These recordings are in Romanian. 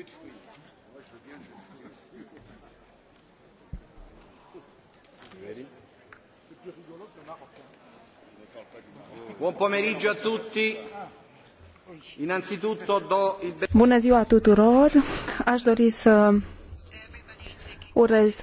jus de fruits. Moi, je veux bien le jus de fruits aussi. Buon pomeriggio a tutti. Innanzitutto do il... Bună ziua tuturor. Aș dori să urez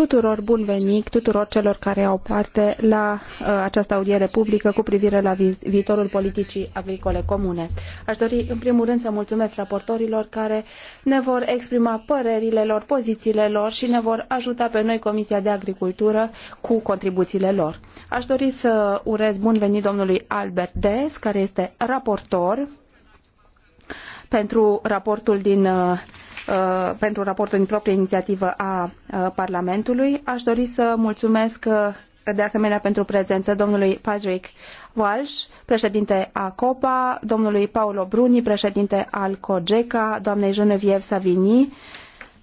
tuturor bun venit, tuturor celor care au parte la uh, această audiere publică cu privire la vi viitorul politicii agricole comune. Aș dori în primul rând să mulțumesc raportorilor care ne vor exprima părerile lor, pozițiile lor și ne vor ajuta pe noi Comisia de Agricultură cu contribuțiile lor. Aș dori să urez bun venit domnului Albert Des, care este raportor pentru raportul din uh, Uh, pentru raportul din proprie inițiativă a uh, Parlamentului. Aș dori să mulțumesc uh, de asemenea pentru prezență domnului Patrick Walsh, președinte a COPA, domnului Paolo Bruni, președinte al COGECA, doamnei Genevieve Savini,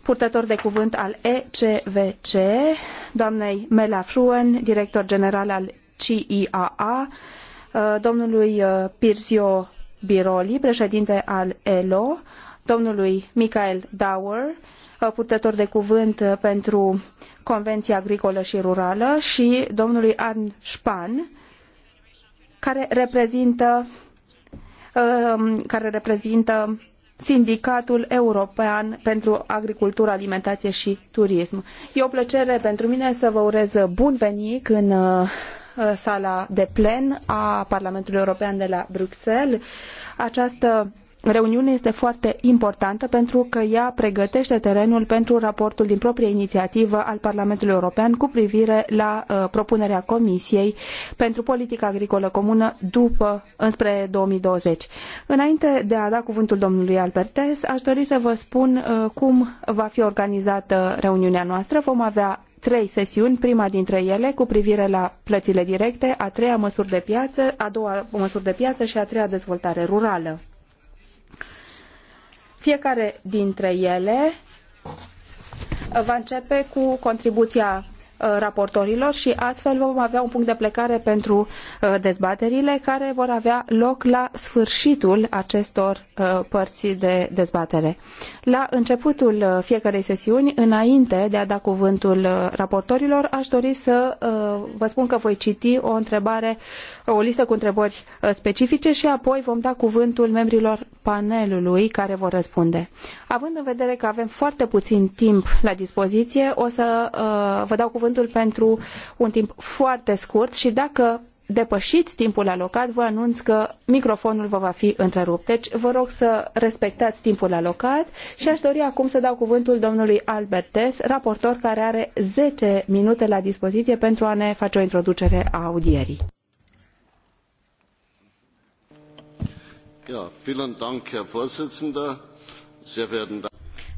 purtător de cuvânt al ECVC, doamnei Mela Fruen, director general al CIAA, domnului Pirzio Biroli, președinte al ELO, domnului Michael Dauer, uh, purtător de cuvânt uh, pentru Convenția Agricolă și Rurală, și domnului Ann Span, care reprezintă, um, care reprezintă Sindicatul European pentru Agricultură, Alimentație și Turism. E o plăcere pentru mine să vă urez bun venit în uh, sala de plen a Parlamentului European de la Bruxelles. Această reuniune este foarte importantă pentru că ea pregătește terenul pentru raportul din proprie inițiativă al Parlamentului European cu privire la uh, propunerea Comisiei pentru politica agricolă comună după înspre 2020. Înainte de a da cuvântul domnului Albertes, aș dori să vă spun uh, cum va fi organizată reuniunea noastră. Vom avea trei sesiuni, prima dintre ele cu privire la plățile directe, a treia măsuri de piață, a doua măsuri de piață și a treia dezvoltare rurală. Fiecare dintre ele uh, va începe cu contribuția uh, raportorilor și astfel vom avea un punct de plecare pentru uh, dezbaterile care vor avea loc la sfârșitul acestor părți de dezbatere. La începutul fiecărei sesiuni, înainte de a da cuvântul raportorilor, aș dori să vă spun că voi citi o întrebare, o listă cu întrebări specifice și apoi vom da cuvântul membrilor panelului care vor răspunde. Având în vedere că avem foarte puțin timp la dispoziție, o să uh, vă dau cuvântul pentru un timp foarte scurt și dacă depășiți timpul alocat, vă anunț că microfonul vă va fi întrerupt. Deci vă rog să respectați timpul alocat și aș dori acum să dau cuvântul domnului Albertes, raportor care are zece minute la dispoziție pentru a ne face o introducere a audierii.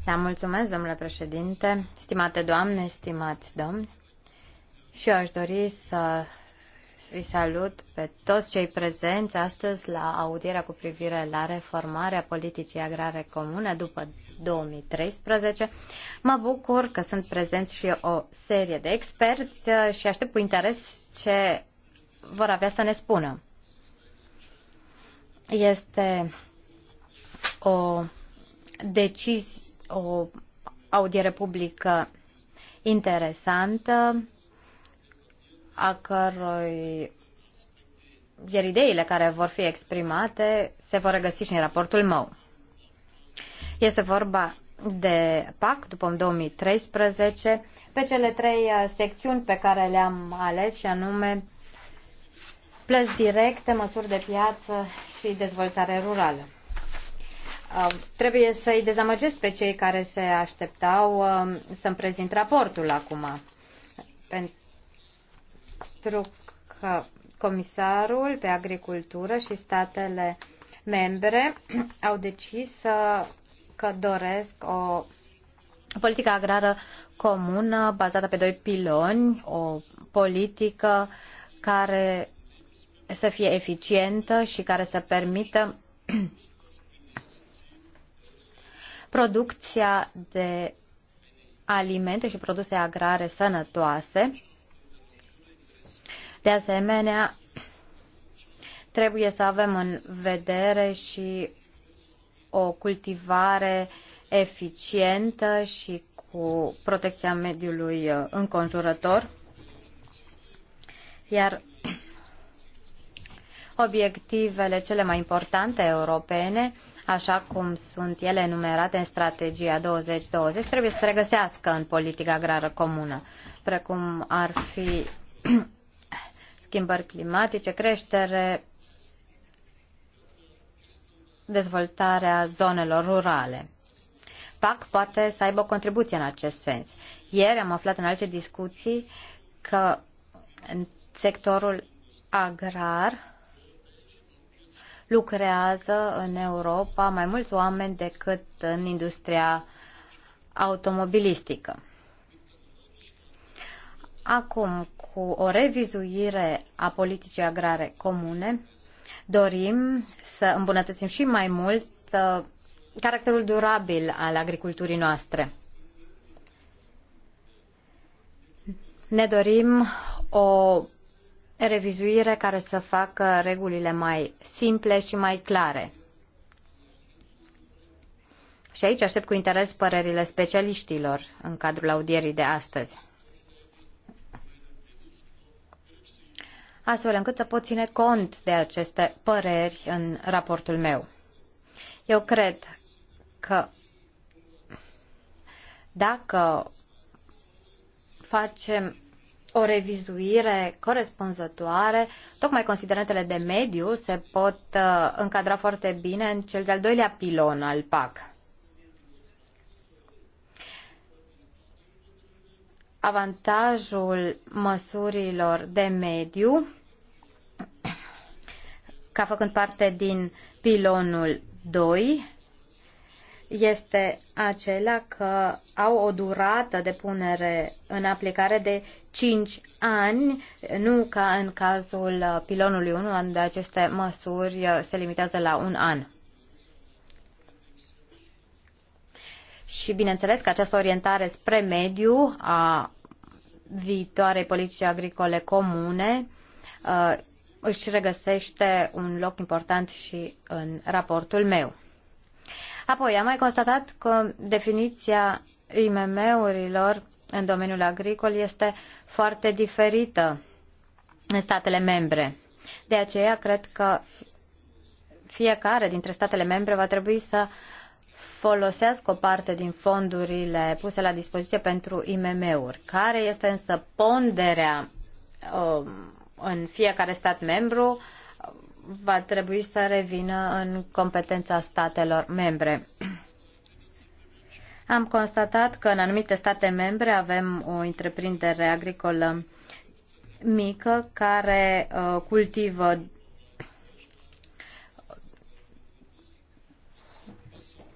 Da, mulțumesc, domnule președinte, stimate doamne, stimați domni. Și eu aș dori să îi salut pe toți cei prezenți astăzi la audierea cu privire la reformarea politicii agrare comune după 2013. Mă bucur că sunt prezenți și o serie de experți și aștept cu interes ce vor avea să ne spună. Este o decizie, o audiere publică interesantă, a cărui iar ideile care vor fi exprimate se vor regăsi și în raportul meu. Este vorba de PAC după 2013 pe cele trei uh, secțiuni pe care le-am ales și anume plăți directe, măsuri de piață și dezvoltare rurală. Uh, trebuie să-i dezamăgesc pe cei care se așteptau uh, să-mi prezint raportul acum, pentru că comisarul pe agricultură și statele membre au decis uh, că doresc o politică agrară comună bazată pe doi piloni, o politică care să fie eficientă și care să permită producția de alimente și produse agrare sănătoase. De asemenea, trebuie să avem în vedere și o cultivare eficientă și cu protecția mediului uh, înconjurător. Iar obiectivele cele mai importante europene, așa cum sunt ele enumerate în strategia 2020, trebuie să se regăsească în politica agrară comună, precum ar fi schimbări climatice, creștere, dezvoltarea zonelor rurale. PAC poate să aibă o contribuție în acest sens. Ieri am aflat în alte discuții că în sectorul agrar lucrează în Europa mai mulți oameni decât în industria automobilistică. Acum, cu o revizuire a politicii agrare comune, dorim să îmbunătățim și mai mult uh, caracterul durabil al agriculturii noastre. Ne dorim o revizuire care să facă regulile mai simple și mai clare. Și aici aștept cu interes părerile specialiștilor în cadrul audierii de astăzi. Astfel încât să pot ține cont de aceste păreri în raportul meu. Eu cred că dacă facem o revizuire corespunzătoare. Tocmai considerentele de mediu se pot uh, încadra foarte bine în cel de-al doilea pilon al PAC. Avantajul măsurilor de mediu ca făcând parte din pilonul 2 este acela că au o durată de punere în aplicare de 5 ani, nu ca în cazul pilonului 1, unde aceste măsuri se limitează la un an. Și bineînțeles că această orientare spre mediu a viitoarei politici agricole comune uh, își regăsește un loc important și în raportul meu. Apoi, am mai constatat că definiția IMM-urilor în domeniul agricol este foarte diferită în statele membre. De aceea, cred că fiecare dintre statele membre va trebui să folosească o parte din fondurile puse la dispoziție pentru IMM-uri. Care este însă ponderea um, în fiecare stat membru va trebui să revină în competența statelor membre. Am constatat că în anumite state membre avem o întreprindere agricolă mică care uh, cultivă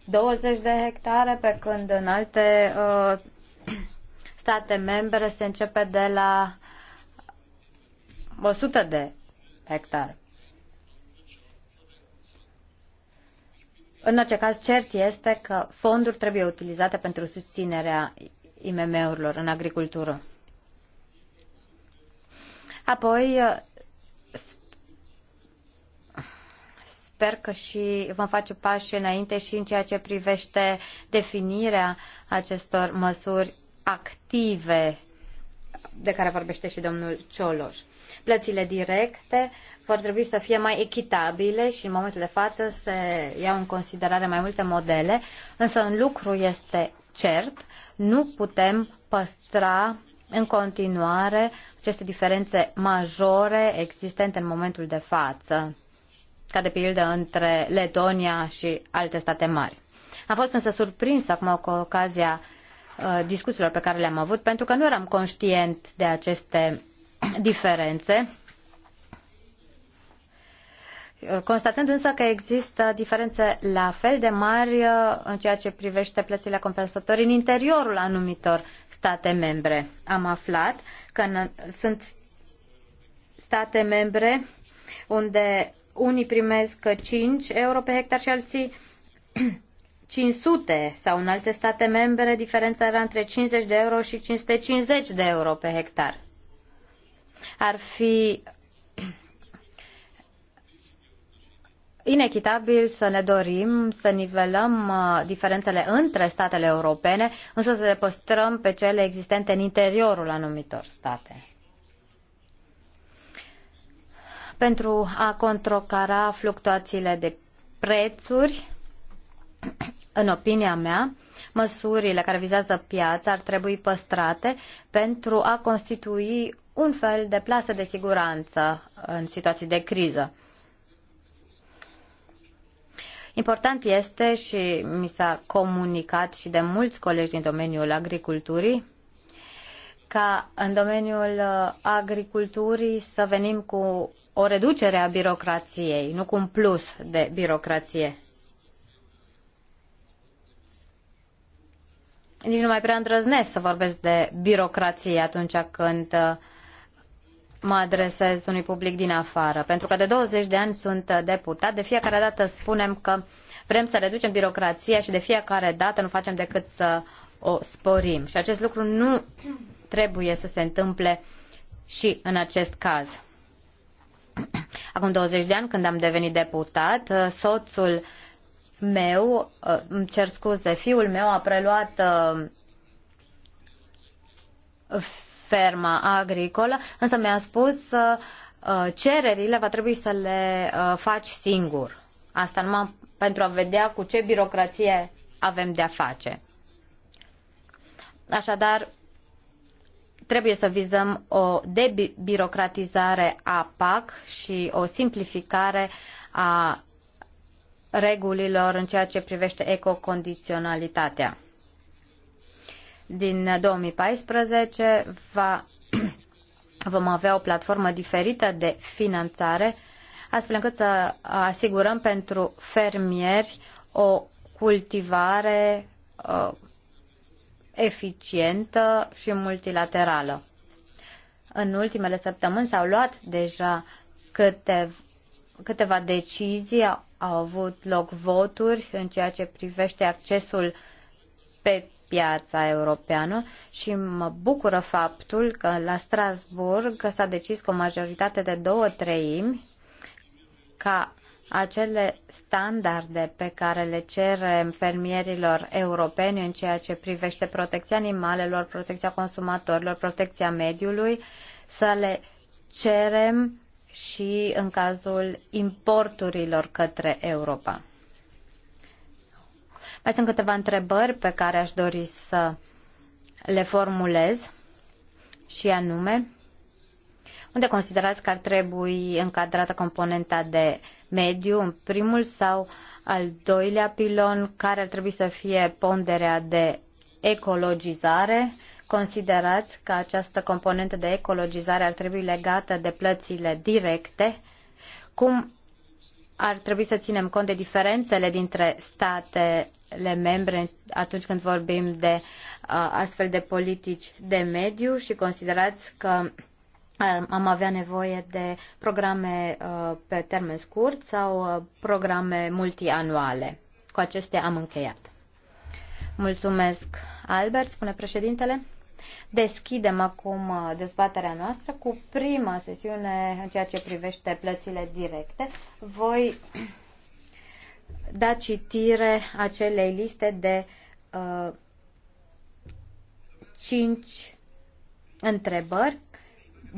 douăzeci de hectare, pe când în alte uh, state membre se începe de la 100 de hectare. În orice caz, cert este că fonduri trebuie utilizate pentru susținerea IMM-urilor în agricultură. Apoi, sper că și vom face pași înainte și în ceea ce privește definirea acestor măsuri active de care vorbește și domnul Cioloș. Plățile directe vor trebui să fie mai echitabile și în momentul de față se iau în considerare mai multe modele, însă un lucru este cert, nu putem păstra în continuare aceste diferențe majore existente în momentul de față, ca de pildă între Letonia și alte state mari. Am fost însă surprins acum cu ocazia Uh, discuțiilor pe care le-am avut, pentru că nu eram conștient de aceste diferențe. Uh, constatând însă că există diferențe la fel de mari uh, în ceea ce privește plățile compensatorii în interiorul anumitor state membre, am aflat că sunt state membre unde unii primesc 5 euro pe hectar și alții 500 sau în alte state membre diferența era între 50 de euro și 550 de euro pe hectar. Ar fi inechitabil să ne dorim să nivelăm uh, diferențele între statele europene, însă să le păstrăm pe cele existente în interiorul anumitor state. Pentru a controcara fluctuațiile de prețuri, în opinia mea, măsurile care vizează piața ar trebui păstrate pentru a constitui un fel de plasă de siguranță în situații de criză. Important este și mi s-a comunicat și de mulți colegi din domeniul agriculturii ca în domeniul uh, agriculturii să venim cu o reducere a birocrației, nu cu un plus de birocrație. nici nu mai prea îndrăznesc să vorbesc de birocrație atunci când uh, mă adresez unui public din afară. Pentru că de 20 de ani sunt deputat, de fiecare dată spunem că vrem să reducem birocrația și de fiecare dată nu facem decât să o sporim. Și acest lucru nu trebuie să se întâmple și în acest caz. Acum 20 de ani, când am devenit deputat, uh, soțul meu, uh, îmi cer scuze, fiul meu a preluat uh, ferma agricolă, însă mi-a spus uh, cererile va trebui să le faci singur. Asta numai pentru a vedea cu ce birocrație avem de-a face. Așadar, trebuie să vizăm o debirocratizare a PAC și o simplificare a regulilor în ceea ce privește ecocondiționalitatea. Din 2014 va, vom avea o platformă diferită de finanțare, astfel încât să asigurăm pentru fermieri o cultivare uh, eficientă și multilaterală. În ultimele săptămâni s-au luat deja câteva câteva decizii, au avut loc voturi în ceea ce privește accesul pe piața europeană și mă bucură faptul că la Strasburg s-a decis cu o majoritate de două treimi ca acele standarde pe care le cerem fermierilor europeni în ceea ce privește protecția animalelor, protecția consumatorilor, protecția mediului, să le cerem și în cazul importurilor către Europa. Mai sunt câteva întrebări pe care aș dori să le formulez și anume unde considerați că ar trebui încadrată componenta de mediu în primul sau al doilea pilon, care ar trebui să fie ponderea de ecologizare Considerați că această componentă de ecologizare ar trebui legată de plățile directe? Cum ar trebui să ținem cont de diferențele dintre statele membre atunci când vorbim de astfel de politici de mediu și considerați că am avea nevoie de programe pe termen scurt sau programe multianuale. Cu acestea am încheiat. Mulțumesc, Albert, spune președintele. Deschidem acum uh, dezbaterea noastră cu prima sesiune în ceea ce privește plățile directe. Voi da citire acelei liste de uh, 5 întrebări,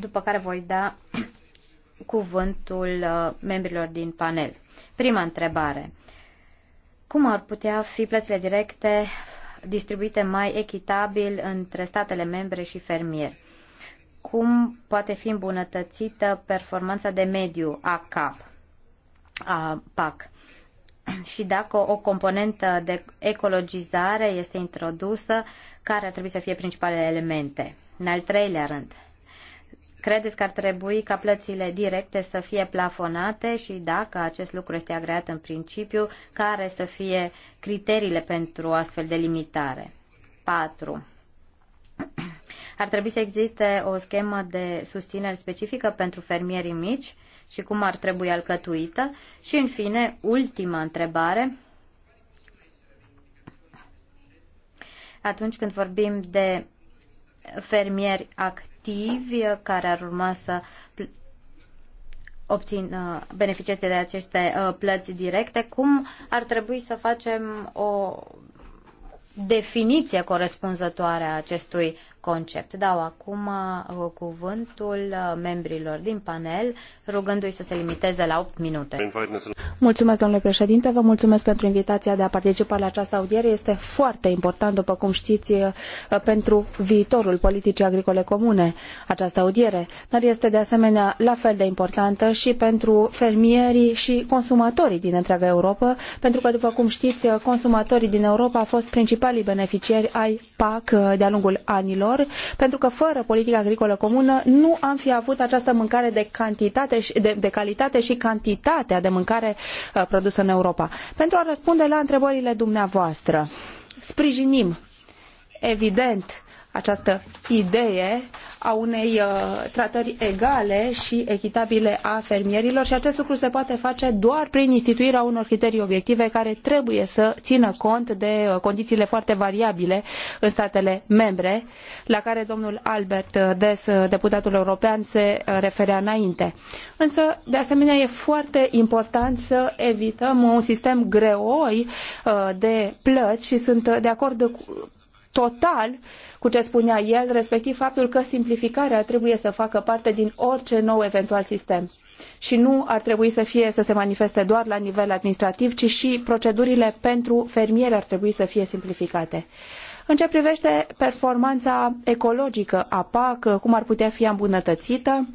după care voi da cuvântul uh, membrilor din panel. Prima întrebare. Cum ar putea fi plățile directe distribuite mai echitabil între statele membre și fermieri. Cum poate fi îmbunătățită performanța de mediu a CAP, a PAC? Și dacă o componentă de ecologizare este introdusă, care ar trebui să fie principalele elemente? În al treilea rând, Credeți că ar trebui ca plățile directe să fie plafonate și dacă acest lucru este agreat în principiu, care să fie criteriile pentru astfel de limitare? 4. Ar trebui să existe o schemă de susținere specifică pentru fermierii mici și cum ar trebui alcătuită. Și, în fine, ultima întrebare. Atunci când vorbim de fermieri activi, activi care ar urma să obțin, uh, beneficieze de aceste uh, plăți directe, cum ar trebui să facem o definiție corespunzătoare a acestui concept. Dau acum uh, cuvântul uh, membrilor din panel, rugându-i să se limiteze la 8 minute. Mulțumesc, domnule președinte, vă mulțumesc pentru invitația de a participa la această audiere. Este foarte important, după cum știți, uh, pentru viitorul politicii agricole comune această audiere, dar este de asemenea la fel de importantă și pentru fermierii și consumatorii din întreaga Europa, pentru că, după cum știți, consumatorii din Europa au fost principalii beneficiari ai PAC de-a lungul anilor lor, pentru că fără politica agricolă comună nu am fi avut această mâncare de, cantitate și, de, de calitate și cantitatea de mâncare uh, produsă în Europa. Pentru a răspunde la întrebările dumneavoastră, sprijinim evident această idee a unei uh, tratări egale și echitabile a fermierilor și acest lucru se poate face doar prin instituirea unor criterii obiective care trebuie să țină cont de uh, condițiile foarte variabile în statele membre, la care domnul Albert uh, Des, deputatul european, se referea înainte. Însă, de asemenea, e foarte important să evităm un sistem greoi de plăți și sunt de acord cu total cu ce spunea el, respectiv faptul că simplificarea trebuie să facă parte din orice nou eventual sistem și nu ar trebui să fie să se manifeste doar la nivel administrativ, ci și procedurile pentru fermieri ar trebui să fie simplificate. În ce privește performanța ecologică a PAC, cum ar putea fi îmbunătățită,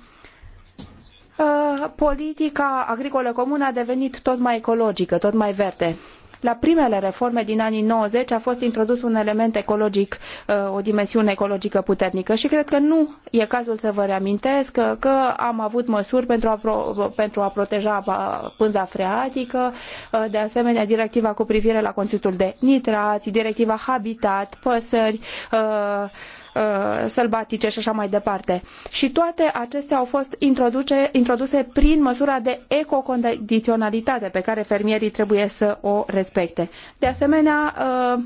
ă, politica agricolă comună a devenit tot mai ecologică, tot mai verde la primele reforme din anii 90 a fost introdus un element ecologic, uh, o dimensiune ecologică puternică și cred că nu e cazul să vă reamintesc că, uh, că am avut măsuri pentru a, pro, pentru a proteja uh, pânza freatică, de asemenea directiva cu privire la conținutul de nitrați, directiva habitat, păsări, Uh, sălbatice și așa mai departe. Și toate acestea au fost introduce, introduse prin măsura de ecocondiționalitate pe care fermierii trebuie să o respecte. De asemenea, uh,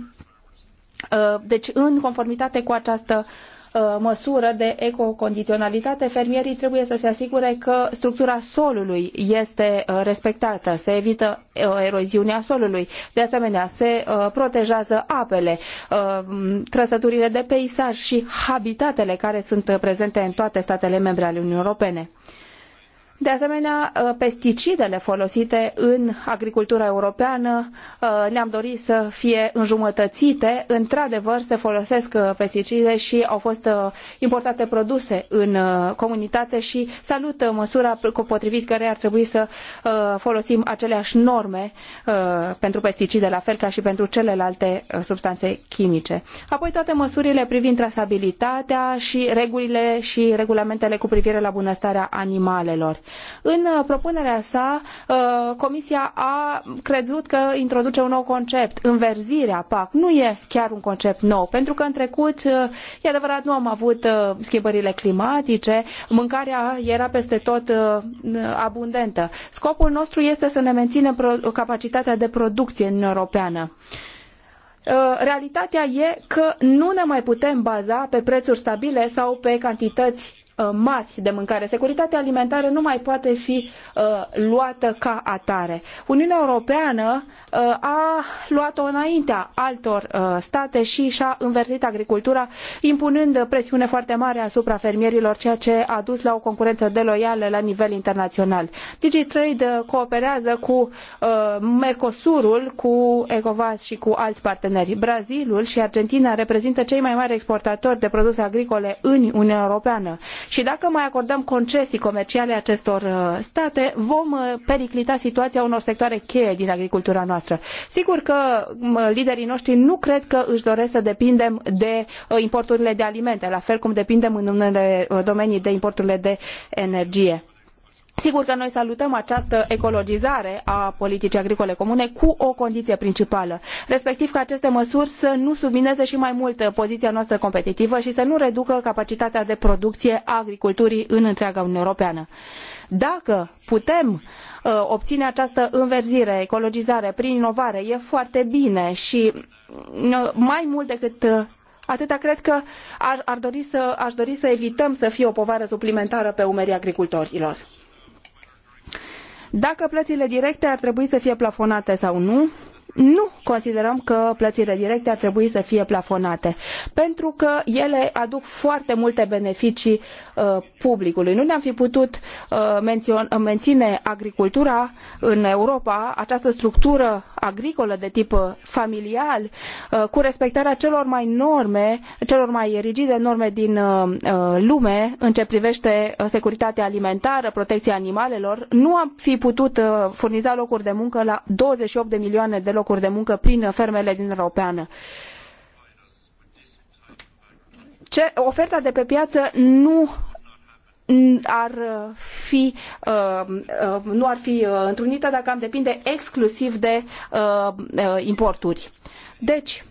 uh, deci în conformitate cu această uh, Uh, măsură de ecocondiționalitate, fermierii trebuie să se asigure că structura solului este uh, respectată, se evită uh, eroziunea solului, de asemenea se protejează apele, trăsăturile de peisaj și habitatele care sunt prezente în toate statele membre ale Uniunii Europene. De asemenea, uh, pesticidele folosite în agricultura europeană uh, ne-am dorit să fie înjumătățite. Într-adevăr, se folosesc uh, pesticide și au fost importate produse în comunitate și salut măsura potrivit care ar trebui să folosim aceleași norme pentru pesticide, la fel ca și pentru celelalte substanțe chimice. Apoi toate măsurile privind trasabilitatea și regulile și regulamentele cu privire la bunăstarea animalelor. În uh, propunerea sa, uh, Comisia a crezut că introduce un nou concept, înverzirea PAC. Nu e chiar un concept nou, pentru că în trecut, uh, e adevărat, nu am avut schimbările climatice, mâncarea era peste tot abundentă. Scopul nostru este să ne menținem capacitatea de producție în Europeană realitatea e că nu ne mai putem baza pe prețuri stabile sau pe cantități Uh, mari de mâncare. Securitatea alimentară nu mai poate fi uh, luată ca atare. Uniunea Europeană uh, a luat-o înaintea altor state și și-a înverzit agricultura, impunând presiune foarte mare asupra fermierilor, ceea ce a dus la o concurență deloială la nivel internațional. DigiTrade cooperează cu Mercosurul, cu ECOVAS și cu alți parteneri. Brazilul și Argentina reprezintă cei mai mari exportatori de produse agricole în Uniunea Europeană și dacă mai acordăm concesii comerciale acestor uh, state, vom uh, periclita situația unor sectoare cheie din agricultura noastră. Sigur că liderii noștri nu cred că își doresc să depindem de uh, importurile de alimente, la fel cum depindem în unele domenii de importurile de energie. Sigur că noi salutăm această ecologizare a politicii agricole comune cu o condiție principală, respectiv ca aceste măsuri să nu submineze și mai mult poziția noastră competitivă și să nu reducă capacitatea de producție a agriculturii în întreaga Uniune Europeană. Dacă putem uh, obține această înverzire, ecologizare prin inovare, e foarte bine și uh, mai mult decât uh, atâta cred că ar, ar dori să, aș dori să evităm să fie o povară suplimentară pe umerii agricultorilor dacă plăile directe ar trebui să fie plafonate sau nu, nu considerăm că plățile directe ar trebui să fie plafonate, pentru că ele aduc foarte multe beneficii uh, publicului. Nu ne-am fi putut uh, menține agricultura în Europa, această structură agricolă de tip uh, familial, cu respectarea celor mai norme, celor mai rigide norme din lume în ce privește securitatea alimentară, protecția animalelor, nu am fi putut furniza locuri de muncă la 28 de milioane de locuri locuri de muncă prin fermele din Europeană. Ce, oferta de pe piață nu ar fi, uh, uh, nu ar fi uh, întrunită dacă am depinde exclusiv de importuri. Deci,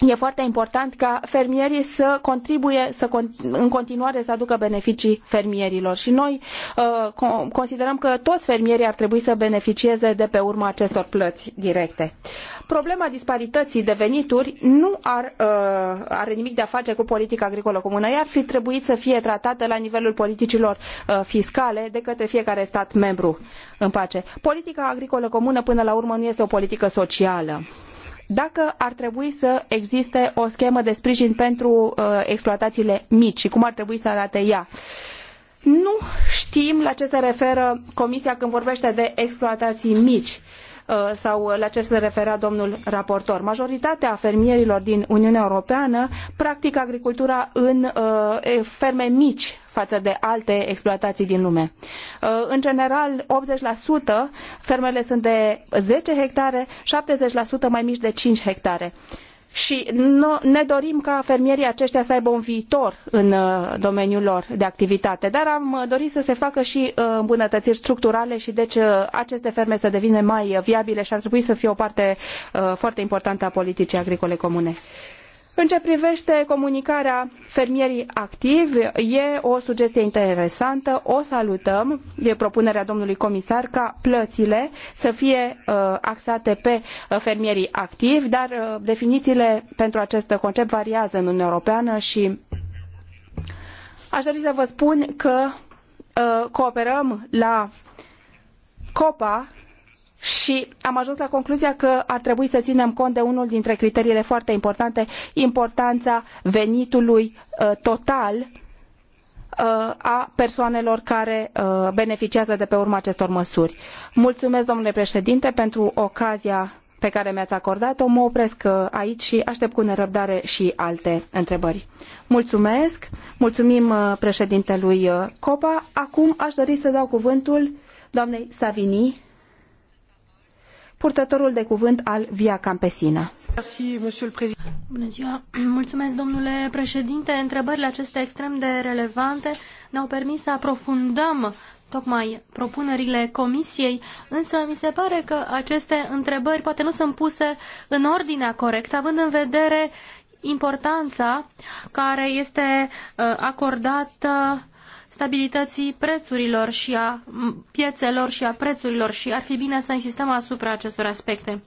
E foarte important ca fermierii să contribuie să în continuare să aducă beneficii fermierilor și noi uh, considerăm că toți fermierii ar trebui să beneficieze de pe urma acestor plăți directe. Problema disparității de venituri nu ar, uh, are nimic de a face cu politica agricolă comună. Ea ar fi trebuit să fie tratată la nivelul politicilor uh, fiscale de către fiecare stat membru în pace. Politica agricolă comună până la urmă nu este o politică socială dacă ar trebui să existe o schemă de sprijin pentru uh, exploatațiile mici și cum ar trebui să arate ea. Nu știm la ce se referă Comisia când vorbește de exploatații mici. Uh, Uh, sau la ce se referea domnul raportor. Majoritatea fermierilor din Uniunea Europeană practică agricultura în uh, ferme mici față de alte exploatații din lume. Uh, în general, 80% fermele sunt de 10 hectare, 70% mai mici de 5 hectare și ne dorim ca fermierii aceștia să aibă un viitor în uh, domeniul lor de activitate, dar am uh, dorit să se facă și uh, îmbunătățiri structurale și deci aceste ferme să devină mai viabile și ar trebui să fie o parte foarte importantă a politicii agricole comune. În ce privește comunicarea fermierii activi, e o sugestie interesantă, o salutăm, e propunerea domnului comisar ca plățile să fie uh, axate pe uh, fermierii activi, dar uh, definițiile pentru acest concept variază în Uniunea Europeană și aș dori să vă spun că uh, cooperăm la COPA, și am ajuns la concluzia că ar trebui să ținem cont de unul dintre criteriile foarte importante, importanța venitului uh, total uh, a persoanelor care uh, beneficiază de pe urma acestor măsuri. Mulțumesc, domnule președinte, pentru ocazia pe care mi-ați acordat-o. Mă opresc aici și aștept cu nerăbdare și alte întrebări. Mulțumesc, mulțumim președintelui Copa. Acum aș dori să dau cuvântul doamnei Savini purtătorul de cuvânt al Via Campesina. Bună ziua! Mulțumesc, domnule președinte! Întrebările acestea extrem de relevante ne-au permis să aprofundăm tocmai propunerile comisiei, însă mi se pare că aceste întrebări poate nu sunt puse în ordinea corectă, având în vedere importanța care este uh, acordată stabilității prețurilor și a piețelor și a prețurilor și ar fi bine să insistăm asupra acestor aspecte.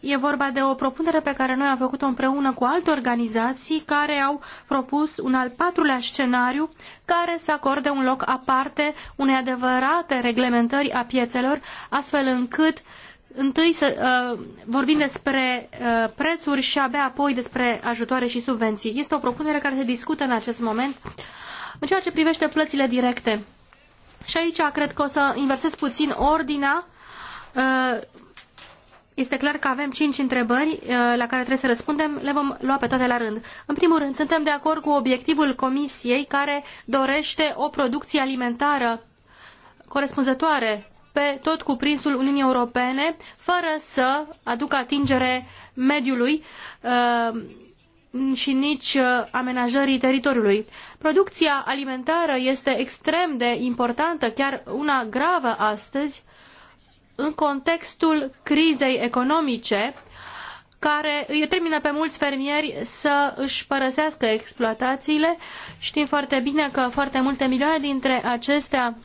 E vorba de o propunere pe care noi am făcut-o împreună cu alte organizații care au propus un al patrulea scenariu care să acorde un loc aparte unei adevărate reglementări a piețelor, astfel încât întâi să uh, vorbim despre uh, prețuri și abia apoi despre ajutoare și subvenții. Este o propunere care se discută în acest moment. Uh, în ceea ce privește plățile directe, și aici cred că o să inversez puțin ordinea. Uh, este clar că avem cinci întrebări uh, la care trebuie să răspundem. Le vom lua pe toate la rând. În primul rând, suntem de acord cu obiectivul Comisiei care dorește o producție alimentară corespunzătoare pe tot cuprinsul Uniunii Europene, fără să aducă atingere mediului uh, și nici uh, amenajării teritoriului. Producția alimentară este extrem de importantă, chiar una gravă astăzi, în contextul crizei economice, care îi termină pe mulți fermieri să își părăsească exploatațiile. Știm foarte bine că foarte multe milioane dintre acestea,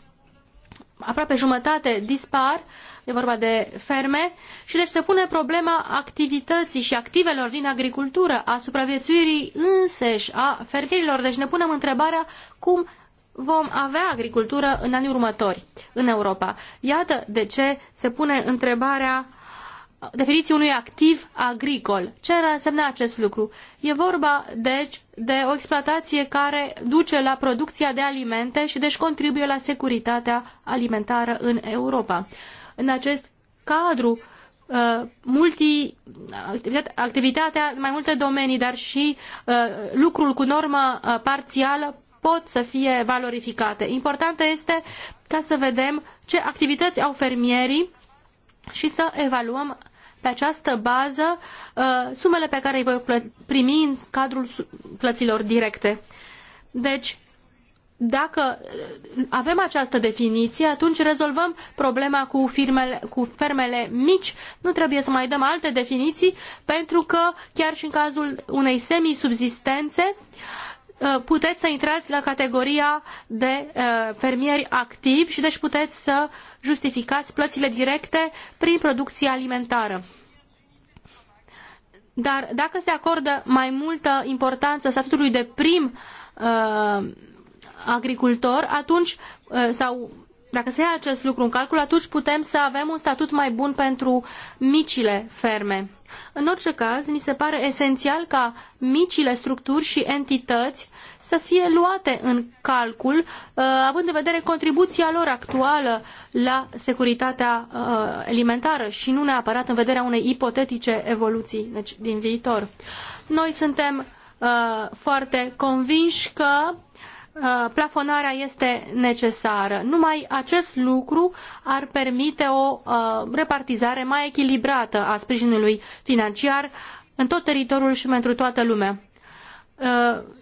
aproape jumătate, dispar e vorba de ferme, și deci se pune problema activității și activelor din agricultură, a supraviețuirii înseși, a fermierilor. Deci ne punem întrebarea cum vom avea agricultură în anii următori în Europa. Iată de ce se pune întrebarea definiției unui activ agricol. Ce ar însemna acest lucru? E vorba, deci, de o exploatație care duce la producția de alimente și deci contribuie la securitatea alimentară în Europa în acest cadru uh, multi, activitatea mai multe domenii, dar și uh, lucrul cu normă uh, parțială pot să fie valorificate. Important este ca să vedem ce activități au fermierii și să evaluăm pe această bază sumele pe care îi vor primi în cadrul plăților directe. Deci, dacă uh, avem această definiție, atunci rezolvăm problema cu, firmele, cu fermele mici. Nu trebuie să mai dăm alte definiții, pentru că chiar și în cazul unei semisubsistențe uh, puteți să intrați la categoria de uh, fermieri activi și deci puteți să justificați plățile directe prin producție alimentară. Dar dacă se acordă mai multă importanță statutului de prim agricultor, atunci, uh, sau dacă se ia acest lucru în calcul, atunci putem să avem un statut mai bun pentru micile ferme. În orice caz, mi se pare esențial ca micile structuri și entități să fie luate în calcul, uh, având în vedere contribuția lor actuală la securitatea uh, alimentară și nu neapărat în vederea unei ipotetice evoluții deci, din viitor. Noi suntem foarte convinși că Uh, plafonarea este necesară. Numai acest lucru ar permite o uh, repartizare mai echilibrată a sprijinului financiar în tot teritoriul și pentru toată lumea. Uh,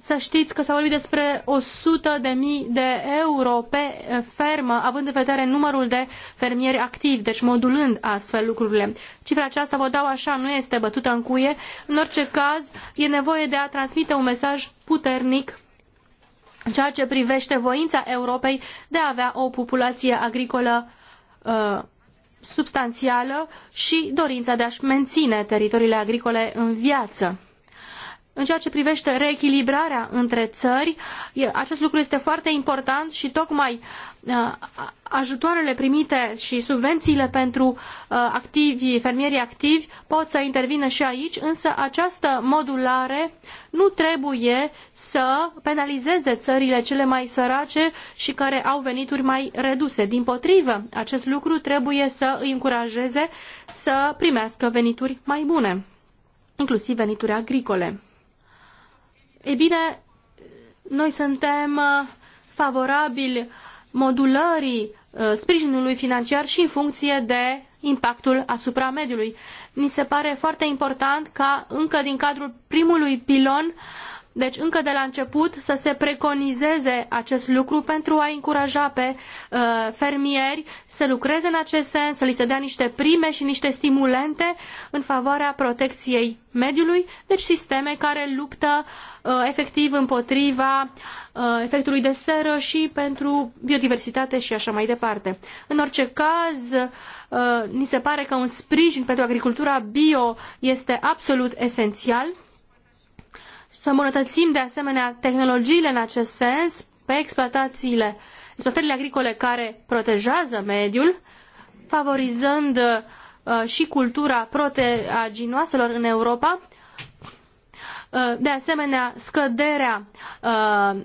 să știți că s-a vorbit despre 100 de mii de euro pe fermă, având în vedere numărul de fermieri activi, deci modulând astfel lucrurile. Cifra aceasta, vă dau așa, nu este bătută în cuie. În orice caz, e nevoie de a transmite un mesaj puternic în ceea ce privește voința Europei de a avea o populație agricolă uh, substanțială și dorința de a-și menține teritoriile agricole în viață în ceea ce privește reechilibrarea între țări. Acest lucru este foarte important și tocmai ajutoarele primite și subvențiile pentru activi, fermierii activi pot să intervină și aici, însă această modulare nu trebuie să penalizeze țările cele mai sărace și care au venituri mai reduse. Din potrivă, acest lucru trebuie să îi încurajeze să primească venituri mai bune, inclusiv venituri agricole. E bine, noi suntem uh, favorabili modulării uh, sprijinului financiar și în funcție de impactul asupra mediului. Mi se pare foarte important ca încă din cadrul primului pilon deci încă de la început să se preconizeze acest lucru pentru a încuraja pe uh, fermieri să lucreze în acest sens, să li se dea niște prime și niște stimulente în favoarea protecției mediului, deci sisteme care luptă uh, efectiv împotriva uh, efectului de seră și pentru biodiversitate și așa mai departe. În orice caz, uh, ni se pare că un sprijin pentru agricultura bio este absolut esențial să îmbunătățim de asemenea tehnologiile în acest sens pe exploatațiile, exploatările agricole care protejează mediul, favorizând uh, și cultura proteaginoaselor în Europa, uh, de asemenea scăderea uh,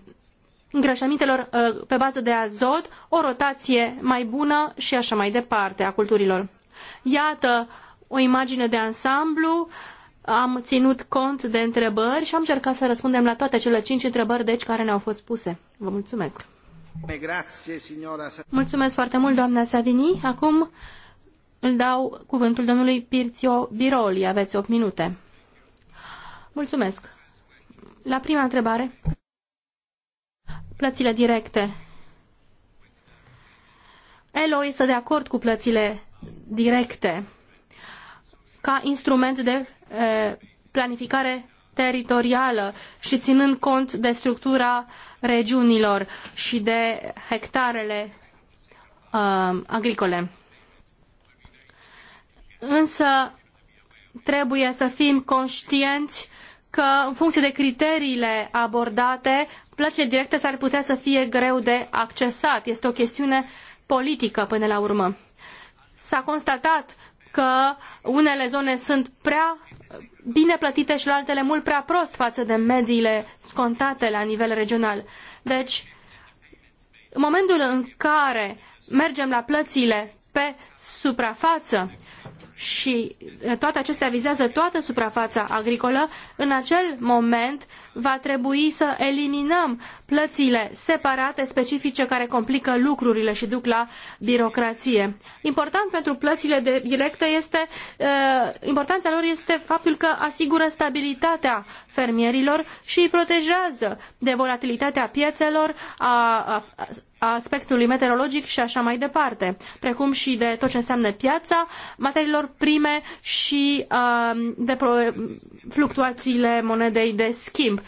îngrășămintelor pe bază de azot, o rotație mai bună și așa mai departe a culturilor. Iată o imagine de ansamblu uh, am ținut cont de întrebări și am încercat să răspundem la toate cele cinci întrebări, deci, care ne-au fost puse. Vă mulțumesc! Grazie, mulțumesc foarte mult, doamna Savini. Acum îl dau cuvântul domnului Pirțio Biroli. Aveți 8 minute. Mulțumesc. La prima întrebare, plățile directe. ELO este de acord cu plățile directe ca instrument de planificare teritorială și ținând cont de structura regiunilor și de hectarele uh, agricole. Însă trebuie să fim conștienți că în funcție de criteriile abordate, plățile directe s-ar putea să fie greu de accesat. Este o chestiune politică până la urmă. S-a constatat că unele zone sunt prea bine plătite și la altele mult prea prost față de mediile scontate la nivel regional. Deci, în momentul în care mergem la plățile pe suprafață și toate acestea vizează toată suprafața agricolă, în acel moment va trebui să eliminăm plățile separate, specifice, care complică lucrurile și duc la birocrație. Important pentru plățile directe este, importanța lor este faptul că asigură stabilitatea fermierilor și îi protejează de volatilitatea piețelor, a, a, aspectului meteorologic și așa mai departe, precum și de tot ce înseamnă piața materiilor prime și uh, de fluctuațiile monedei de schimb.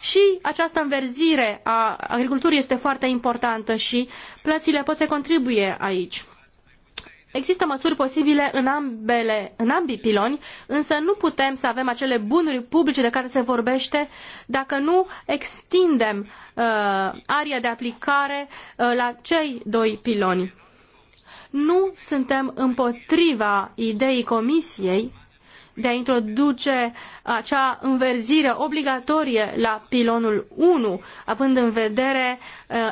Și această înverzire a agriculturii este foarte importantă și plățile pot să contribuie aici. Există măsuri posibile în, ambele, în ambii piloni, însă nu putem să avem acele bunuri publice de care se vorbește dacă nu extindem uh, aria de aplicare uh, la cei doi piloni. Nu suntem împotriva ideii Comisiei de a introduce acea înverzire obligatorie la pilonul 1, având în vedere uh,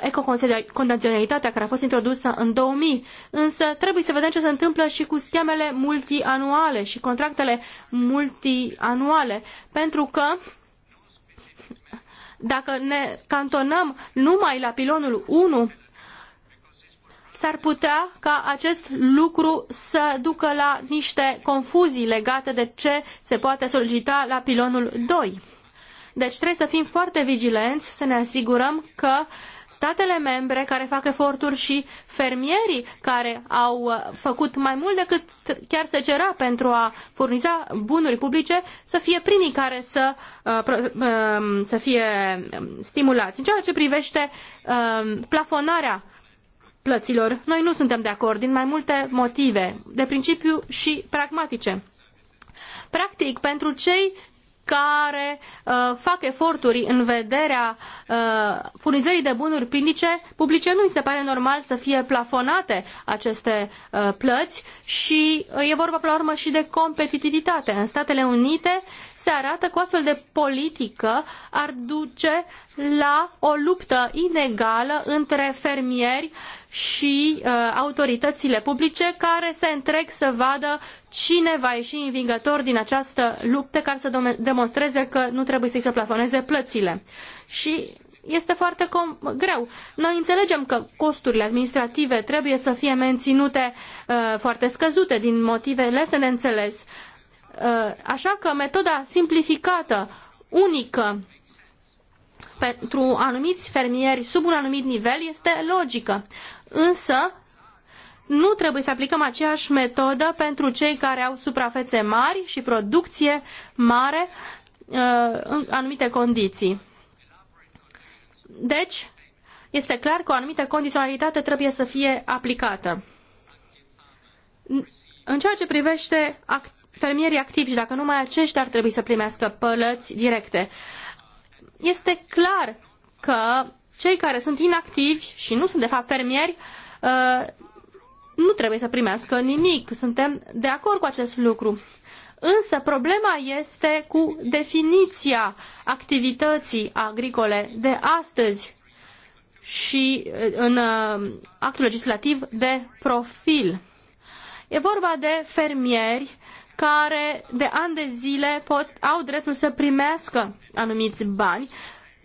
ecocondiționalitatea care a fost introdusă în 2000. Însă trebuie să vedem ce se întâmplă și cu schemele multianuale și contractele multianuale, pentru că dacă ne cantonăm numai la pilonul 1, s-ar putea ca acest lucru să ducă la niște confuzii legate de ce se poate solicita la pilonul 2. Deci trebuie să fim foarte vigilenți, să ne asigurăm că statele membre care fac eforturi și fermierii care au uh, făcut mai mult decât chiar se cerea pentru a furniza bunuri publice să fie primii care să, uh, um, să fie um, stimulați. În ceea ce privește um, plafonarea plăților. Noi nu suntem de acord din mai multe motive, de principiu și pragmatice. Practic, pentru cei care uh, fac eforturi în vederea uh, furnizării de bunuri publice, publice nu îi se pare normal să fie plafonate aceste uh, plăți și uh, e vorba până la urmă și de competitivitate. În Statele Unite se arată că o astfel de politică ar duce la o luptă inegală între fermieri și uh, autoritățile publice care se întreg să vadă cine va ieși învingător din această luptă care să demonstreze că nu trebuie să-i se plafoneze plățile. Și este foarte greu. Noi înțelegem că costurile administrative trebuie să fie menținute uh, foarte scăzute din motive lesne de înțeles, Uh, așa că metoda simplificată, unică, pentru anumiți fermieri sub un anumit nivel este logică. Însă, nu trebuie să aplicăm aceeași metodă pentru cei care au suprafețe mari și producție mare uh, în anumite condiții. Deci, este clar că o anumită condiționalitate trebuie să fie aplicată. În ceea ce privește act fermierii activi și dacă numai aceștia ar trebui să primească plăți directe. Este clar că cei care sunt inactivi și nu sunt de fapt fermieri uh, nu trebuie să primească nimic. Suntem de acord cu acest lucru. Însă problema este cu definiția activității agricole de astăzi și uh, în uh, actul legislativ de profil. E vorba de fermieri care de ani de zile pot, au dreptul să primească anumiți bani.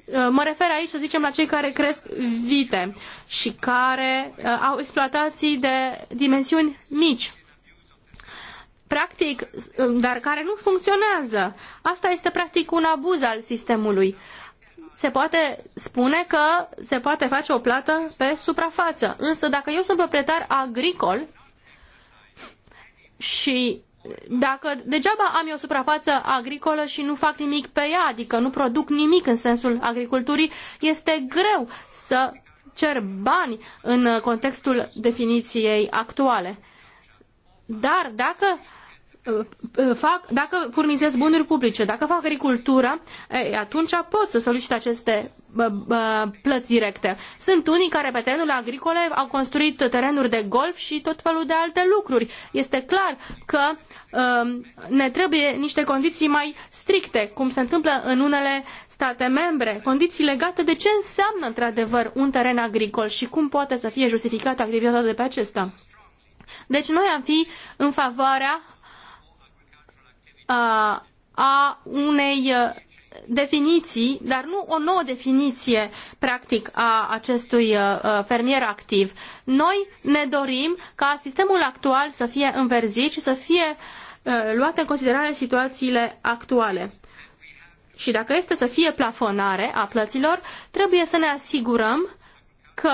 Uh, mă refer aici, să zicem, la cei care cresc vite și care uh, au exploatații de dimensiuni mici practic, uh, dar care nu funcționează. Asta este practic un abuz al sistemului. Se poate spune că se poate face o plată pe suprafață, însă dacă eu sunt proprietar agricol și dacă degeaba am eu suprafață agricolă și nu fac nimic pe ea, adică nu produc nimic în sensul agriculturii, este greu să cer bani în contextul definiției actuale. Dar dacă Uh, fac, dacă furnizez bunuri publice, dacă fac agricultură, atunci pot să solicit aceste uh, uh, plăți directe. Sunt unii care pe terenul agricole au construit terenuri de golf și tot felul de alte lucruri. Este clar că um, ne trebuie niște condiții mai stricte, cum se întâmplă în unele state membre, condiții legate de ce înseamnă într-adevăr un teren agricol și cum poate să fie justificată activitatea de pe acesta. Deci noi am fi în favoarea a unei uh, definiții, dar nu o nouă definiție, practic, a acestui uh, uh, fermier activ. Noi ne dorim ca sistemul actual să fie înverzit și să fie luate în considerare situațiile actuale. Și dacă este să fie plafonare a plăților, trebuie să ne asigurăm că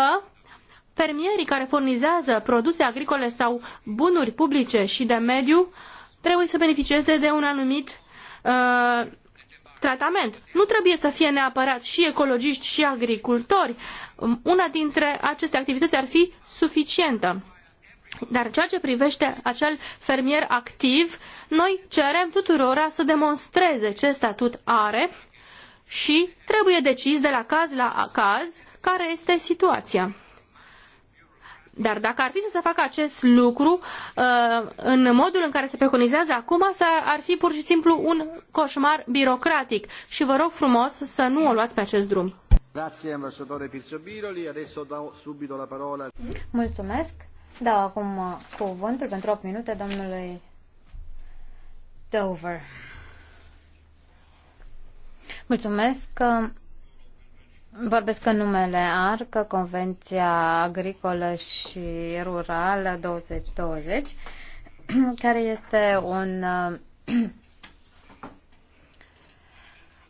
fermierii care furnizează produse agricole sau bunuri publice și de mediu uh, trebuie să beneficieze de un anumit uh, tratament. Nu trebuie să fie neapărat și ecologiști și agricultori. Um, una dintre aceste activități ar fi suficientă. Dar ceea ce privește acel fermier activ, noi cerem tuturora să demonstreze ce statut are și trebuie decis de la caz la caz care este situația. Dar dacă ar fi să se facă acest lucru uh, în modul în care se preconizează acum, asta ar fi pur și simplu un coșmar birocratic. Și vă rog frumos să nu o luați pe acest drum. Mulțumesc. Dau acum uh, cuvântul pentru 8 minute domnului Dover. Mulțumesc. Uh, Vorbesc în numele ARC, Convenția Agricolă și Rurală 2020, care este un uh,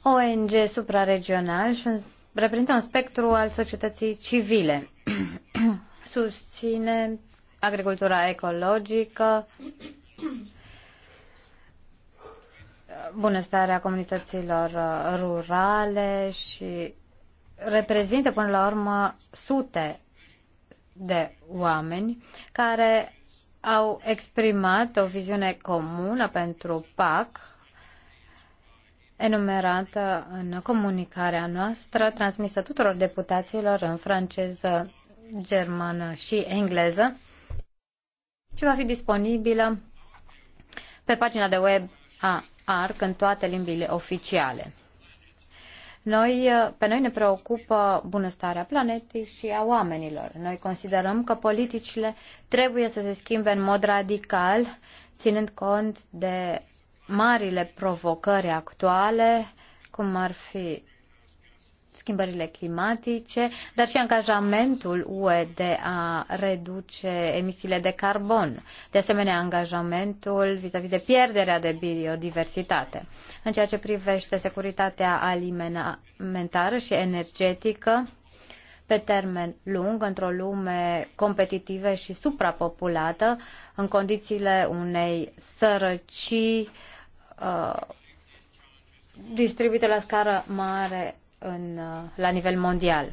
ONG supraregional și reprezintă un spectru al societății civile. Susține agricultura ecologică, bunăstarea comunităților uh, rurale și reprezintă până la urmă sute de oameni care au exprimat o viziune comună pentru PAC enumerată în comunicarea noastră transmisă tuturor deputaților în franceză, germană și engleză și va fi disponibilă pe pagina de web a ARC în toate limbile oficiale. Noi, uh, pe noi ne preocupă bunăstarea planetei și a oamenilor. Noi considerăm că politicile trebuie să se schimbe în mod radical, ținând cont de marile provocări actuale, cum ar fi schimbările climatice, dar și angajamentul UE de a reduce emisiile de carbon. De asemenea, angajamentul vis-a-vis -vis de pierderea de biodiversitate. În ceea ce privește securitatea alimentară și energetică, pe termen lung, într-o lume competitivă și suprapopulată, în condițiile unei sărăcii uh, distribuite la scară mare în, uh, la nivel mondial.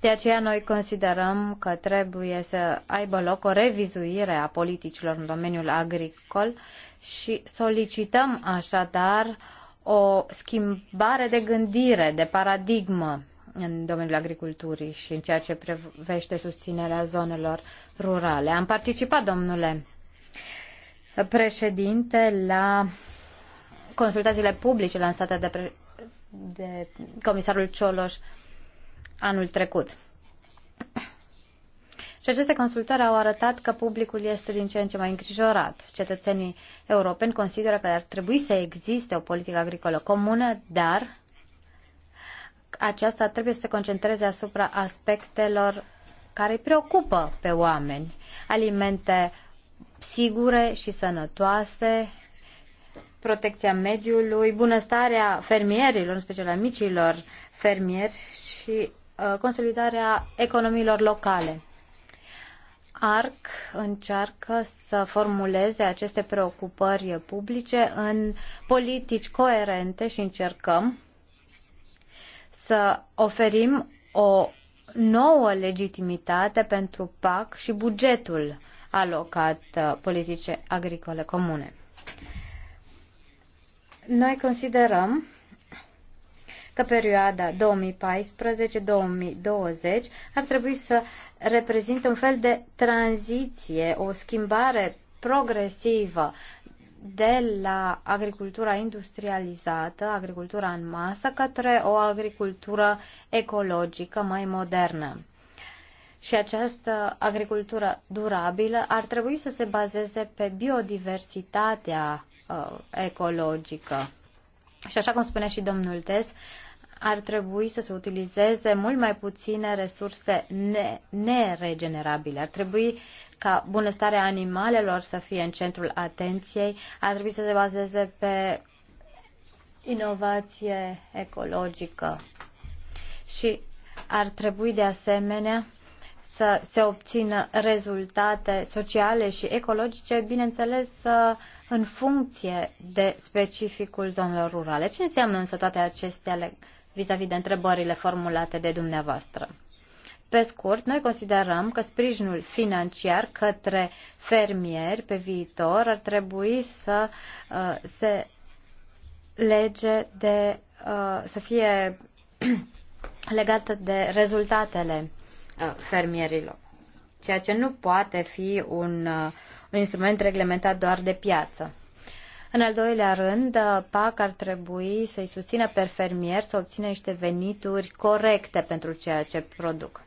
De aceea noi considerăm că trebuie să aibă loc o revizuire a politicilor în domeniul agricol și solicităm așadar o schimbare de gândire, de paradigmă în domeniul agriculturii și în ceea ce privește susținerea zonelor rurale. Am participat, domnule președinte, la consultațiile publice lansate de de comisarul Cioloș anul trecut. Și aceste consultări au arătat că publicul este din ce în ce mai îngrijorat. Cetățenii europeni consideră că ar trebui să existe o politică agricolă comună, dar aceasta trebuie să se concentreze asupra aspectelor care îi preocupă pe oameni. Alimente sigure și sănătoase, protecția mediului, bunăstarea fermierilor, în special a micilor fermieri și uh, consolidarea economiilor locale. ARC încearcă să formuleze aceste preocupări publice în politici coerente și încercăm să oferim o nouă legitimitate pentru PAC și bugetul alocat uh, politice agricole comune. Noi considerăm că perioada 2014-2020 ar trebui să reprezinte un fel de tranziție, o schimbare progresivă de la agricultura industrializată, agricultura în masă, către o agricultură ecologică mai modernă. Și această agricultură durabilă ar trebui să se bazeze pe biodiversitatea uh, ecologică. Și așa cum spunea și domnul Tes, ar trebui să se utilizeze mult mai puține resurse ne- neregenerabile. Ar trebui ca bunăstarea animalelor să fie în centrul atenției, ar trebui să se bazeze pe inovație ecologică. Și ar trebui de asemenea să se obțină rezultate sociale și ecologice, bineînțeles în funcție de specificul zonelor rurale. Ce înseamnă însă toate acestea vis-a-vis -vis de întrebările formulate de dumneavoastră? Pe scurt, noi considerăm că sprijinul financiar către fermieri pe viitor ar trebui să uh, se lege de uh, să fie legată de rezultatele Uh, fermierilor, ceea ce nu poate fi un, uh, un instrument reglementat doar de piață. În al doilea rând, uh, PAC ar trebui să-i susțină pe fermier să obțină niște venituri corecte pentru ceea ce produc.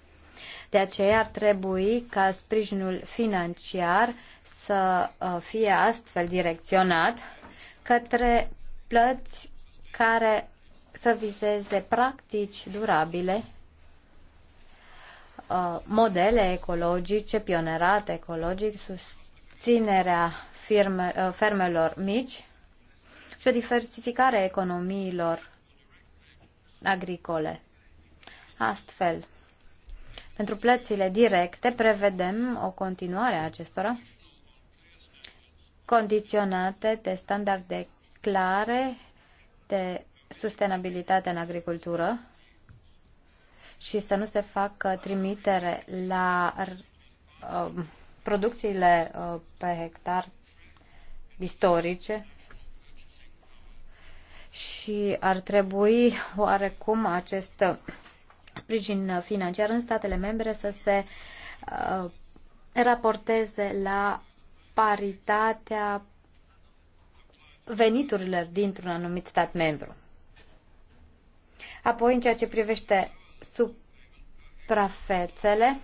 De aceea ar trebui ca sprijinul financiar să fie astfel direcționat către plăți care să vizeze practici durabile Uh, modele ecologice, pionerat ecologic, susținerea firme, uh, fermelor mici și o diversificare a economiilor agricole. Astfel, pentru plățile directe prevedem o continuare a acestora condiționate de standarde clare de sustenabilitate în agricultură, și să nu se facă trimitere la uh, producțiile uh, pe hectar istorice și ar trebui oarecum acest uh, sprijin financiar în statele membre să se uh, raporteze la paritatea veniturilor dintr-un anumit stat membru. Apoi, în ceea ce privește suprafețele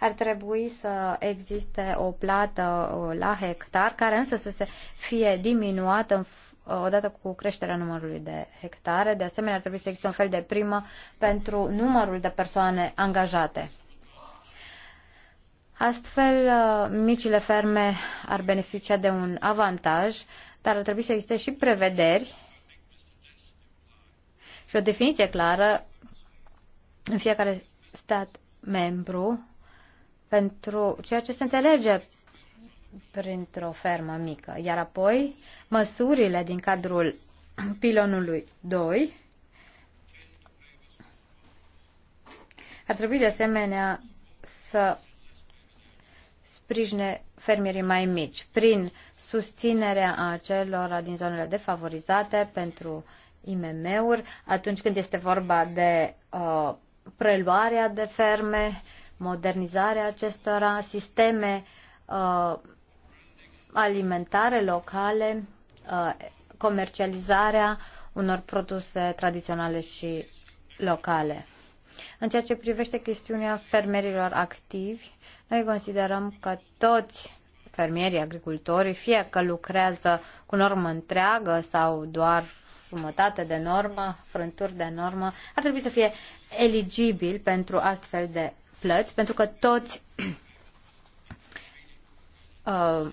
ar trebui să existe o plată uh, la hectar, care însă să se fie diminuată uh, odată cu creșterea numărului de hectare. De asemenea, ar trebui să existe un fel de primă pentru numărul de persoane angajate. Astfel, uh, micile ferme ar beneficia de un avantaj, dar ar trebui să existe și prevederi și o definiție clară în fiecare stat membru pentru ceea ce se înțelege printr-o fermă mică. Iar apoi, măsurile din cadrul pilonului 2 ar trebui de asemenea să sprijine fermierii mai mici prin susținerea acelora din zonele defavorizate pentru IMM-uri atunci când este vorba de uh, preluarea de ferme, modernizarea acestora, sisteme uh, alimentare locale, uh, comercializarea unor produse tradiționale și locale. În ceea ce privește chestiunea fermierilor activi, noi considerăm că toți fermierii, agricultorii, fie că lucrează cu normă întreagă sau doar jumătate de normă, frânturi de normă, ar trebui să fie eligibil pentru astfel de plăți, pentru că toți uh,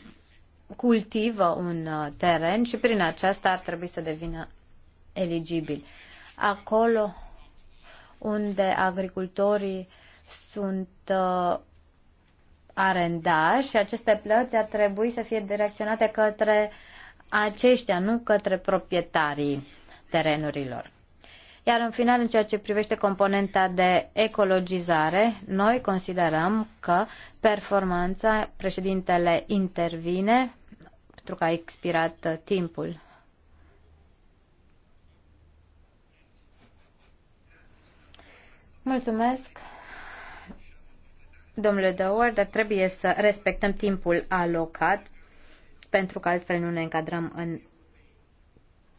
cultivă un uh, teren și prin aceasta ar trebui să devină eligibil. Acolo unde agricultorii sunt uh, arendași și aceste plăți ar trebui să fie direcționate către uh, aceștia, nu către proprietarii terenurilor. Iar în final, în ceea ce privește componenta de ecologizare, noi considerăm că performanța, președintele intervine, pentru că a expirat timpul. Mulțumesc, domnule Doward, dar trebuie să respectăm timpul alocat pentru că altfel nu ne încadrăm în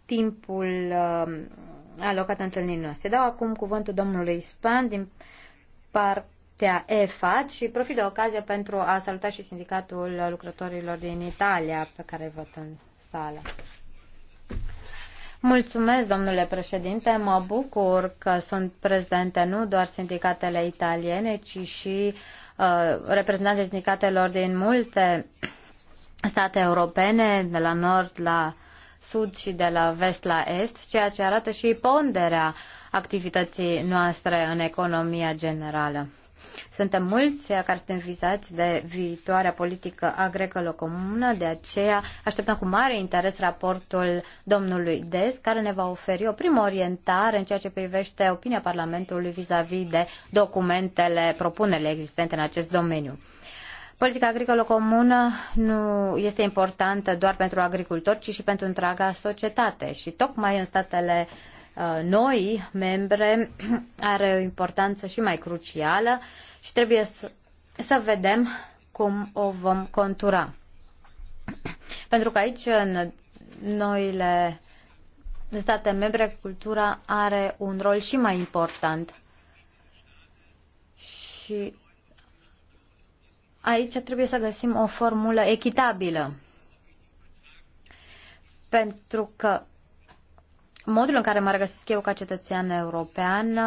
timpul uh, alocat întâlnirii noastre. Dau acum cuvântul domnului Span din partea EFAT și profit de ocazie pentru a saluta și sindicatul lucrătorilor din Italia pe care văd în sală. Mulțumesc, domnule președinte. Mă bucur că sunt prezente nu doar sindicatele italiene, ci și uh, reprezentanții sindicatelor din multe state europene, de la nord la sud și de la vest la est, ceea ce arată și ponderea activității noastre în economia generală. Suntem mulți care suntem vizați de viitoarea politică agricolă comună, de aceea așteptăm cu mare interes raportul domnului Des, care ne va oferi o primă orientare în ceea ce privește opinia Parlamentului vis-a-vis -vis de documentele, propunerile existente în acest domeniu. Politica agricolă comună nu este importantă doar pentru agricultori, ci și pentru întreaga societate. Și tocmai în statele uh, noi, membre, are o importanță și mai crucială și trebuie să, să vedem cum o vom contura. Pentru că aici, în noile state membre, agricultura are un rol și mai important. Și aici trebuie să găsim o formulă echitabilă. Pentru că modul în care mă regăsesc eu ca cetățean european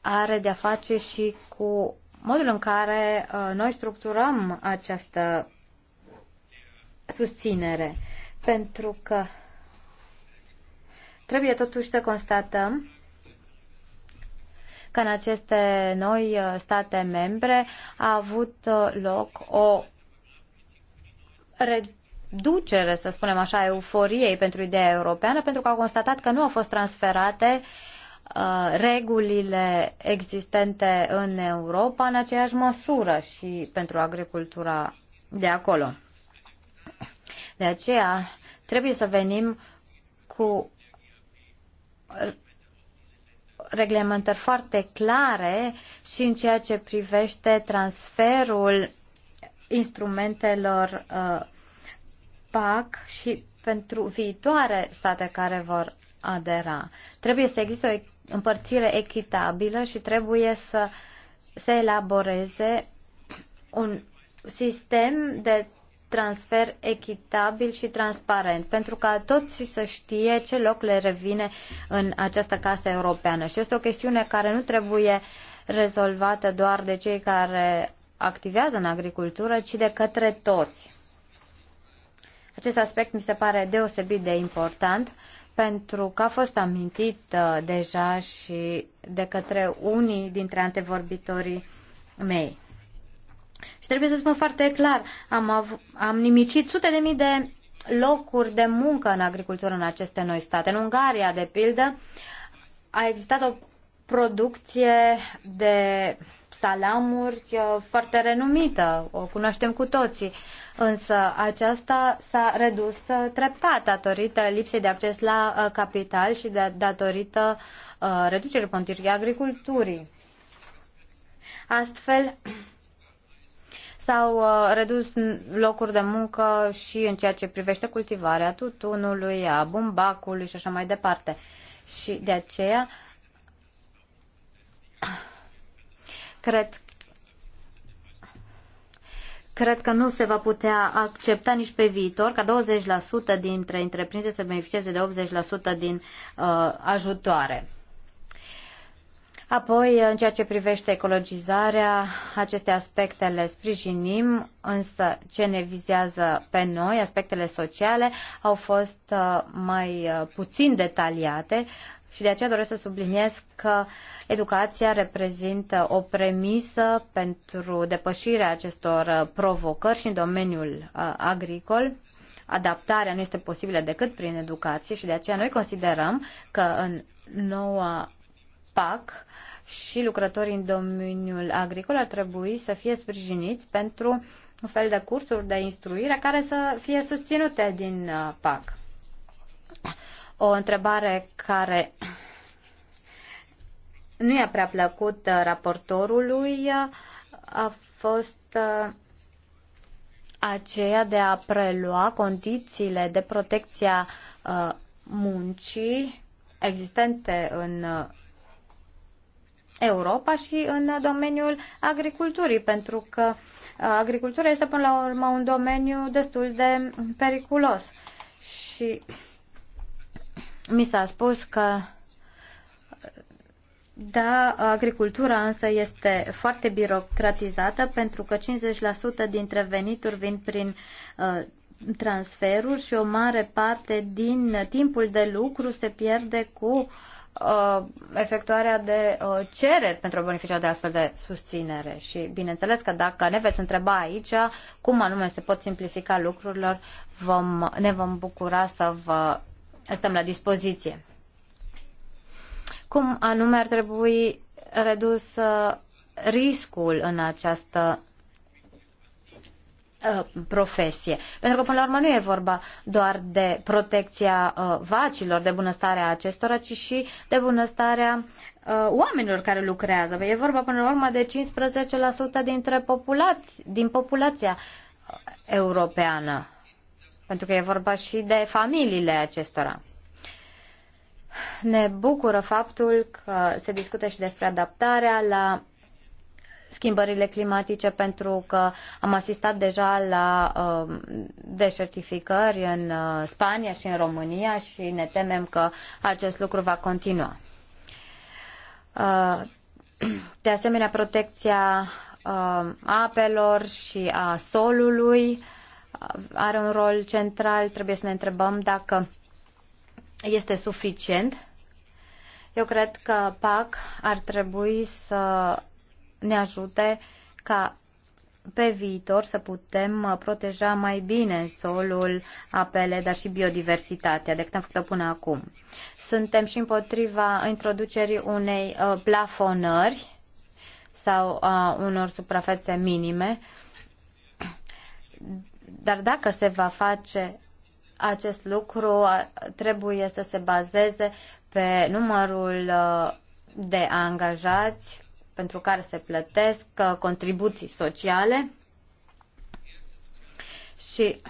are de-a face și cu modul în care uh, noi structurăm această susținere. Pentru că trebuie totuși să constatăm că în aceste noi uh, state membre a avut uh, loc o reducere, să spunem așa, euforiei pentru ideea europeană, pentru că au constatat că nu au fost transferate uh, regulile existente în Europa în aceeași măsură și pentru agricultura de acolo. De aceea trebuie să venim cu reglementări foarte clare și în ceea ce privește transferul instrumentelor uh, PAC și pentru viitoare state care vor adera. Trebuie să existe o împărțire echitabilă și trebuie să se elaboreze un sistem de transfer echitabil și transparent, pentru ca toți să știe ce loc le revine în această casă europeană. Și este o chestiune care nu trebuie rezolvată doar de cei care activează în agricultură, ci de către toți. Acest aspect mi se pare deosebit de important pentru că a fost amintit uh, deja și de către unii dintre antevorbitorii mei. Și trebuie să spun foarte clar, am, av- am nimicit sute de mii de locuri de muncă în agricultură în aceste noi state. În Ungaria, de pildă, a existat o producție de salamuri uh, foarte renumită, o cunoaștem cu toții, însă aceasta s-a redus uh, treptat datorită lipsei de acces la uh, capital și de, datorită uh, reducerii pontirii agriculturii. Astfel, S-au uh, redus locuri de muncă și în ceea ce privește cultivarea tutunului, a bumbacului și așa mai departe. Și de aceea cred Cred că nu se va putea accepta nici pe viitor ca 20% dintre întreprinderi să beneficieze de 80% din uh, ajutoare. Apoi, în ceea ce privește ecologizarea, aceste aspecte le sprijinim, însă ce ne vizează pe noi, aspectele sociale, au fost uh, mai uh, puțin detaliate și de aceea doresc să subliniez că educația reprezintă o premisă pentru depășirea acestor uh, provocări și în domeniul agricol. Adaptarea nu este posibilă decât prin educație și de aceea noi considerăm că în noua PAC și lucrătorii în domeniul agricol ar trebui să fie sprijiniți pentru un fel de cursuri de instruire care să fie susținute din uh, PAC. O întrebare care nu i-a prea plăcut raportorului uh, a fost uh, aceea de a prelua condițiile de protecția muncii existente în Europa și în domeniul agriculturii, pentru că uh, agricultura este până la urmă un domeniu destul de periculos. Și mi s-a spus că da, agricultura însă este foarte birocratizată pentru că 50% dintre venituri vin prin uh, transferuri și o mare parte din timpul de lucru se pierde cu uh, efectuarea de uh, cereri pentru a beneficia de astfel de susținere. Și bineînțeles că dacă ne veți întreba aici cum anume se pot simplifica lucrurilor, vom, ne vom bucura să vă stăm la dispoziție. Cum anume ar trebui redus uh, riscul în această Uh, profesie. Pentru că, până la urmă, nu e vorba doar de protecția uh, vacilor, de bunăstarea acestora, ci și de bunăstarea uh, oamenilor care lucrează. Păi e vorba, până la urmă, de 15% dintre populați, din populația europeană. Pentru că e vorba și de familiile acestora. Ne bucură faptul că se discută și despre adaptarea la schimbările climatice pentru că am asistat deja la uh, deșertificări în uh, Spania și în România și ne temem că acest lucru va continua. Uh, de asemenea, protecția apelor și a solului are un rol central. Trebuie să ne întrebăm dacă este suficient. Eu cred că PAC ar trebui să ne ajute ca pe viitor să putem uh, proteja mai bine solul, apele, dar și biodiversitatea decât am făcut-o până acum. Suntem și împotriva introducerii unei uh, plafonări sau a unor suprafețe minime, dar dacă se va face acest lucru, trebuie să se bazeze pe numărul uh, de angajați pentru care se plătesc uh, contribuții sociale și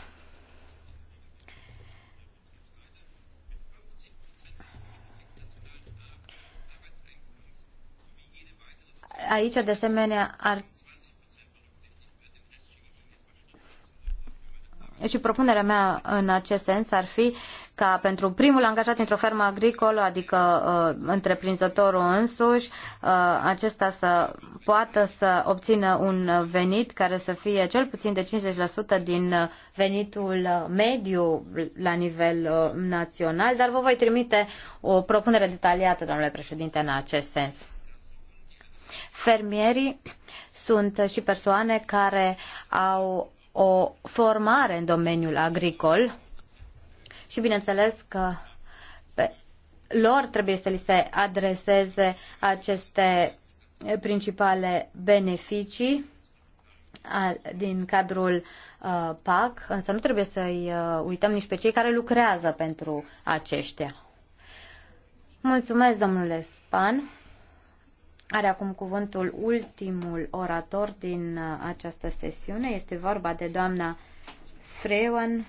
aici, de asemenea, ar și propunerea mea în acest sens ar fi ca pentru primul angajat într-o fermă agricolă, adică uh, întreprinzătorul însuși, uh, acesta să poată să obțină un venit care să fie cel puțin de 50% din venitul mediu la nivel uh, național, dar vă voi trimite o propunere detaliată, domnule președinte, în acest sens. Fermierii sunt și persoane care au o formare în domeniul agricol și bineînțeles că pe lor trebuie să li se adreseze aceste principale beneficii din cadrul uh, PAC, însă nu trebuie să-i uh, uităm nici pe cei care lucrează pentru aceștia. Mulțumesc, domnule Span. Are acum cuvântul ultimul orator din uh, această sesiune. Este vorba de doamna Freuen.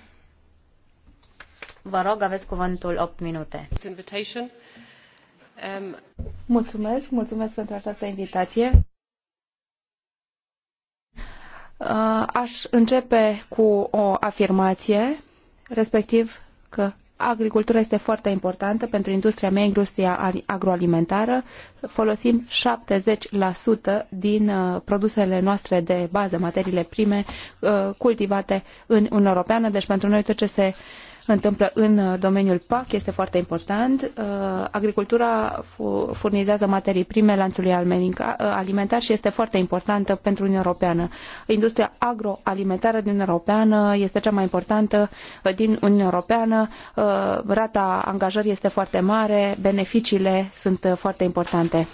Vă rog, aveți cuvântul 8 minute. Um, mulțumesc, mulțumesc pentru această invitație. Uh, aș începe cu o afirmație, respectiv că agricultura este foarte importantă pentru industria mea, industria agroalimentară. Folosim 70% din uh, produsele noastre de bază, materiile prime, uh, cultivate în Uniunea Europeană. Deci pentru noi tot ce se întâmplă în uh, domeniul PAC este foarte important. Uh, agricultura furnizează materii prime lanțului uh, alimentar și este foarte importantă pentru Uniunea Europeană. Industria agroalimentară din Uniunea Europeană este cea mai importantă din Uniunea Europeană. Rata angajării este foarte mare, beneficiile sunt foarte importante.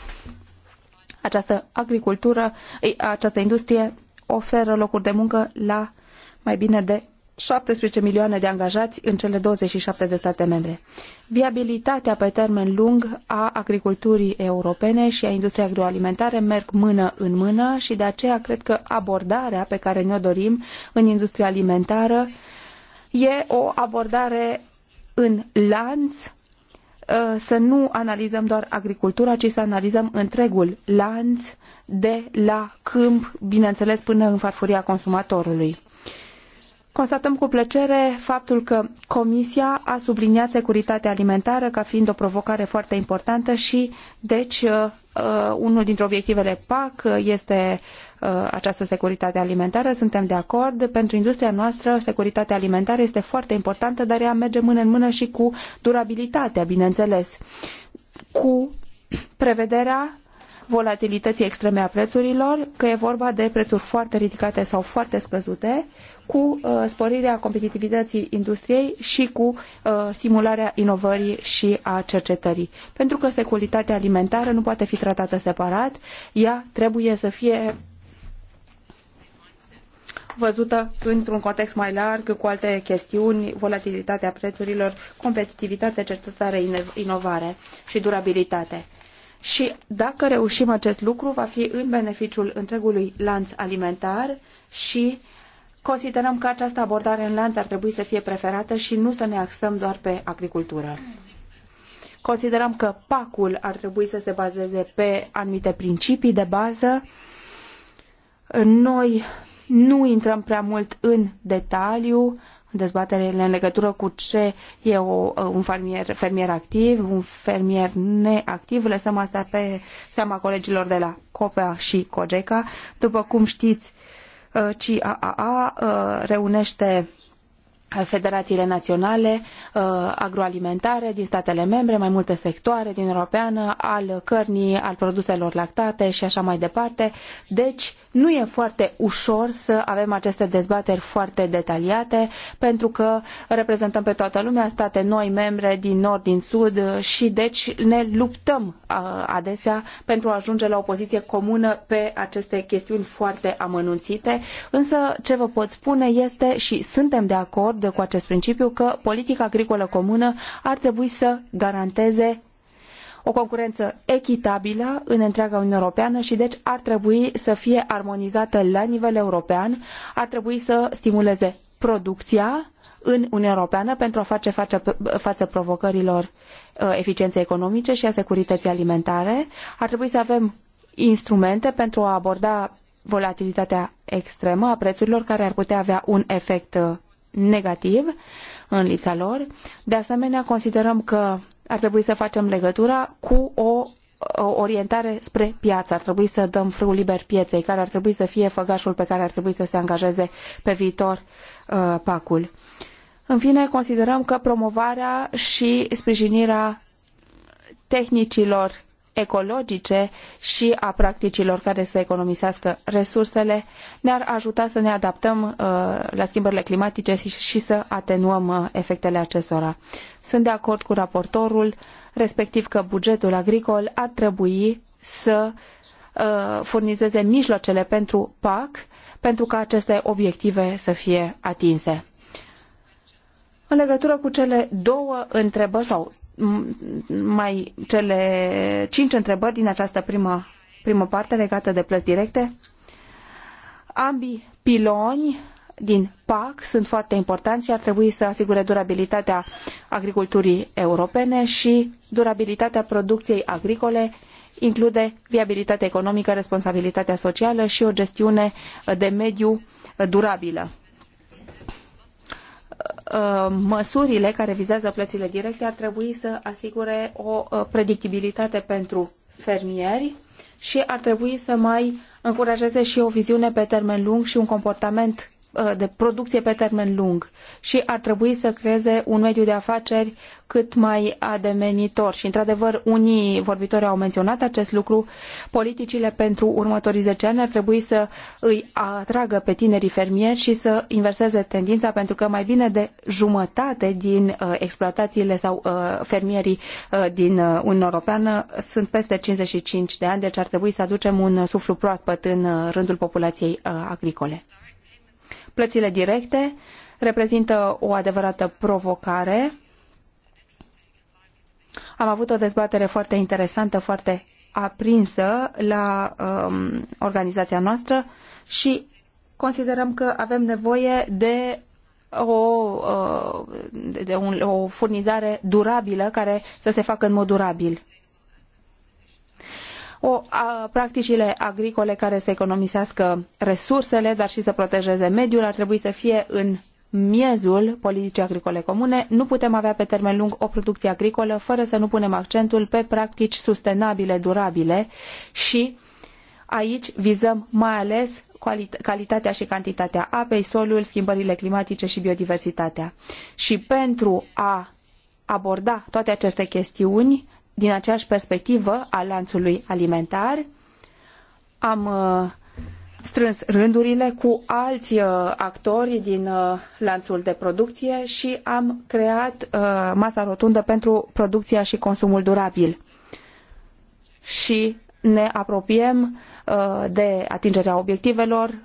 Această agricultură, această industrie oferă locuri de muncă la mai bine de 17 milioane de angajați în cele 27 de state membre. Viabilitatea pe termen lung a agriculturii europene și a industriei agroalimentare merg mână în mână și de aceea cred că abordarea pe care ne-o dorim în industria alimentară e o abordare în lanț uh, să nu analizăm doar agricultura, ci să analizăm întregul lanț de la câmp, bineînțeles, până în farfuria consumatorului. Constatăm cu plăcere faptul că Comisia a subliniat securitatea alimentară ca fiind o provocare foarte importantă și, deci, uh, uh, unul dintre obiectivele PAC este uh, această securitate alimentară. Suntem de acord. Pentru industria noastră, securitatea alimentară este foarte importantă, dar ea merge mână în mână și cu durabilitatea, bineînțeles, cu prevederea volatilității extreme a prețurilor, că e vorba de prețuri foarte ridicate sau foarte scăzute, cu uh, sporirea competitivității industriei și cu uh, stimularea inovării și a cercetării. Pentru că securitatea alimentară nu poate fi tratată separat, ea trebuie să fie văzută într-un context mai larg cu alte chestiuni, volatilitatea prețurilor, competitivitate, cercetare, inovare și durabilitate. Și dacă reușim acest lucru, va fi în beneficiul întregului lanț alimentar și Considerăm că această abordare în lanț ar trebui să fie preferată și nu să ne axăm doar pe agricultură. Considerăm că pacul ar trebui să se bazeze pe anumite principii de bază. Noi nu intrăm prea mult în detaliu dezbaterile în legătură cu ce e o, un fermier, fermier activ, un fermier neactiv. Lăsăm asta pe seama colegilor de la COPEA și COGECA. După cum știți, Uh, CAAA uh, reunește federațiile naționale uh, agroalimentare din statele membre, mai multe sectoare din Europeană, al cărnii, al produselor lactate și așa mai departe. Deci nu e foarte ușor să avem aceste dezbateri foarte detaliate pentru că reprezentăm pe toată lumea, state noi membre din nord, din sud și deci ne luptăm uh, adesea pentru a ajunge la o poziție comună pe aceste chestiuni foarte amănunțite. Însă ce vă pot spune este și suntem de acord acord cu acest principiu că politica agricolă comună ar trebui să garanteze o concurență echitabilă în întreaga Uniune Europeană și deci ar trebui să fie armonizată la nivel european, ar trebui să stimuleze producția în Uniunea Europeană pentru a face față provocărilor uh, eficienței economice și a securității alimentare. Ar trebui să avem instrumente pentru a aborda volatilitatea extremă a prețurilor care ar putea avea un efect uh, negativ în lipsa lor. De asemenea, considerăm că ar trebui să facem legătura cu o orientare spre piață. Ar trebui să dăm frâul liber pieței, care ar trebui să fie făgașul pe care ar trebui să se angajeze pe viitor uh, pacul. În fine, considerăm că promovarea și sprijinirea tehnicilor ecologice și a practicilor care să economisească resursele ne-ar ajuta să ne adaptăm uh, la schimbările climatice și, și să atenuăm uh, efectele acestora. Sunt de acord cu raportorul, respectiv că bugetul agricol ar trebui să uh, furnizeze mijloacele pentru PAC pentru ca aceste obiective să fie atinse. În legătură cu cele două întrebări sau mai cele cinci întrebări din această primă, primă parte legată de plăți directe, ambii piloni din PAC sunt foarte importanți și ar trebui să asigure durabilitatea agriculturii europene și durabilitatea producției agricole include viabilitatea economică, responsabilitatea socială și o gestiune de mediu durabilă. Uh, măsurile care vizează plățile directe ar trebui să asigure o uh, predictibilitate pentru fermieri și ar trebui să mai încurajeze și o viziune pe termen lung și un comportament Uh, de producție pe termen lung și ar trebui să creeze un mediu de afaceri cât mai ademenitor. Și, într-adevăr, unii vorbitori au menționat acest lucru. Politicile pentru următorii zece ani ar trebui să îi atragă pe tinerii fermieri și să inverseze tendința, pentru că mai bine de jumătate din uh, exploatațiile sau uh, fermierii din Uniunea Europeană sunt peste 55 de ani, deci ar trebui să aducem un suflu proaspăt în rândul populației agricole. Plățile directe reprezintă o adevărată provocare. Am avut o dezbatere foarte interesantă, foarte aprinsă la um, organizația noastră și considerăm că avem nevoie de o, uh, de un, o furnizare durabilă care să se facă în mod durabil o, a, practicile agricole care să economisească resursele, dar și să protejeze mediul, ar trebui să fie în miezul politicii agricole comune. Nu putem avea pe termen lung o producție agricolă fără să nu punem accentul pe practici sustenabile, durabile și aici vizăm mai ales calitatea și cantitatea apei, solul, schimbările climatice și biodiversitatea. Și pentru a aborda toate aceste chestiuni, din aceeași perspectivă a lanțului alimentar. Am uh, strâns rândurile cu alți uh, actori din uh, lanțul de producție și am creat masa rotundă pentru producția și consumul durabil. Și ne apropiem de atingerea obiectivelor,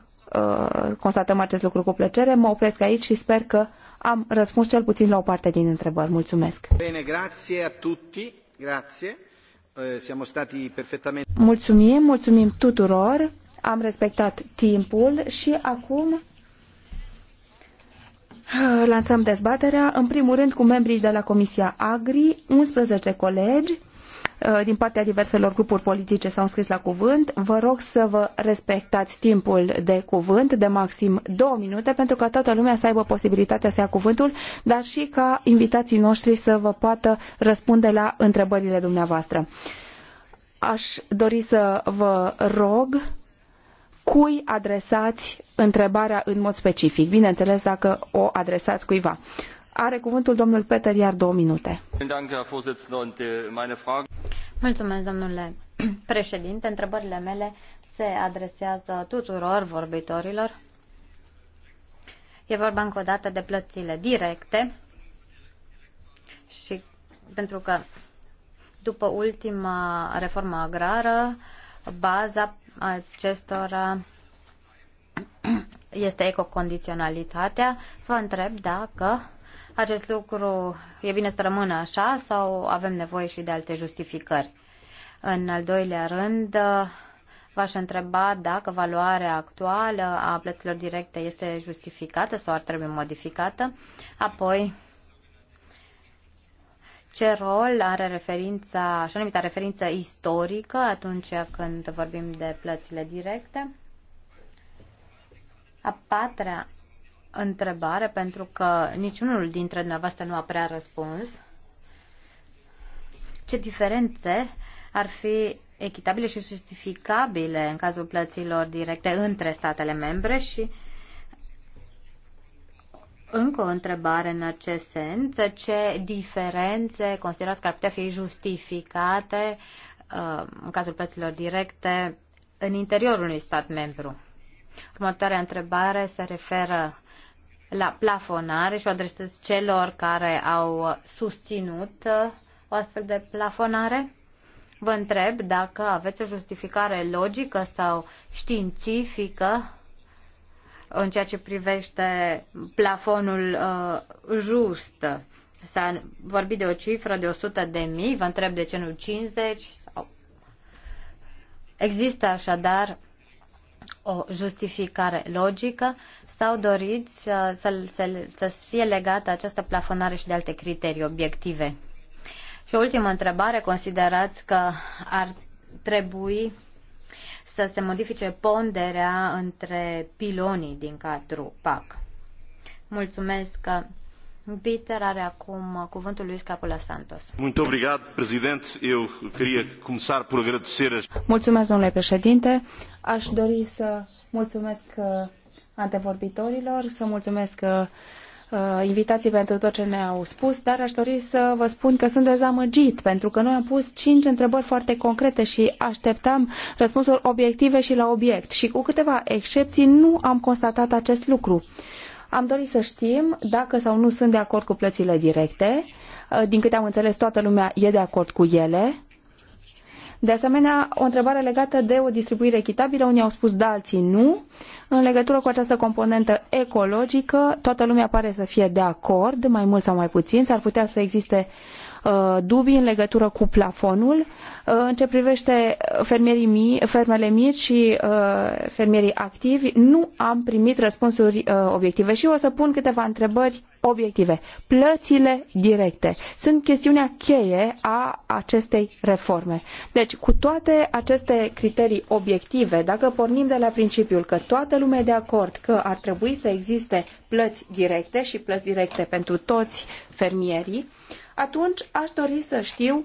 constatăm acest lucru cu plăcere. Mă opresc aici și sper că am răspuns cel puțin la o parte din întrebări. Mulțumesc! Bine, grazie a tutti! Eh, mulțumim, mulțumim tuturor. Am respectat timpul și acum eh, lansăm dezbaterea, în primul rând cu membrii de la Comisia Agri, 11 colegi Uh, din partea diverselor grupuri politice s-au înscris la cuvânt. Vă rog să vă respectați timpul de cuvânt de maxim două minute pentru ca toată lumea să aibă posibilitatea să ia cuvântul, dar și ca invitații noștri să vă poată răspunde la întrebările dumneavoastră. Aș dori să vă rog cui adresați întrebarea în mod specific, bineînțeles dacă o adresați cuiva. Are cuvântul domnul Peter, iar două minute. Mulțumesc, domnule președinte. Întrebările mele se adresează tuturor vorbitorilor. E vorba încă o dată de plățile directe și pentru că după ultima reformă agrară, baza acestora este ecocondiționalitatea. Vă întreb dacă acest lucru e bine să rămână așa sau avem nevoie și de alte justificări? În al doilea rând, v-aș întreba dacă valoarea actuală a plăților directe este justificată sau ar trebui modificată. Apoi, ce rol are referința, așa numită referință istorică atunci când vorbim de plățile directe? A patra întrebare pentru că niciunul dintre dumneavoastră nu a prea răspuns. Ce diferențe ar fi echitabile și justificabile în cazul plăților directe între statele membre și încă o întrebare în acest sens. Ce diferențe considerați că ar putea fi justificate uh, în cazul plăților directe în interiorul unui stat membru? Următoarea întrebare se referă la plafonare și o adresez celor care au susținut uh, o astfel de plafonare. Vă întreb dacă aveți o justificare logică sau științifică în ceea ce privește plafonul uh, just. S-a vorbit de o cifră de 100 de mii, vă întreb de ce nu 50 sau... Există așadar o justificare logică sau doriți să, să, să, să fie legată această plafonare și de alte criterii obiective? Și o ultimă întrebare, considerați că ar trebui să se modifice ponderea între pilonii din cadrul PAC? Mulțumesc că Bitter are acum cuvântul lui Santos. Muito obrigado, presidente. Eu queria começar por agradecer as... Mulțumesc, domnule președinte. Aș dori să mulțumesc uh, antevorbitorilor, să mulțumesc uh, uh, invitații pentru tot ce ne-au spus, dar aș dori să vă spun că sunt dezamăgit, pentru că noi am pus cinci întrebări foarte concrete și așteptam răspunsuri obiective și la obiect și cu câteva excepții nu am constatat acest lucru. Uh, am dorit să știm dacă sau nu sunt de acord cu plățile directe. Uh, din câte am înțeles, toată lumea e de acord cu ele. De asemenea, o întrebare legată de o distribuire echitabilă, unii au spus da, alții nu. În legătură cu această componentă ecologică, toată lumea pare să fie de acord, mai mult sau mai puțin. S-ar putea să existe Uh, dubii în legătură cu plafonul uh, în ce privește fermierii fermele mici și uh, fermierii activi. Nu am primit răspunsuri obiective și o să pun câteva întrebări obiective. Plățile directe sunt chestiunea cheie a acestei reforme. Deci, cu toate aceste criterii obiective, dacă pornim de la principiul că toată lumea e de acord că ar trebui să existe plăți directe și plăți directe pentru toți fermierii, atunci aș dori să știu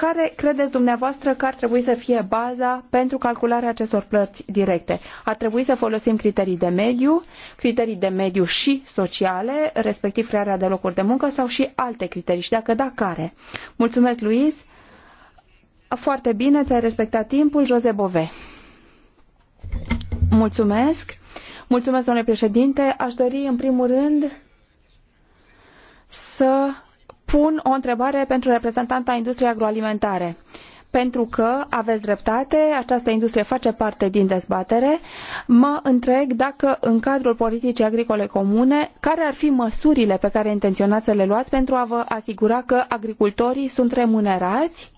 care credeți dumneavoastră că ar trebui să fie baza pentru calcularea acestor plăți directe? Ar trebui să folosim criterii de mediu, criterii de mediu și sociale, respectiv crearea de locuri de muncă sau și alte criterii și dacă da, care? Mulțumesc, Luis. Foarte bine, ți-ai respectat timpul, Jose Bove. Mulțumesc. Mulțumesc, domnule președinte. Aș dori, în primul rând, să pun o întrebare pentru reprezentanta industriei agroalimentare. Pentru că, aveți dreptate, această industrie face parte din dezbatere, mă întreb dacă în cadrul politicii agricole comune, care ar fi măsurile pe care intenționați să le luați pentru a vă asigura că agricultorii sunt remunerați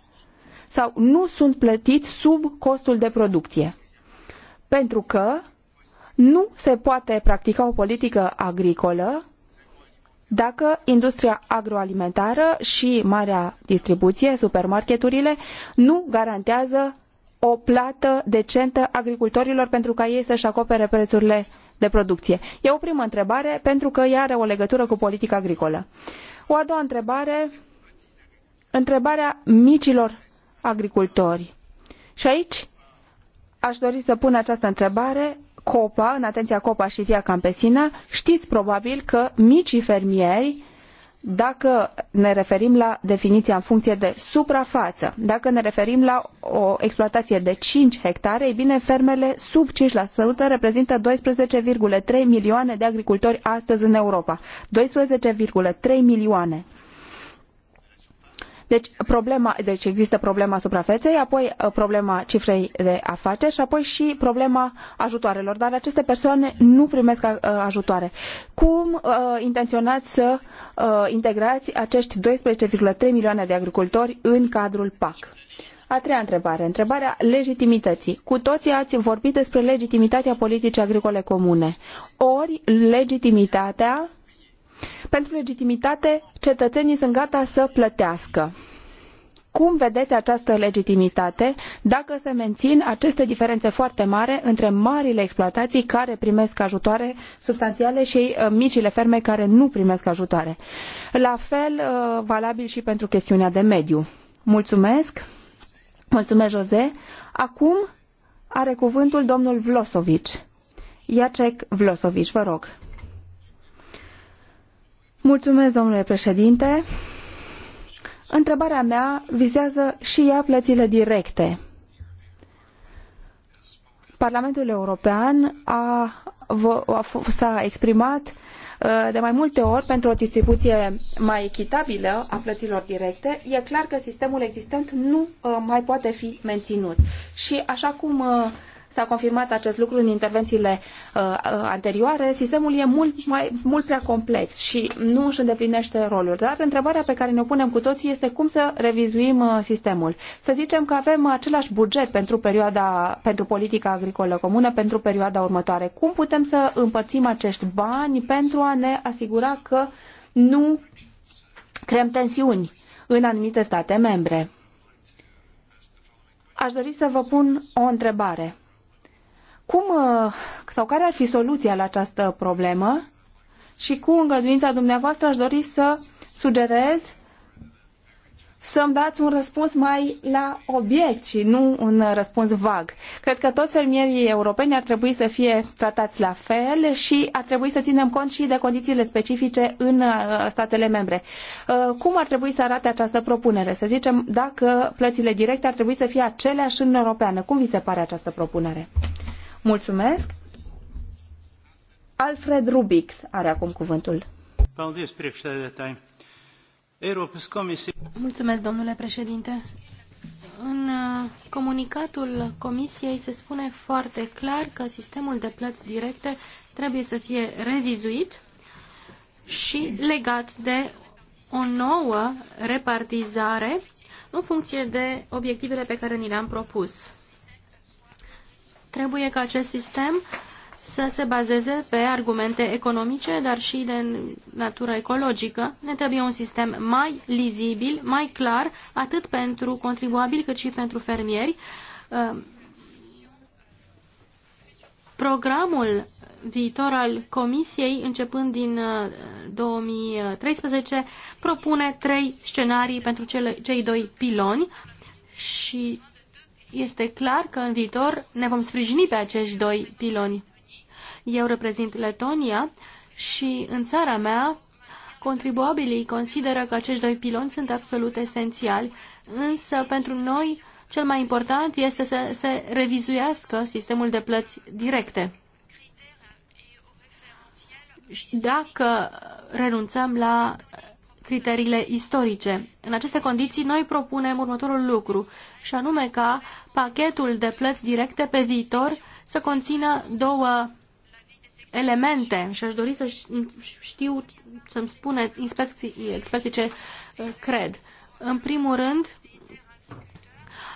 sau nu sunt plătiți sub costul de producție. Pentru că nu se poate practica o politică agricolă dacă industria agroalimentară și marea distribuție, supermarketurile, nu garantează o plată decentă agricultorilor pentru ca ei să-și acopere prețurile de producție? E o primă întrebare pentru că ea are o legătură cu politica agricolă. O a doua întrebare, întrebarea micilor agricultori. Și aici aș dori să pun această întrebare COPA, în atenția COPA și Via Campesina, știți probabil că micii fermieri dacă ne referim la definiția în funcție de suprafață, dacă ne referim la o exploatație de 5 hectare, ei bine, fermele sub 5% reprezintă 12,3 milioane de agricultori astăzi în Europa. 12,3 milioane. Deci, problema, deci există problema suprafeței, apoi uh, problema cifrei de afaceri și apoi și problema ajutoarelor. Dar aceste persoane nu primesc uh, ajutoare. Cum uh, intenționați să uh, integrați acești 12,3 milioane de agricultori în cadrul PAC? A treia întrebare, întrebarea legitimității. Cu toții ați vorbit despre legitimitatea politicii agricole comune. Ori legitimitatea pentru legitimitate, cetățenii sunt gata să plătească. Cum vedeți această legitimitate dacă se mențin aceste diferențe foarte mari între marile exploatații care primesc ajutoare substanțiale și uh, micile ferme care nu primesc ajutoare? La fel, uh, valabil și pentru chestiunea de mediu. Mulțumesc! Mulțumesc, Jose! Acum are cuvântul domnul Vlosovici. Iacek Vlosovici, vă rog. Mulțumesc, domnule președinte. Întrebarea mea vizează și ea plățile directe. Parlamentul European a, a, s-a exprimat uh, de mai multe ori pentru o distribuție mai echitabilă a plăților directe, e clar că sistemul existent nu uh, mai poate fi menținut. Și așa cum uh, S-a confirmat acest lucru în intervențiile uh, uh, anterioare. Sistemul e mult, mai, mult prea complex și nu își îndeplinește rolul. Dar întrebarea pe care ne-o punem cu toții este cum să revizuim uh, sistemul. Să zicem că avem același buget pentru, perioada, pentru politica agricolă comună pentru perioada următoare. Cum putem să împărțim acești bani pentru a ne asigura că nu creăm tensiuni în anumite state membre? Aș dori să vă pun o întrebare. Cum uh, sau care ar fi soluția la această problemă? Și cu îngăduința dumneavoastră aș dori să sugerez să-mi dați un răspuns mai la obiect și nu un răspuns vag. Cred că toți fermierii europeni ar trebui să fie tratați la fel și ar trebui să ținem cont și de condițiile specifice în uh, statele membre. Uh, cum ar trebui să arate această propunere? Să zicem dacă plățile directe ar trebui să fie aceleași în Europeană. Cum vi se pare această propunere? Mulțumesc. Alfred Rubix are acum cuvântul. Mulțumesc, domnule președinte. În uh, comunicatul Comisiei se spune foarte clar că sistemul de plăți directe trebuie să fie revizuit și legat de o nouă repartizare în funcție de obiectivele pe care ni le-am propus. Trebuie ca acest sistem să se bazeze pe argumente economice, dar și de natură ecologică. Ne trebuie un sistem mai lizibil, mai clar, atât pentru contribuabili cât și pentru fermieri. Uh, programul viitor al Comisiei, începând din 2013, uh, propune trei scenarii pentru cele, cei doi piloni și este clar că în viitor ne vom sprijini pe acești doi piloni. Eu reprezint Letonia și în țara mea contribuabilii consideră că acești doi piloni sunt absolut esențiali, însă pentru noi cel mai important este să se revizuiască sistemul de plăți directe. Dacă renunțăm la criteriile istorice. În aceste condiții, noi propunem următorul lucru, și anume ca pachetul de plăți directe pe viitor să conțină două elemente și aș dori să știu, să-mi spună inspecții, inspecții ce uh, cred. În primul rând,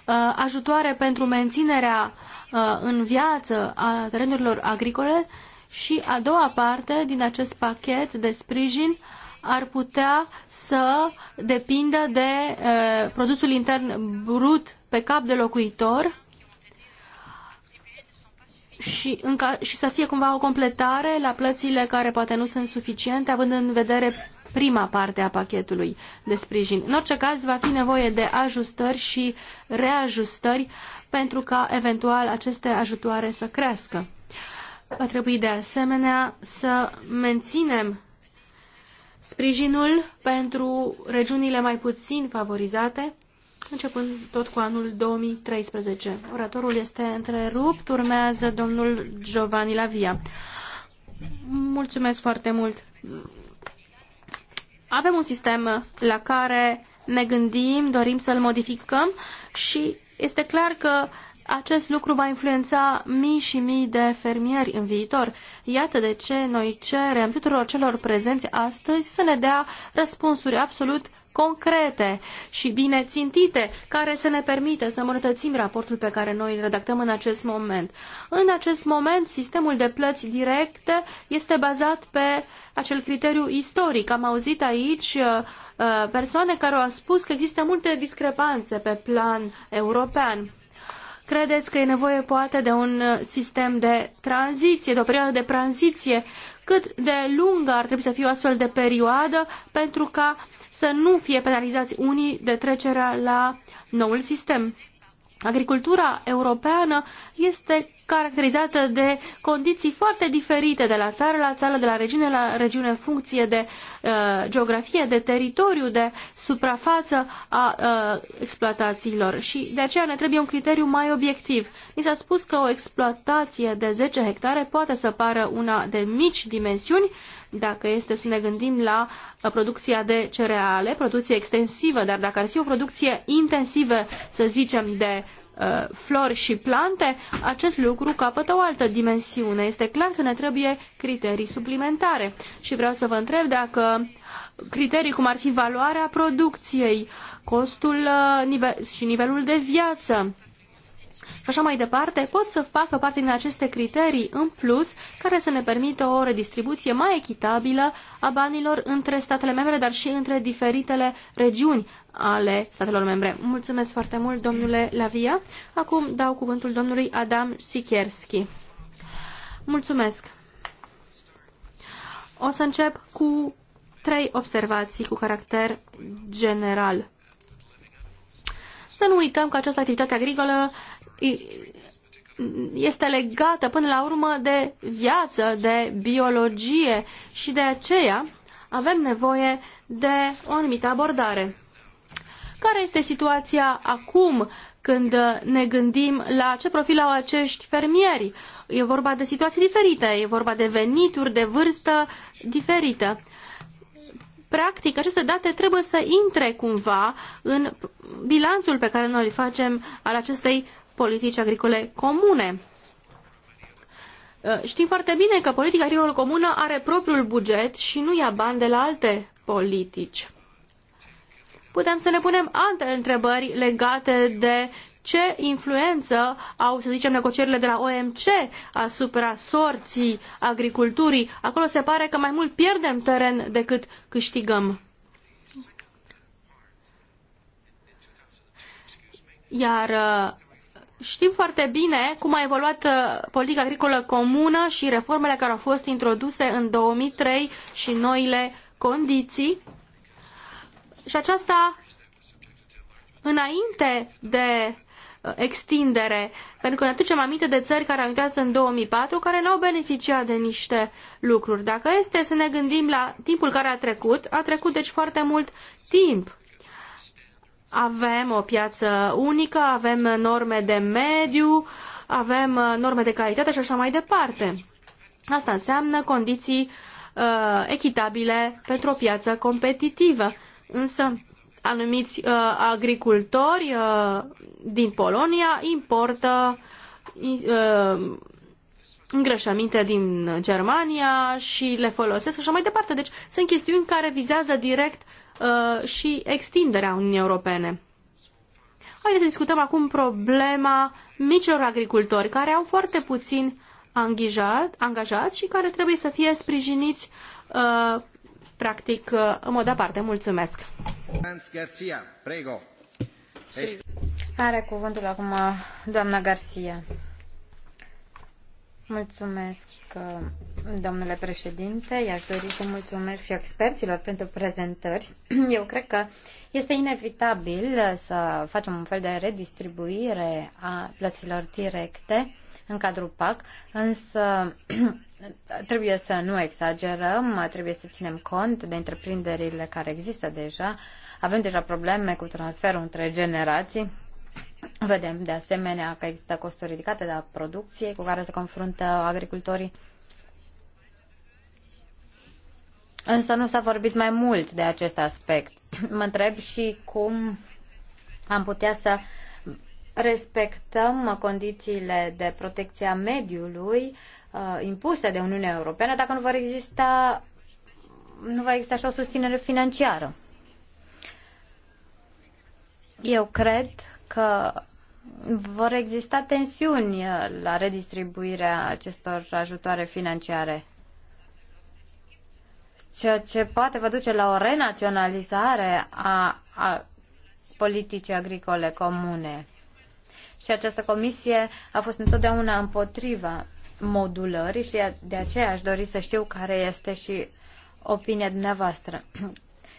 uh, ajutoare pentru menținerea uh, în viață a terenurilor agricole și a doua parte din acest pachet de sprijin uh, ar putea să depindă de uh, produsul intern brut pe cap de locuitor și, și să fie cumva o completare la plățile care poate nu sunt suficiente, având în vedere prima parte a pachetului de sprijin. În orice caz, va fi nevoie de ajustări și reajustări pentru ca eventual aceste ajutoare să crească. Va trebui de asemenea să menținem sprijinul pentru regiunile mai puțin favorizate, începând tot cu anul 2013. Oratorul este întrerupt, urmează domnul Giovanni Lavia. Mulțumesc foarte mult! Avem un sistem la care ne gândim, dorim să-l modificăm și este clar că acest lucru va influența mii și mii de fermieri în viitor. Iată de ce noi cerem tuturor celor prezenți astăzi să ne dea răspunsuri absolut concrete și bine țintite, care să ne permită să îmbunătățim raportul pe care noi îl redactăm în acest moment. În acest moment, sistemul de plăți directe este bazat pe acel criteriu istoric. Am auzit aici uh, uh, persoane care au spus că există multe discrepanțe pe plan european. Credeți că e nevoie poate de un uh, sistem de tranziție, de o perioadă de tranziție? Cât de lungă ar trebui să fie o astfel de perioadă pentru ca să nu fie penalizați unii de trecerea la noul sistem? Agricultura europeană este caracterizată de condiții foarte diferite de la țară la țară, de la regiune la regiune, în funcție de uh, geografie, de teritoriu, de suprafață a uh, exploatațiilor. Și de aceea ne trebuie un criteriu mai obiectiv. Mi s-a spus că o exploatație de 10 hectare poate să pară una de mici dimensiuni, dacă este să ne gândim la uh, producția de cereale, producție extensivă, dar dacă ar fi o producție intensivă, să zicem, de Uh, flori și plante, acest lucru capătă o altă dimensiune. Este clar că ne trebuie criterii suplimentare. Și vreau să vă întreb dacă criterii cum ar fi valoarea producției, costul uh, nive și nivelul de viață și așa mai departe, pot să facă parte din aceste criterii în plus care să ne permită o redistribuție mai echitabilă a banilor între statele membre, dar și între diferitele regiuni ale statelor membre. Mulțumesc foarte mult, domnule Lavia. Acum dau cuvântul domnului Adam Sikierski. Mulțumesc. O să încep cu trei observații cu caracter general. Să nu uităm că această activitate agricolă este legată până la urmă de viață, de biologie și de aceea avem nevoie de o anumită abordare. Care este situația acum când ne gândim la ce profil au acești fermieri? E vorba de situații diferite, e vorba de venituri, de vârstă diferită. Practic, aceste date trebuie să intre cumva în bilanțul pe care noi îl facem al acestei politici agricole comune. Uh, știm foarte bine că politica agricolă comună are propriul buget și nu ia bani de la alte politici. Putem să ne punem alte întrebări legate de ce influență au, să zicem, negocierile de la OMC asupra sorții agriculturii. Acolo se pare că mai mult pierdem teren decât câștigăm. Iar uh, Știm foarte bine cum a evoluat uh, politica agricolă comună și reformele care au fost introduse în 2003 și noile condiții. Și aceasta înainte de uh, extindere, pentru că ne aducem aminte de țări care au intrat în 2004, care n-au beneficiat de niște lucruri. Dacă este să ne gândim la timpul care a trecut, a trecut deci foarte mult timp. Avem o piață unică, avem norme de mediu, avem uh, norme de calitate și așa mai departe. Asta înseamnă condiții uh, echitabile pentru o piață competitivă. Însă, anumiți uh, agricultori uh, din Polonia importă uh, îngrășăminte din Germania și le folosesc și așa mai departe. Deci sunt chestiuni care vizează direct uh, și extinderea Uniunii Europene. Haideți să discutăm acum problema micilor agricultori care au foarte puțin angajat, angajat și care trebuie să fie sprijiniți uh, practic uh, în mod aparte. Mulțumesc! Garcia, prego. Are cuvântul acum doamna Garcia. Mulțumesc, uh, domnule președinte. I-aș dori să mulțumesc și experților pentru prezentări. Eu cred că este inevitabil uh, să facem un fel de redistribuire a plăților directe în cadrul PAC, însă trebuie să nu exagerăm, uh, trebuie să ținem cont de întreprinderile care există deja. Avem deja probleme cu transferul între generații Vedem de asemenea că există costuri ridicate de producție cu care se confruntă agricultorii. Însă nu s-a vorbit mai mult de acest aspect. Mă întreb și cum am putea să respectăm condițiile de protecție a mediului uh, impuse de Uniunea Europeană dacă nu vor exista nu va exista și o susținere financiară. Eu cred că vor exista tensiuni uh, la redistribuirea acestor ajutoare financiare. Ceea ce poate vă duce la o renaționalizare a, a politicii agricole comune. Și această comisie a fost întotdeauna împotriva modulării și de aceea aș dori să știu care este și opinia dumneavoastră.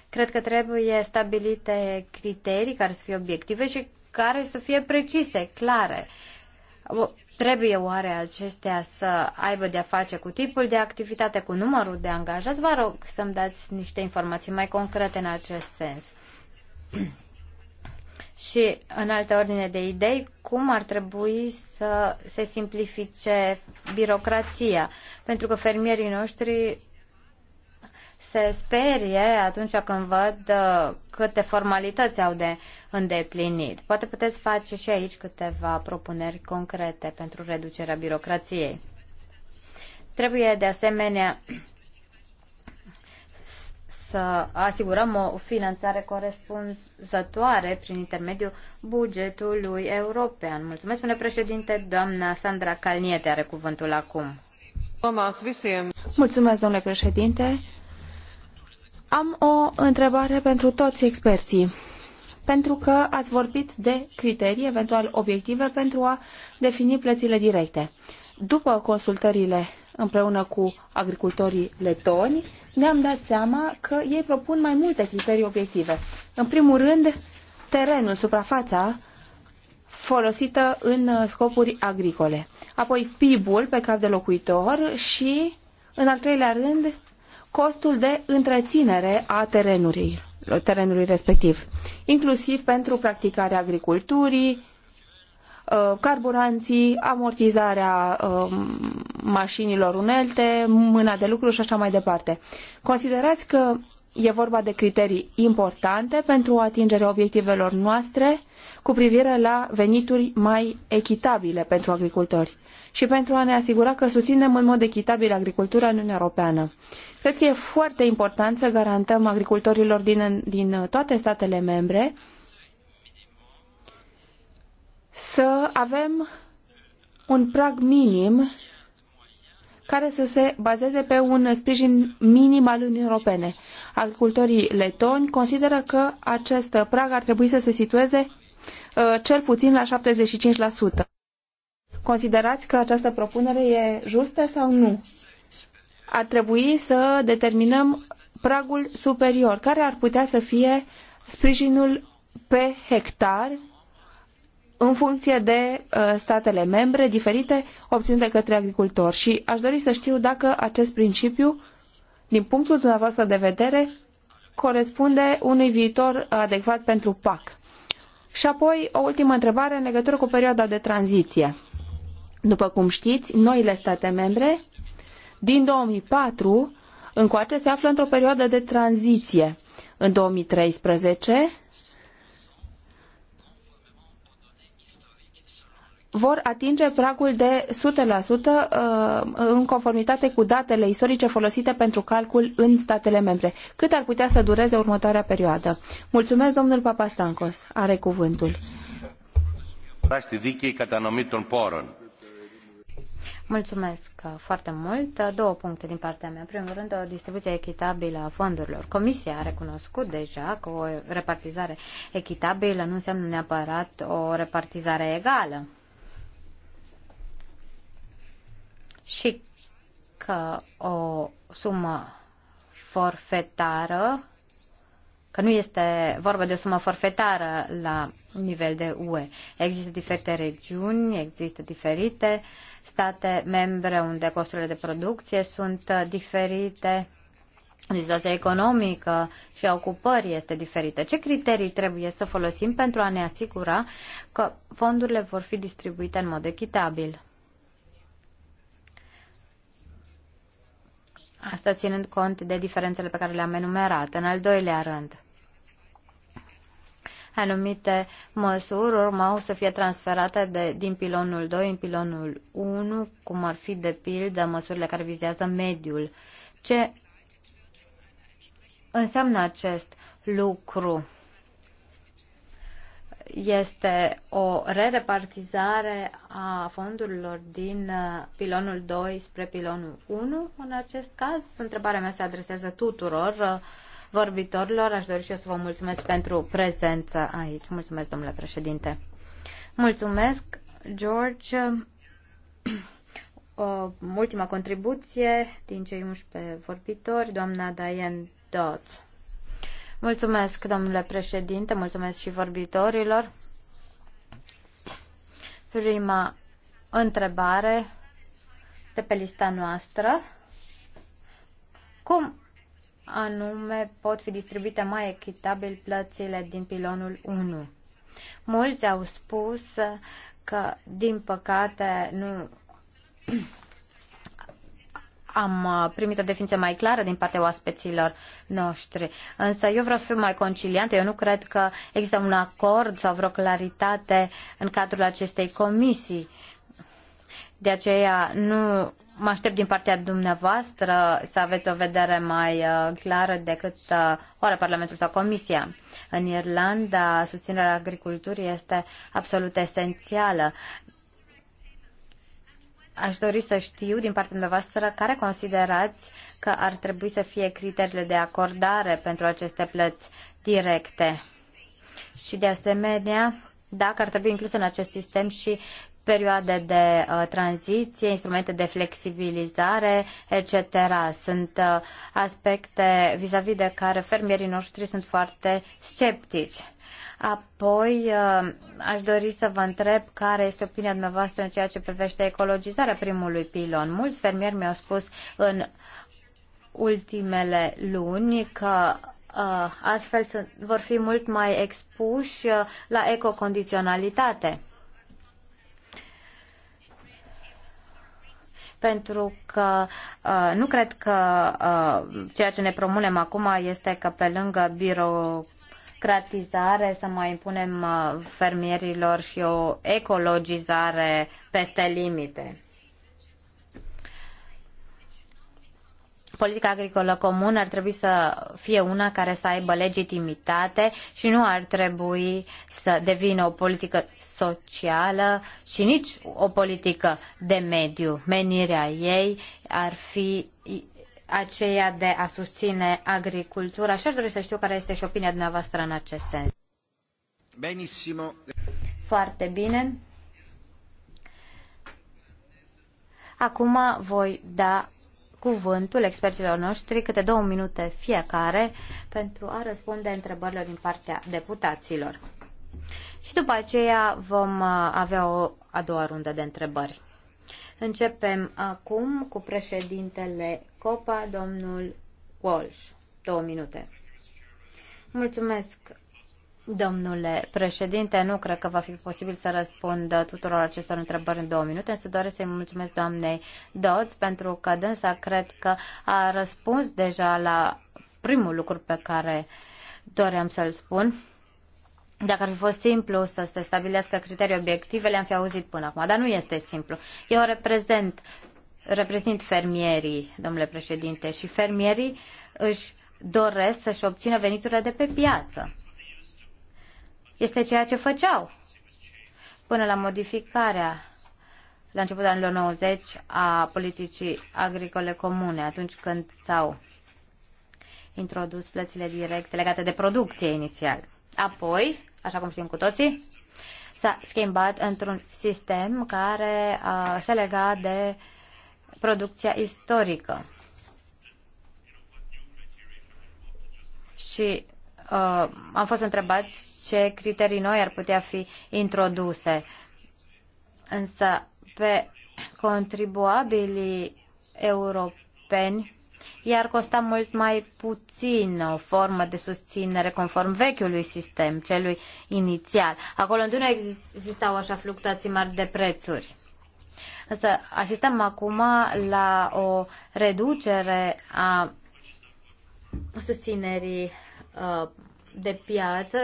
Cred că trebuie stabilite criterii care să fie obiective și care să fie precise, clare. Trebuie oare acestea să aibă de-a face cu tipul de activitate, cu numărul de angajați? Vă rog să-mi dați niște informații mai concrete în acest sens. Și în altă ordine de idei, cum ar trebui să se simplifice birocrația? Pentru că fermierii noștri se sperie atunci când văd uh, câte formalități au de îndeplinit. Poate puteți face și aici câteva propuneri concrete pentru reducerea birocrației. Trebuie de asemenea să asigurăm o finanțare corespunzătoare prin intermediul bugetului european. Mulțumesc, spune președinte, doamna Sandra Calniete are cuvântul acum. Mulțumesc, domnule președinte. Am o întrebare pentru toți experții, pentru că ați vorbit de criterii, eventual obiective, pentru a defini plățile directe. După consultările împreună cu agricultorii letoni, ne-am dat seama că ei propun mai multe criterii obiective. În primul rând, terenul, suprafața folosită în scopuri agricole. Apoi PIB-ul pe cap de locuitor și, în al treilea rând, costul de întreținere a terenului, terenului respectiv, inclusiv pentru practicarea agriculturii, uh, carburanții, amortizarea um, mașinilor unelte, mâna de lucru și așa mai departe. Considerați că e vorba de criterii importante pentru atingerea obiectivelor noastre cu privire la venituri mai echitabile pentru agricultori și pentru a ne asigura că susținem în mod echitabil agricultura în Uniunea Europeană. Cred că e foarte important să garantăm agricultorilor din, din toate statele membre să avem un prag minim care să se bazeze pe un sprijin minim al Uniunii Europene. Agricultorii letoni consideră că acest prag ar trebui să se situeze uh, cel puțin la 75%. Considerați că această propunere e justă sau nu? ar trebui să determinăm pragul superior, care ar putea să fie sprijinul pe hectar în funcție de uh, statele membre diferite obținute către agricultor. Și aș dori să știu dacă acest principiu, din punctul dumneavoastră de vedere, corespunde unui viitor adecvat pentru PAC. Și apoi o ultimă întrebare în legătură cu perioada de tranziție. După cum știți, noile state membre din 2004 încoace se află într-o perioadă de tranziție. În 2013 vor atinge pragul de 100% uh, în conformitate cu datele istorice folosite pentru calcul în statele membre. Cât ar putea să dureze următoarea perioadă? Mulțumesc, domnul Papastancos. Are cuvântul. Στη δίκαιη κατανομή Mulțumesc uh, foarte mult. Uh, două puncte din partea mea. În primul rând, o distribuție echitabilă a fondurilor. Comisia a recunoscut deja că o repartizare echitabilă nu înseamnă neapărat o repartizare egală. Și că o sumă forfetară că nu este vorba de o sumă forfetară la nivel de UE. Există diferite regiuni, există diferite state membre unde costurile de producție sunt uh, diferite, situația economică și a ocupării este diferită. Ce criterii trebuie să folosim pentru a ne asigura că fondurile vor fi distribuite în mod echitabil? Asta ținând cont de diferențele pe care le-am enumerat. În al doilea rând, anumite măsuri urmau să fie transferate de, din pilonul 2 în pilonul 1, cum ar fi de pildă măsurile care vizează mediul. Ce înseamnă acest lucru? Este o re-repartizare a fondurilor din uh, pilonul 2 spre pilonul 1 în acest caz? Întrebarea mea se adresează tuturor uh, vorbitorilor. Aș dori și eu să vă mulțumesc pentru prezență aici. Mulțumesc, domnule președinte. Mulțumesc, George. O ultima contribuție din cei 11 vorbitori, doamna Diane Dodds. Mulțumesc, domnule președinte, mulțumesc și vorbitorilor. Prima întrebare de pe lista noastră. Cum anume pot fi distribuite mai echitabil plățile din pilonul 1. Mulți au spus că, din păcate, nu am primit o definiție mai clară din partea oaspeților noștri. Însă eu vreau să fiu mai conciliantă. Eu nu cred că există un acord sau vreo claritate în cadrul acestei comisii. De aceea nu Mă aștept din partea dumneavoastră să aveți o vedere mai uh, clară decât uh, oare Parlamentul sau Comisia. În Irlanda, susținerea agriculturii este absolut esențială. Aș dori să știu din partea dumneavoastră care considerați că ar trebui să fie criteriile de acordare pentru aceste plăți directe. Și de asemenea, dacă ar trebui inclus în acest sistem și perioade de uh, tranziție, instrumente de flexibilizare, etc. Sunt uh, aspecte vis-a-vis -vis de care fermierii noștri sunt foarte sceptici. Apoi, uh, aș dori să vă întreb care este opinia dumneavoastră în ceea ce privește ecologizarea primului pilon. Mulți fermieri mi-au spus în ultimele luni că uh, astfel vor fi mult mai expuși uh, la ecocondiționalitate. pentru că uh, nu cred că uh, ceea ce ne promunem acum este că pe lângă birocratizare să mai impunem uh, fermierilor și o ecologizare peste limite. politica agricolă comună ar trebui să fie una care să aibă legitimitate și nu ar trebui să devină o politică socială și nici o politică de mediu. Menirea ei ar fi aceea de a susține agricultura și aș dori să știu care este și opinia dumneavoastră în acest sens. Benissimo. Foarte bine. Acum voi da cuvântul experților noștri, câte două minute fiecare, pentru a răspunde întrebărilor din partea deputaților. Și după aceea vom uh, avea o a doua rundă de întrebări. Începem acum cu președintele COPA, domnul Walsh. Două minute. Mulțumesc, Domnule președinte, nu cred că va fi posibil să răspund tuturor acestor întrebări în două minute, însă doresc să-i mulțumesc doamnei Dodds pentru că dânsa cred că a răspuns deja la primul lucru pe care doream să-l spun. Dacă ar fi fost simplu să se stabilească criterii obiective, le-am fi auzit până acum, dar nu este simplu. Eu reprezent, reprezint fermierii, domnule președinte, și fermierii își doresc să-și obțină veniturile de pe piață este ceea ce făceau până la modificarea la începutul anilor 90 a politicii agricole comune, atunci când s-au introdus plățile directe legate de producție inițial. Apoi, așa cum știm cu toții, s-a schimbat într-un sistem care a, se lega de producția istorică. Și uh, am fost întrebați ce criterii noi ar putea fi introduse. Însă pe contribuabilii europeni iar costa mult mai puțin o formă de susținere conform vechiului sistem, celui inițial. Acolo nu existau așa fluctuații mari de prețuri. Însă asistăm acum la o reducere a susținerii Uh, de piață,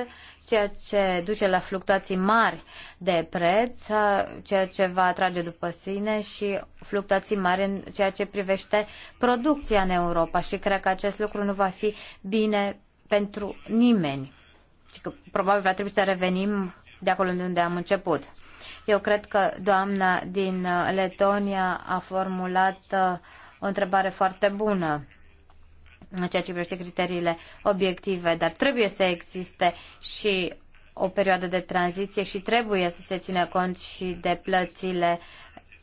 ceea ce duce la fluctuații mari de preț, uh, ceea ce va atrage după sine și fluctuații mari în ceea ce privește producția în Europa și cred că acest lucru nu va fi bine pentru nimeni. că probabil va trebui să revenim de acolo unde am început. Eu cred că doamna din uh, Letonia a formulat o întrebare foarte bună în ceea ce privește criteriile obiective, dar trebuie să existe și o perioadă de tranziție și trebuie să se țină cont și de plățile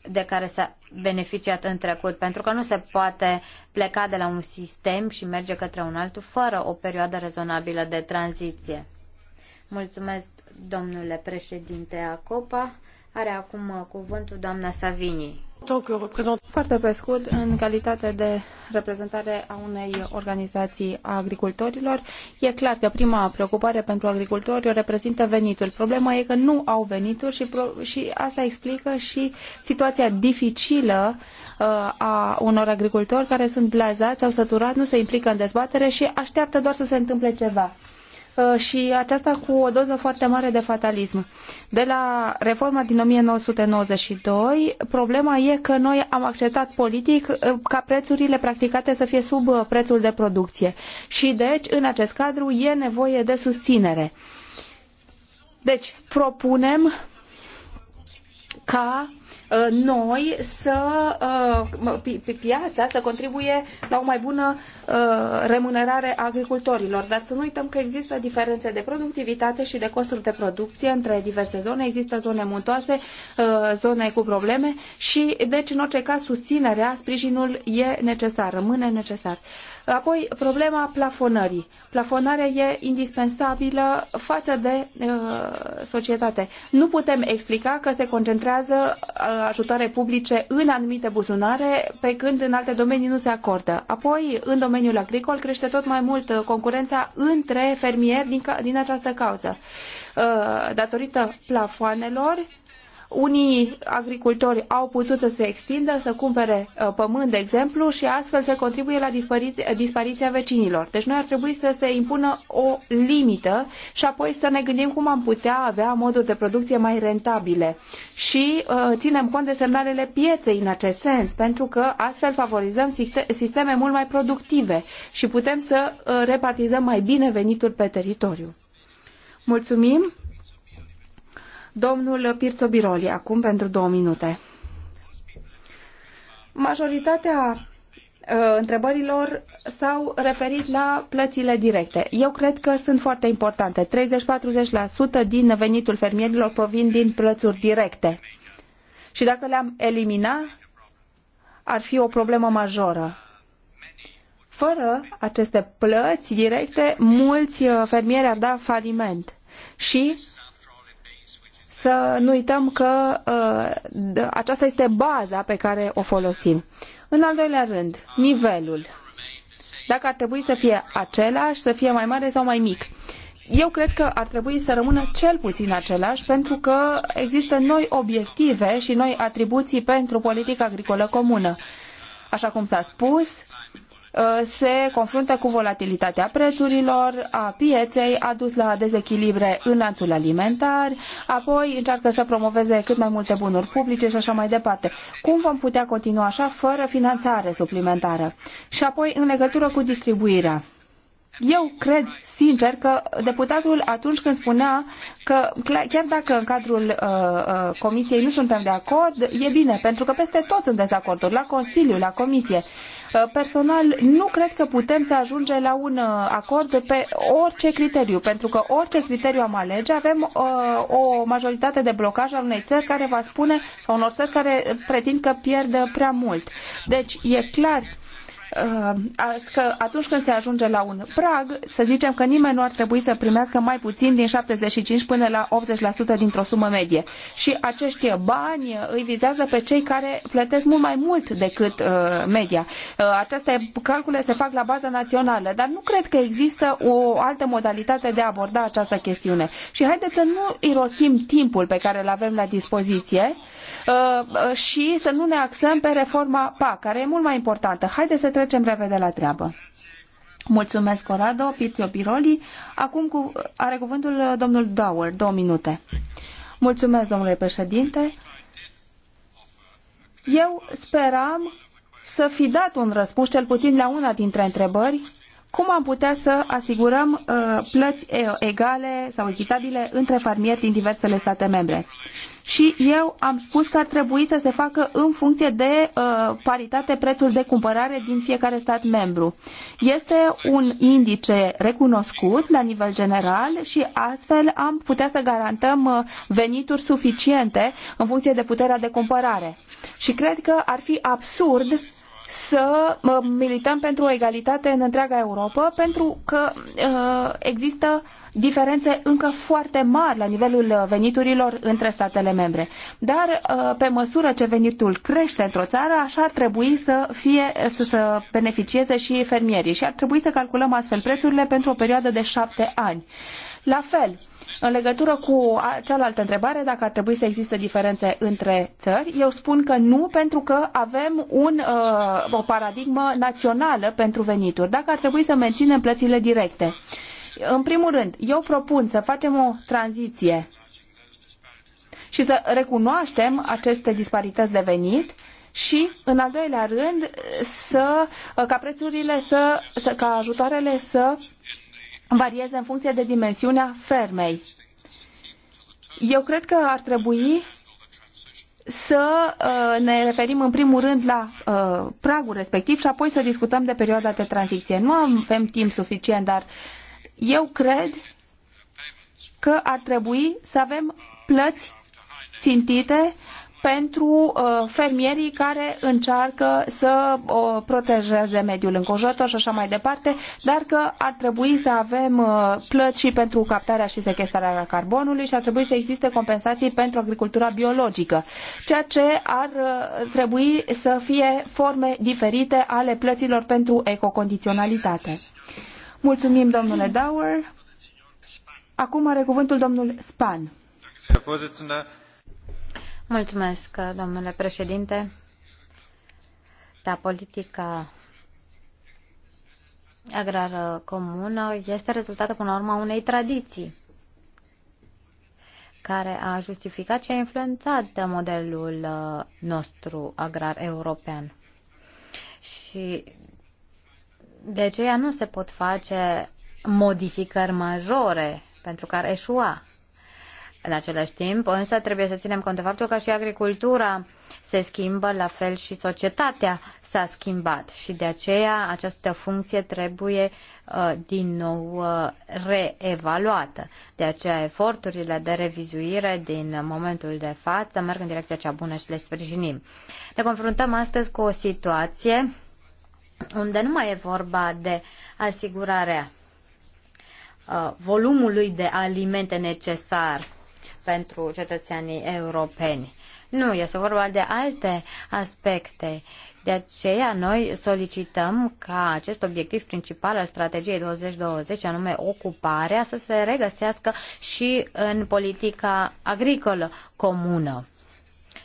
de care s-a beneficiat în trecut, pentru că nu se poate pleca de la un sistem și merge către un altul fără o perioadă rezonabilă de tranziție. Mulțumesc, domnule președinte Acopa. Are acum cuvântul doamna Savinii. Foarte pe scurt, în calitate de reprezentare a unei organizații a agricultorilor, e clar că prima preocupare pentru agricultori o reprezintă venitul. Problema e că nu au venituri și, și asta explică și situația dificilă uh, a unor agricultori care sunt blazați, au săturat, nu se implică în dezbatere și așteaptă doar să se întâmple ceva și aceasta cu o doză foarte mare de fatalism. De la reforma din 1992, problema e că noi am acceptat politic uh, ca prețurile practicate să fie sub uh, prețul de producție. Și deci, în acest cadru, e nevoie de susținere. Deci, propunem ca Uh, noi să uh, pe piața să contribuie la o mai bună uh, remunerare a agricultorilor. Dar să nu uităm că există diferențe de productivitate și de costuri de producție între diverse zone. Există zone muntoase, zone cu probleme și deci în orice caz susținerea, sprijinul e necesar, rămâne necesar. Apoi, problema plafonării. Plafonarea e indispensabilă față de uh, societate. Nu putem explica că se concentrează uh, ajutoare publice în anumite buzunare, pe când în alte domenii nu se acordă. Apoi, în domeniul agricol, crește tot mai mult uh, concurența între fermieri din, ca, din această cauză. Uh, datorită plafoanelor, unii agricultori au putut să se extindă, să cumpere uh, pământ, de exemplu, și astfel se contribuie la dispariția, dispariția vecinilor. Deci noi ar trebui să se impună o limită și apoi să ne gândim cum am putea avea moduri de producție mai rentabile. Și uh, ținem cont de semnalele pieței în acest sens, pentru că astfel favorizăm sisteme mult mai productive și putem să uh, repartizăm mai bine venituri pe teritoriu. Mulțumim! Domnul Pirțo Biroli, acum pentru două minute. Majoritatea uh, întrebărilor s-au referit la plățile directe. Eu cred că sunt foarte importante. 30-40% din venitul fermierilor provin din plățuri directe. Și dacă le-am elimina, ar fi o problemă majoră. Fără aceste plăți directe, mulți uh, fermieri ar da faliment și să nu uităm că uh, aceasta este baza pe care o folosim. În al doilea rând, nivelul. Dacă ar trebui să fie același, să fie mai mare sau mai mic. Eu cred că ar trebui să rămână cel puțin același pentru că există noi obiective și noi atribuții pentru politica agricolă comună. Așa cum s-a spus, Uh, se confruntă cu volatilitatea prețurilor, a pieței, a dus la dezechilibre în lanțul alimentar, apoi încearcă să promoveze cât mai multe bunuri publice și așa mai departe. Cum vom putea continua așa fără finanțare suplimentară? Și apoi în legătură cu distribuirea eu cred sincer că deputatul atunci când spunea că chiar dacă în cadrul uh, uh, comisiei nu suntem de acord, e bine, pentru că peste tot sunt dezacorduri, la Consiliu, la Comisie. Uh, personal, nu cred că putem să ajungem la un uh, acord pe orice criteriu, pentru că orice criteriu am alege, avem uh, o majoritate de blocaj al unei țări care va spune, sau unor țări care pretind că pierd prea mult. Deci, e clar Uh, că atunci când se ajunge la un prag, să zicem că nimeni nu ar trebui să primească mai puțin din 75 până la 80% dintr-o sumă medie. Și acești bani îi vizează pe cei care plătesc mult mai mult decât uh, media. Uh, aceste calcule se fac la bază națională, dar nu cred că există o altă modalitate de a aborda această chestiune. Și haideți să nu irosim timpul pe care îl avem la dispoziție și să nu ne axăm pe reforma PA, care e mult mai importantă. Haideți să trecem repede la treabă. Mulțumesc, Corrado, Pizio Piroli. Acum cu, are cuvântul uh, domnul Dauer, două minute. Mulțumesc, domnule președinte. Eu speram să fi dat un răspuns, cel puțin la una dintre întrebări, cum am putea să asigurăm uh, plăți uh, egale sau echitabile între farmieri din diversele state membre. Și eu am spus că ar trebui să se facă în funcție de uh, paritate prețul de cumpărare din fiecare stat membru. Este un indice recunoscut la nivel general și astfel am putea să garantăm uh, venituri suficiente în funcție de puterea de cumpărare. Și cred că ar fi absurd să milităm pentru o egalitate în întreaga Europa, pentru că uh, există diferențe încă foarte mari la nivelul uh, veniturilor între statele membre. Dar uh, pe măsură ce venitul crește într-o țară, așa ar trebui să, fie, să, să beneficieze și fermierii și ar trebui să calculăm astfel prețurile pentru o perioadă de șapte ani. La fel, în legătură cu cealaltă întrebare, dacă ar trebui să existe diferențe între țări, eu spun că nu, pentru că avem un, uh, o paradigmă națională pentru venituri. Dacă ar trebui să menținem plățile directe. În primul rând, eu propun să facem o tranziție și să recunoaștem aceste disparități de venit și, în al doilea rând, să, ca prețurile să, să ca ajutoarele să varieze în funcție de dimensiunea fermei. Eu cred că ar trebui să uh, ne referim în primul rând la uh, pragul respectiv și apoi să discutăm de perioada de tranziție. Nu avem timp suficient, dar eu cred că ar trebui să avem plăți țintite pentru uh, fermierii care încearcă să uh, protejeze mediul înconjurător și așa mai departe, dar că ar trebui să avem uh, plăci pentru captarea și sequestrarea carbonului și ar trebui să existe compensații pentru agricultura biologică, ceea ce ar trebui să fie forme diferite ale plăților pentru ecocondiționalitate. Mulțumim, domnule Dauer. Acum are cuvântul domnul Span domnule președinte. Da, politica agrară comună este rezultată până la urmă unei tradiții care a justificat și a influențat modelul uh, nostru agrar european. Și de aceea nu se pot face modificări majore pentru că eșua în același timp, însă, trebuie să ținem cont de faptul că și agricultura se schimbă, la fel și societatea s-a schimbat și de aceea această funcție trebuie uh, din nou uh, reevaluată. De aceea eforturile de revizuire din momentul de față merg în direcția cea bună și le sprijinim. Ne confruntăm astăzi cu o situație unde nu mai e vorba de asigurarea uh, volumului de alimente necesar pentru cetățenii europeni. Nu, este vorba de alte aspecte. De aceea noi solicităm ca acest obiectiv principal al strategiei 2020, anume ocuparea, să se regăsească și în politica agricolă comună.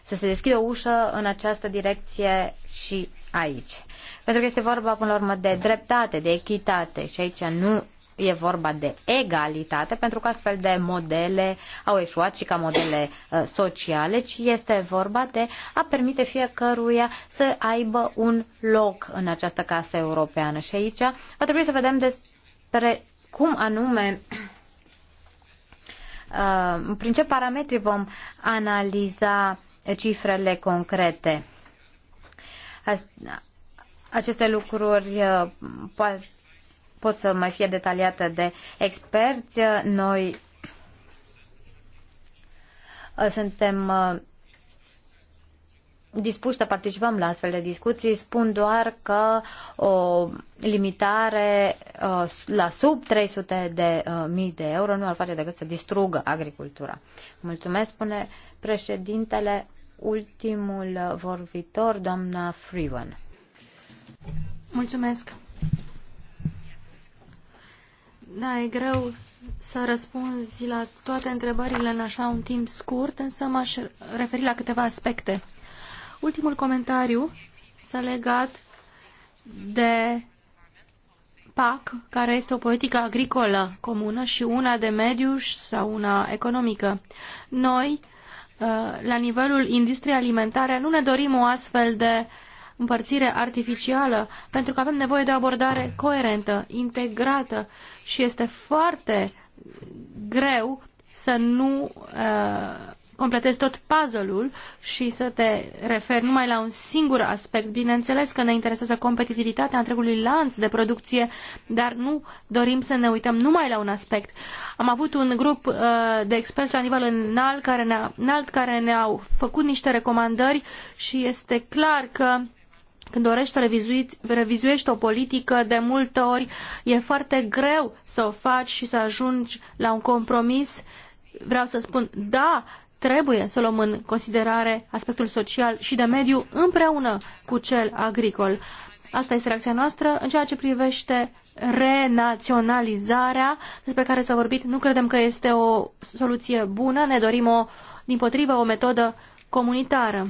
Să se deschidă o ușă în această direcție și aici. Pentru că este vorba, până la urmă, de dreptate, de echitate și aici nu e vorba de egalitate, pentru că astfel de modele au eșuat și ca modele uh, sociale, ci este vorba de a permite fiecăruia să aibă un loc în această casă europeană. Și aici va trebui să vedem despre cum anume uh, prin ce parametri vom analiza cifrele concrete. Aceste lucruri uh, poate pot să mai fie detaliată de experți. Noi uh, suntem uh, dispuși să participăm la astfel de discuții. Spun doar că o limitare uh, la sub 300 de mii de euro nu ar face decât să distrugă agricultura. Mulțumesc, spune președintele, ultimul vorbitor, doamna Freeman. Mulțumesc. Da, e greu să răspunzi la toate întrebările în așa un timp scurt, însă m-aș referi la câteva aspecte. Ultimul comentariu s-a legat de PAC, care este o politică agricolă comună și una de mediu sau una economică. Noi, uh, la nivelul industriei alimentare, nu ne dorim o astfel de împărțire artificială, pentru că avem nevoie de o abordare coerentă, integrată și este foarte greu să nu uh, completezi tot puzzle-ul și să te referi numai la un singur aspect. Bineînțeles că ne interesează competitivitatea întregului lanț de producție, dar nu dorim să ne uităm numai la un aspect. Am avut un grup uh, de experți la nivel înalt care, ne înalt care ne-au făcut niște recomandări și este clar că când dorești să revizuiești o politică, de multe ori e foarte greu să o faci și să ajungi la un compromis. Vreau să spun, da, trebuie să luăm în considerare aspectul social și de mediu împreună cu cel agricol. Asta este reacția noastră în ceea ce privește renaționalizarea despre care s-a vorbit. Nu credem că este o soluție bună, ne dorim o, din potrivă o metodă comunitară.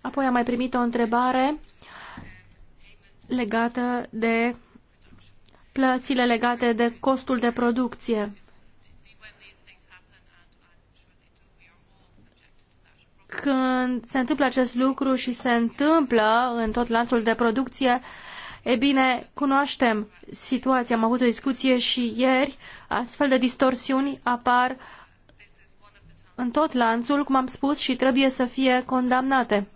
Apoi am mai primit o întrebare legată de plățile legate de costul de producție. Când se întâmplă acest lucru și se întâmplă în tot lanțul de producție, e bine, cunoaștem situația, am avut o discuție și ieri, astfel de distorsiuni apar în tot lanțul, cum am spus, și trebuie să fie condamnate.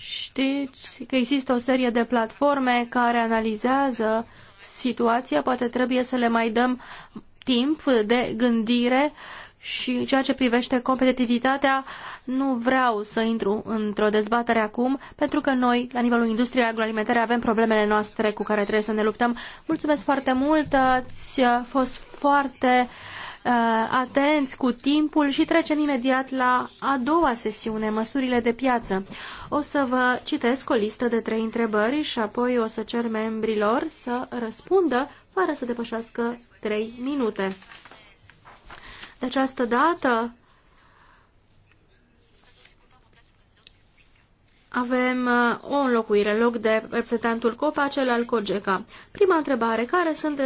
Știți că există o serie de platforme care analizează situația, poate trebuie să le mai dăm timp de gândire și în ceea ce privește competitivitatea, nu vreau să intru într-o dezbatere acum, pentru că noi, la nivelul industriei agroalimentare, avem problemele noastre cu care trebuie să ne luptăm. Mulțumesc foarte mult, ați fost foarte uh, Uh, atenți cu timpul și trecem imediat la a doua sesiune, măsurile de piață. O să vă citesc o listă de trei întrebări și apoi o să cer membrilor să răspundă fără să depășească trei minute. De deci, această dată avem uh, o înlocuire în loc de reprezentantul COPA, cel al COGECA. Prima întrebare, care sunt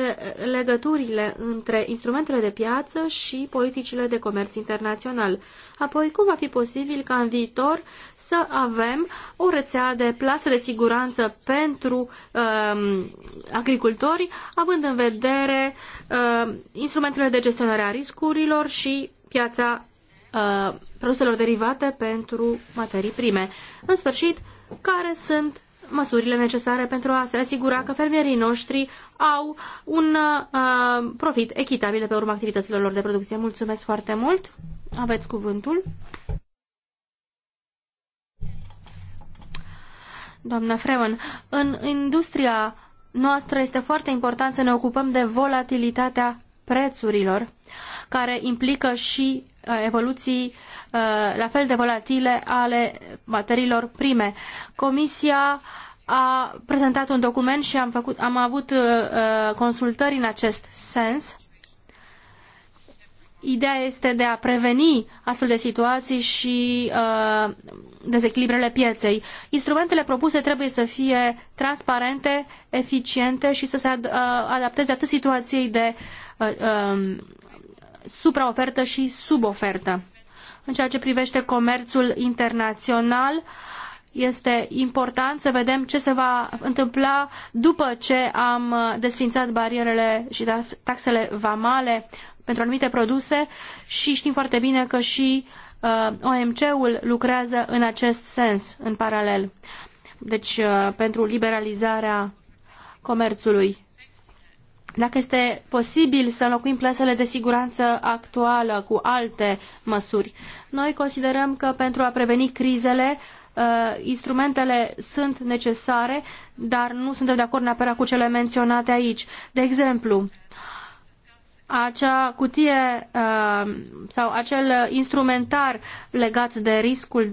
legăturile între instrumentele de piață și politicile de comerț internațional? Apoi, cum va fi posibil ca în viitor să avem o rețea de plase de siguranță pentru um, agricultori, având în vedere um, instrumentele de gestionare a riscurilor și piața Uh, produselor derivate pentru materii prime. În sfârșit, care sunt măsurile necesare pentru a se asigura că fermierii noștri au un uh, profit echitabil de pe urma activităților lor de producție. Mulțumesc foarte mult! Aveți cuvântul. Doamna Freeman, în industria noastră este foarte important să ne ocupăm de volatilitatea prețurilor, care implică și Uh, evoluții uh, la fel de volatile ale materiilor prime. Comisia a prezentat un document și am, făcut, am avut uh, consultări în acest sens. Ideea este de a preveni astfel de situații și dezechilibrele pieței. Instrumentele propuse trebuie să fie transparente, eficiente și să se adapteze atât situației de um, supraofertă și subofertă. În ceea ce privește comerțul internațional, este important să vedem ce se va întâmpla după ce am desfințat barierele și taxele vamale pentru anumite produse și știm foarte bine că și uh, OMC-ul lucrează în acest sens, în paralel. Deci, uh, pentru liberalizarea comerțului dacă este posibil să înlocuim plasele de siguranță actuală cu alte măsuri. Noi considerăm că pentru a preveni crizele, uh, instrumentele sunt necesare, dar nu suntem de acord neapărat cu cele menționate aici. De exemplu, acea cutie uh, sau acel instrumentar legat de riscul,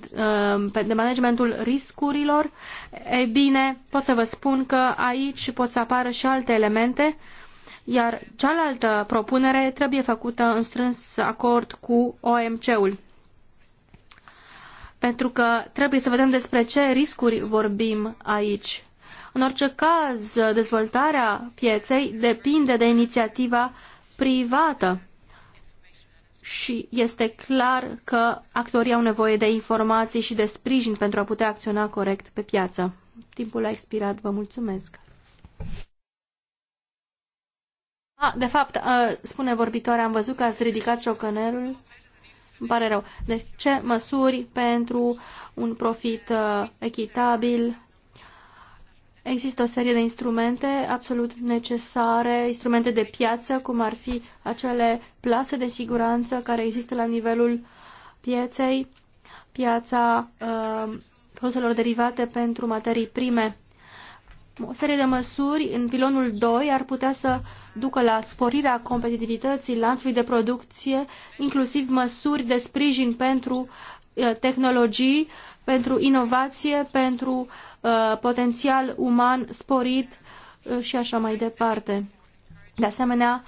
uh, de managementul riscurilor, ei bine, pot să vă spun că aici pot să apară și alte elemente uh, iar cealaltă propunere trebuie făcută în strâns acord cu OMC-ul. Pentru că trebuie să vedem despre ce riscuri vorbim aici. În orice caz, dezvoltarea pieței depinde de inițiativa privată și este clar că actorii au nevoie de informații și de sprijin pentru a putea acționa corect pe piață. Timpul a expirat, vă mulțumesc. A, de fapt, spune vorbitoarea, am văzut că ați ridicat ciocanelul. Îmi pare rău. Deci, ce măsuri pentru un profit echitabil? Există o serie de instrumente absolut necesare, instrumente de piață, cum ar fi acele plase de siguranță care există la nivelul pieței, piața uh, produselor derivate pentru materii prime o serie de măsuri în pilonul 2 ar putea să ducă la sporirea competitivității lanțului de producție, inclusiv măsuri de sprijin pentru uh, tehnologii, pentru inovație, pentru uh, potențial uman sporit uh, și așa mai departe. De asemenea,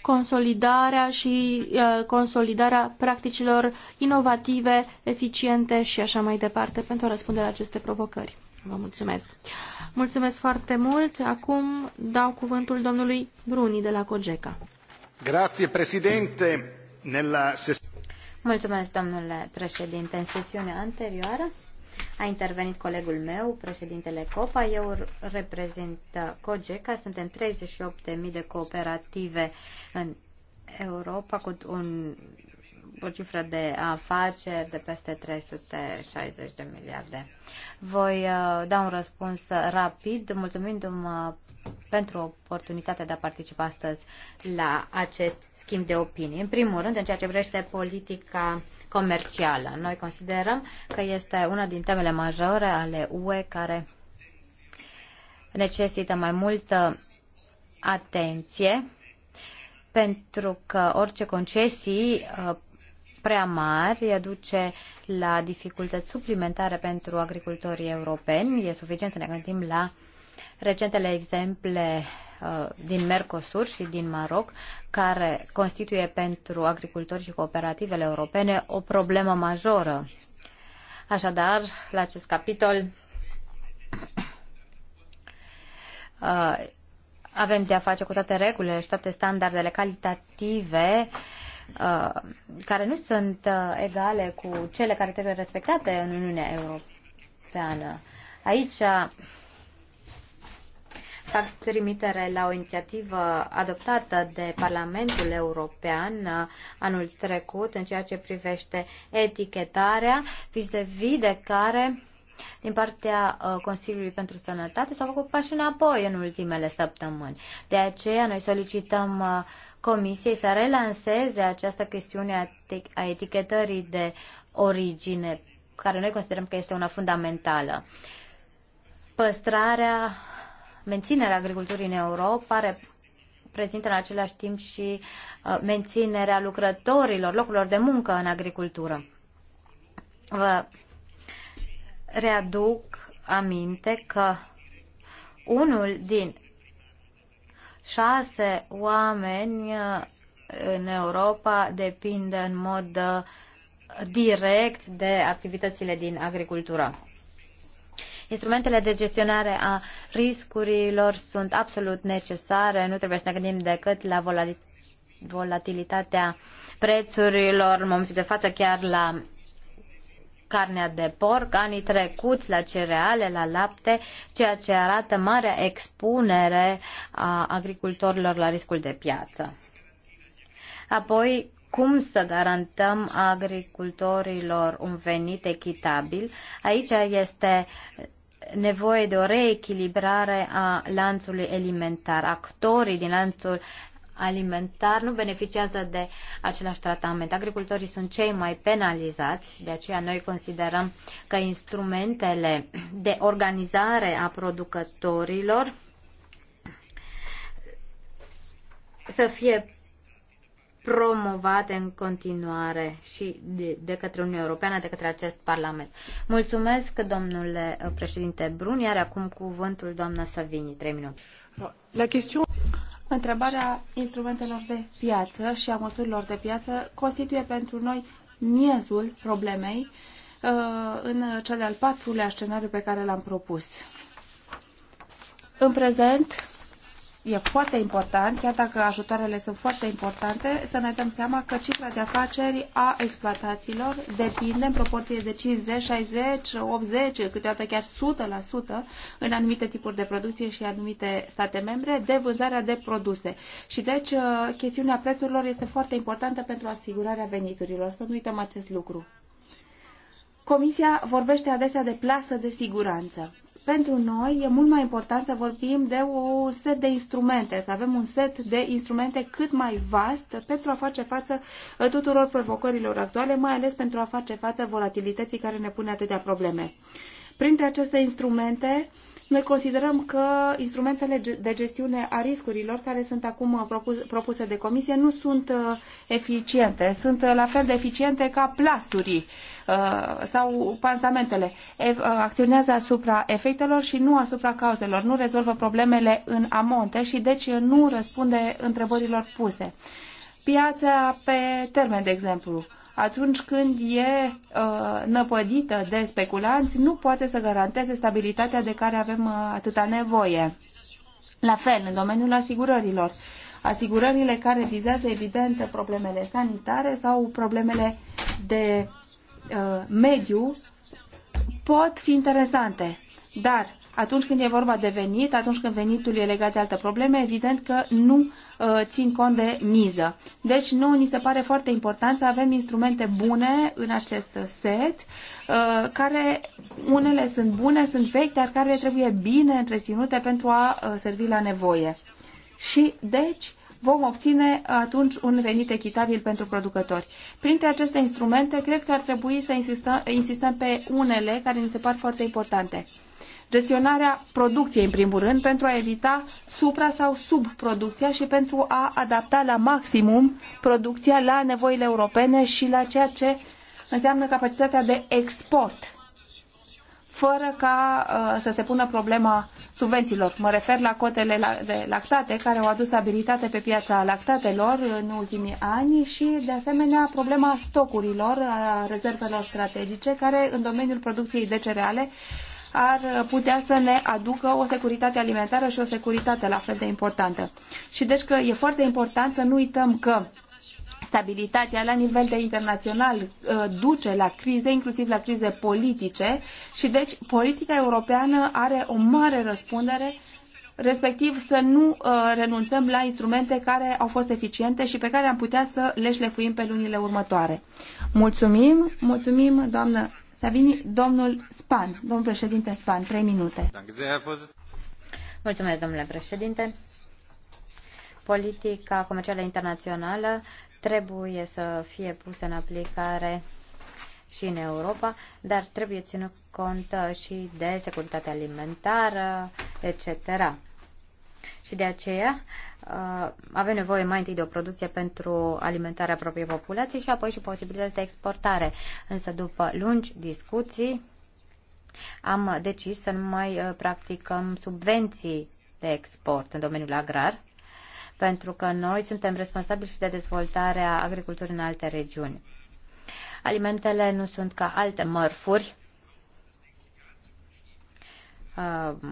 consolidarea și consolidarea practicilor inovative, eficiente și așa mai departe pentru a răspunde la aceste provocări. Vă mulțumesc. Mulțumesc foarte mult. Acum dau cuvântul domnului Bruni de la Cogeca. Grazie, președinte. Nella... Mulțumesc, domnule președinte. În sesiunea anterioară a intervenit colegul meu, președintele COPA. Eu reprezint COGECA. Suntem 38.000 de cooperative în Europa cu un o cifră de afaceri de peste 360 de miliarde. Voi uh, da un răspuns rapid, mulțumindu-mă pentru oportunitatea de a participa astăzi la acest schimb de opinii. În primul rând, în ceea ce vrește politica comercială. Noi considerăm că este una din temele majore ale UE care necesită mai multă atenție pentru că orice concesii uh, prea mari duce la dificultăți suplimentare pentru agricultorii europeni. E suficient să ne gândim la recentele exemple uh, din Mercosur și din Maroc, care constituie pentru agricultori și cooperativele europene o problemă majoră. Așadar, la acest capitol uh, avem de a face cu toate regulile și toate standardele calitative uh, Uh, care nu sunt uh, egale cu cele care trebuie respectate în Uniunea Europeană. Aici uh, fac trimitere la o inițiativă adoptată de Parlamentul European anul trecut în ceea ce privește etichetarea, vis-a-vis -vis de care din partea uh, Consiliului pentru Sănătate s-au făcut pași înapoi în ultimele săptămâni. De aceea noi solicităm uh, Comisiei să relanseze această chestiune a etichetării de origine, care noi considerăm că este una fundamentală. Păstrarea, menținerea agriculturii în Europa prezintă în același timp și uh, menținerea lucrătorilor, locurilor de muncă în agricultură. Vă readuc aminte că unul din șase oameni uh, în Europa depinde în mod uh, direct de activitățile din agricultură. Instrumentele de gestionare a riscurilor sunt absolut necesare, nu trebuie să ne gândim decât la volatilitatea prețurilor, în momentul de față chiar la carnea de porc, anii trecuți la cereale, la lapte, ceea ce arată marea expunere a agricultorilor la riscul de piață. Apoi, cum să garantăm agricultorilor un venit echitabil? Aici este nevoie de o reechilibrare a lanțului alimentar. Actorii din lanțul alimentar nu beneficiază de același tratament. Agricultorii sunt cei mai penalizați, de aceea noi considerăm că instrumentele de organizare a producătorilor să fie promovate în continuare și de, de către Uniunea Europeană, de către acest Parlament. Mulțumesc, domnule președinte Brun, iar acum cuvântul doamna Savini, trei minute. La chestiune... Întrebarea instrumentelor de piață și a măsurilor de piață constituie pentru noi miezul problemei uh, în cel de-al patrulea scenariu pe care l-am propus. În prezent, e foarte important, chiar dacă ajutoarele sunt foarte importante, să ne dăm seama că cifra de afaceri a exploatațiilor depinde în proporție de 50, 60, 80, câteodată chiar 100% în anumite tipuri de producție și anumite state membre de vânzarea de produse. Și deci uh, chestiunea prețurilor este foarte importantă pentru asigurarea veniturilor. Să nu uităm acest lucru. Comisia vorbește adesea de plasă de siguranță pentru noi e mult mai important să vorbim de un set de instrumente, să avem un set de instrumente cât mai vast pentru a face față uh, tuturor provocărilor actuale, mai ales pentru a face față volatilității care ne pune atâtea probleme. Printre aceste instrumente, noi considerăm că instrumentele de gestiune a riscurilor care sunt acum uh, propuse de comisie nu sunt uh, eficiente, sunt la fel de eficiente ca plasturii Uh, sau pansamentele. Uh, acționează asupra efectelor și nu asupra cauzelor. Nu rezolvă problemele în amonte și deci nu răspunde întrebărilor puse. Piața pe termen, de exemplu, atunci când e uh, năpădită de speculanți, nu poate să garanteze stabilitatea de care avem uh, atâta nevoie. La fel, în domeniul asigurărilor. Asigurările care vizează, evident, problemele sanitare sau problemele de Uh, mediu pot fi interesante, dar atunci când e vorba de venit, atunci când venitul e legat de alte probleme, evident că nu uh, țin cont de miză. Deci nu ni se pare foarte important să avem instrumente bune în acest set, uh, care unele sunt bune, sunt vechi, dar care trebuie bine întreținute pentru a servi la nevoie. Și deci vom obține atunci un venit echitabil pentru producători. Printre aceste instrumente, cred că ar trebui să insistăm, insistăm pe unele care ne se par foarte importante. Gestionarea producției, în primul rând, pentru a evita supra- sau subproducția și pentru a adapta la maximum producția la nevoile europene și la ceea ce înseamnă capacitatea de export fără ca uh, să se pună problema subvențiilor. Mă refer la cotele la, de lactate, care au adus stabilitate pe piața lactatelor în ultimii ani și, de asemenea, problema stocurilor, a rezervelor strategice, care în domeniul producției de cereale ar putea să ne aducă o securitate alimentară și o securitate la fel de importantă. Și deci că e foarte important să nu uităm că stabilitatea la nivel de internațional uh, duce la crize, inclusiv la crize politice și deci politica europeană are o mare răspundere respectiv să nu uh, renunțăm la instrumente care au fost eficiente și pe care am putea să le șlefuim pe lunile următoare. Mulțumim, mulțumim, doamnă Savini, domnul Span, domnul președinte Span, trei minute. Mulțumesc, domnule președinte. Politica comercială internațională trebuie să fie puse în aplicare și în Europa, dar trebuie ținut cont și de securitatea alimentară, etc. Și de aceea uh, avem nevoie mai întâi de o producție pentru alimentarea propriei populației și apoi și posibilități de exportare. Însă după lungi discuții am decis să nu mai uh, practicăm subvenții de export în domeniul agrar, pentru că noi suntem responsabili și de dezvoltarea agriculturii în alte regiuni. Alimentele nu sunt ca alte mărfuri, uh,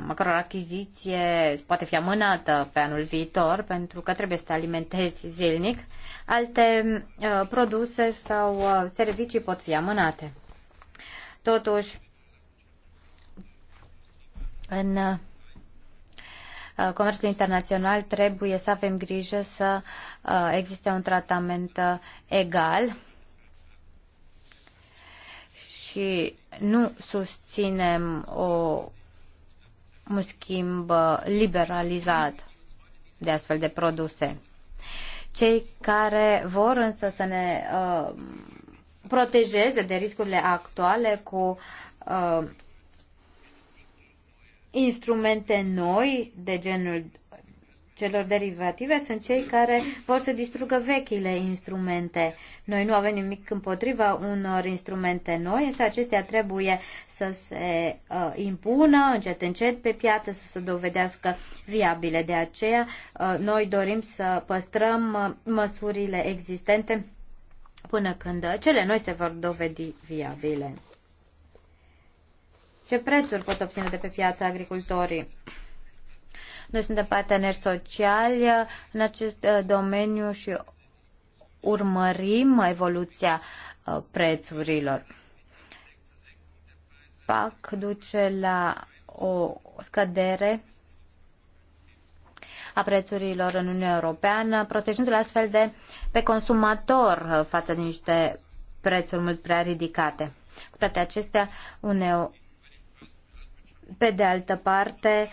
a căror achiziție poate fi amânată pe anul viitor, pentru că trebuie să te alimentezi zilnic, alte uh, produse sau uh, servicii pot fi amânate. Totuși, în uh, Uh, comerțul internațional trebuie să avem grijă să uh, existe un tratament uh, egal și nu susținem o, un schimb liberalizat de astfel de produse. Cei care vor însă să ne uh, protejeze de riscurile actuale cu uh, instrumente noi de genul celor derivative sunt cei care vor să distrugă vechile instrumente. Noi nu avem nimic împotriva unor instrumente noi, însă acestea trebuie să se uh, impună încet încet pe piață, să se dovedească viabile. De aceea uh, noi dorim să păstrăm uh, măsurile existente până când cele noi se vor dovedi viabile ce prețuri pot obține de pe piața agricultorii. Noi suntem parteneri sociali în acest uh, domeniu și urmărim evoluția uh, prețurilor. PAC duce la o scădere a prețurilor în Uniunea Europeană, protejându l astfel de pe consumator uh, față de niște prețuri mult prea ridicate. Cu toate acestea, Uniunea pe de altă parte,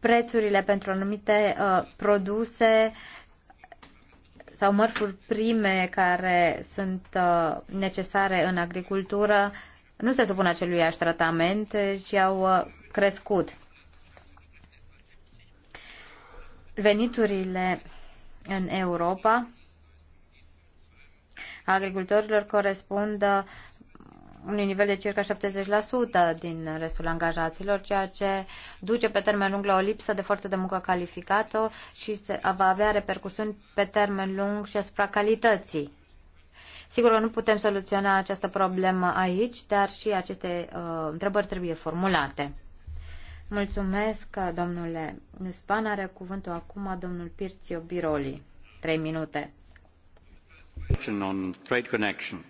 prețurile pentru anumite uh, produse sau mărfuri prime care sunt uh, necesare în agricultură nu se supun acelui aș tratament, ci au uh, crescut. Veniturile în Europa a agricultorilor corespund uh, unui nivel de circa 70% din restul angajaților, ceea ce duce pe termen lung la o lipsă de forță de muncă calificată și se, va avea repercusiuni pe termen lung și asupra calității. Sigur că nu putem soluționa această problemă aici, dar și aceste uh, întrebări trebuie formulate. Mulțumesc, domnule Span. Are cuvântul acum domnul Pirțio Biroli. Trei minute. On trade connection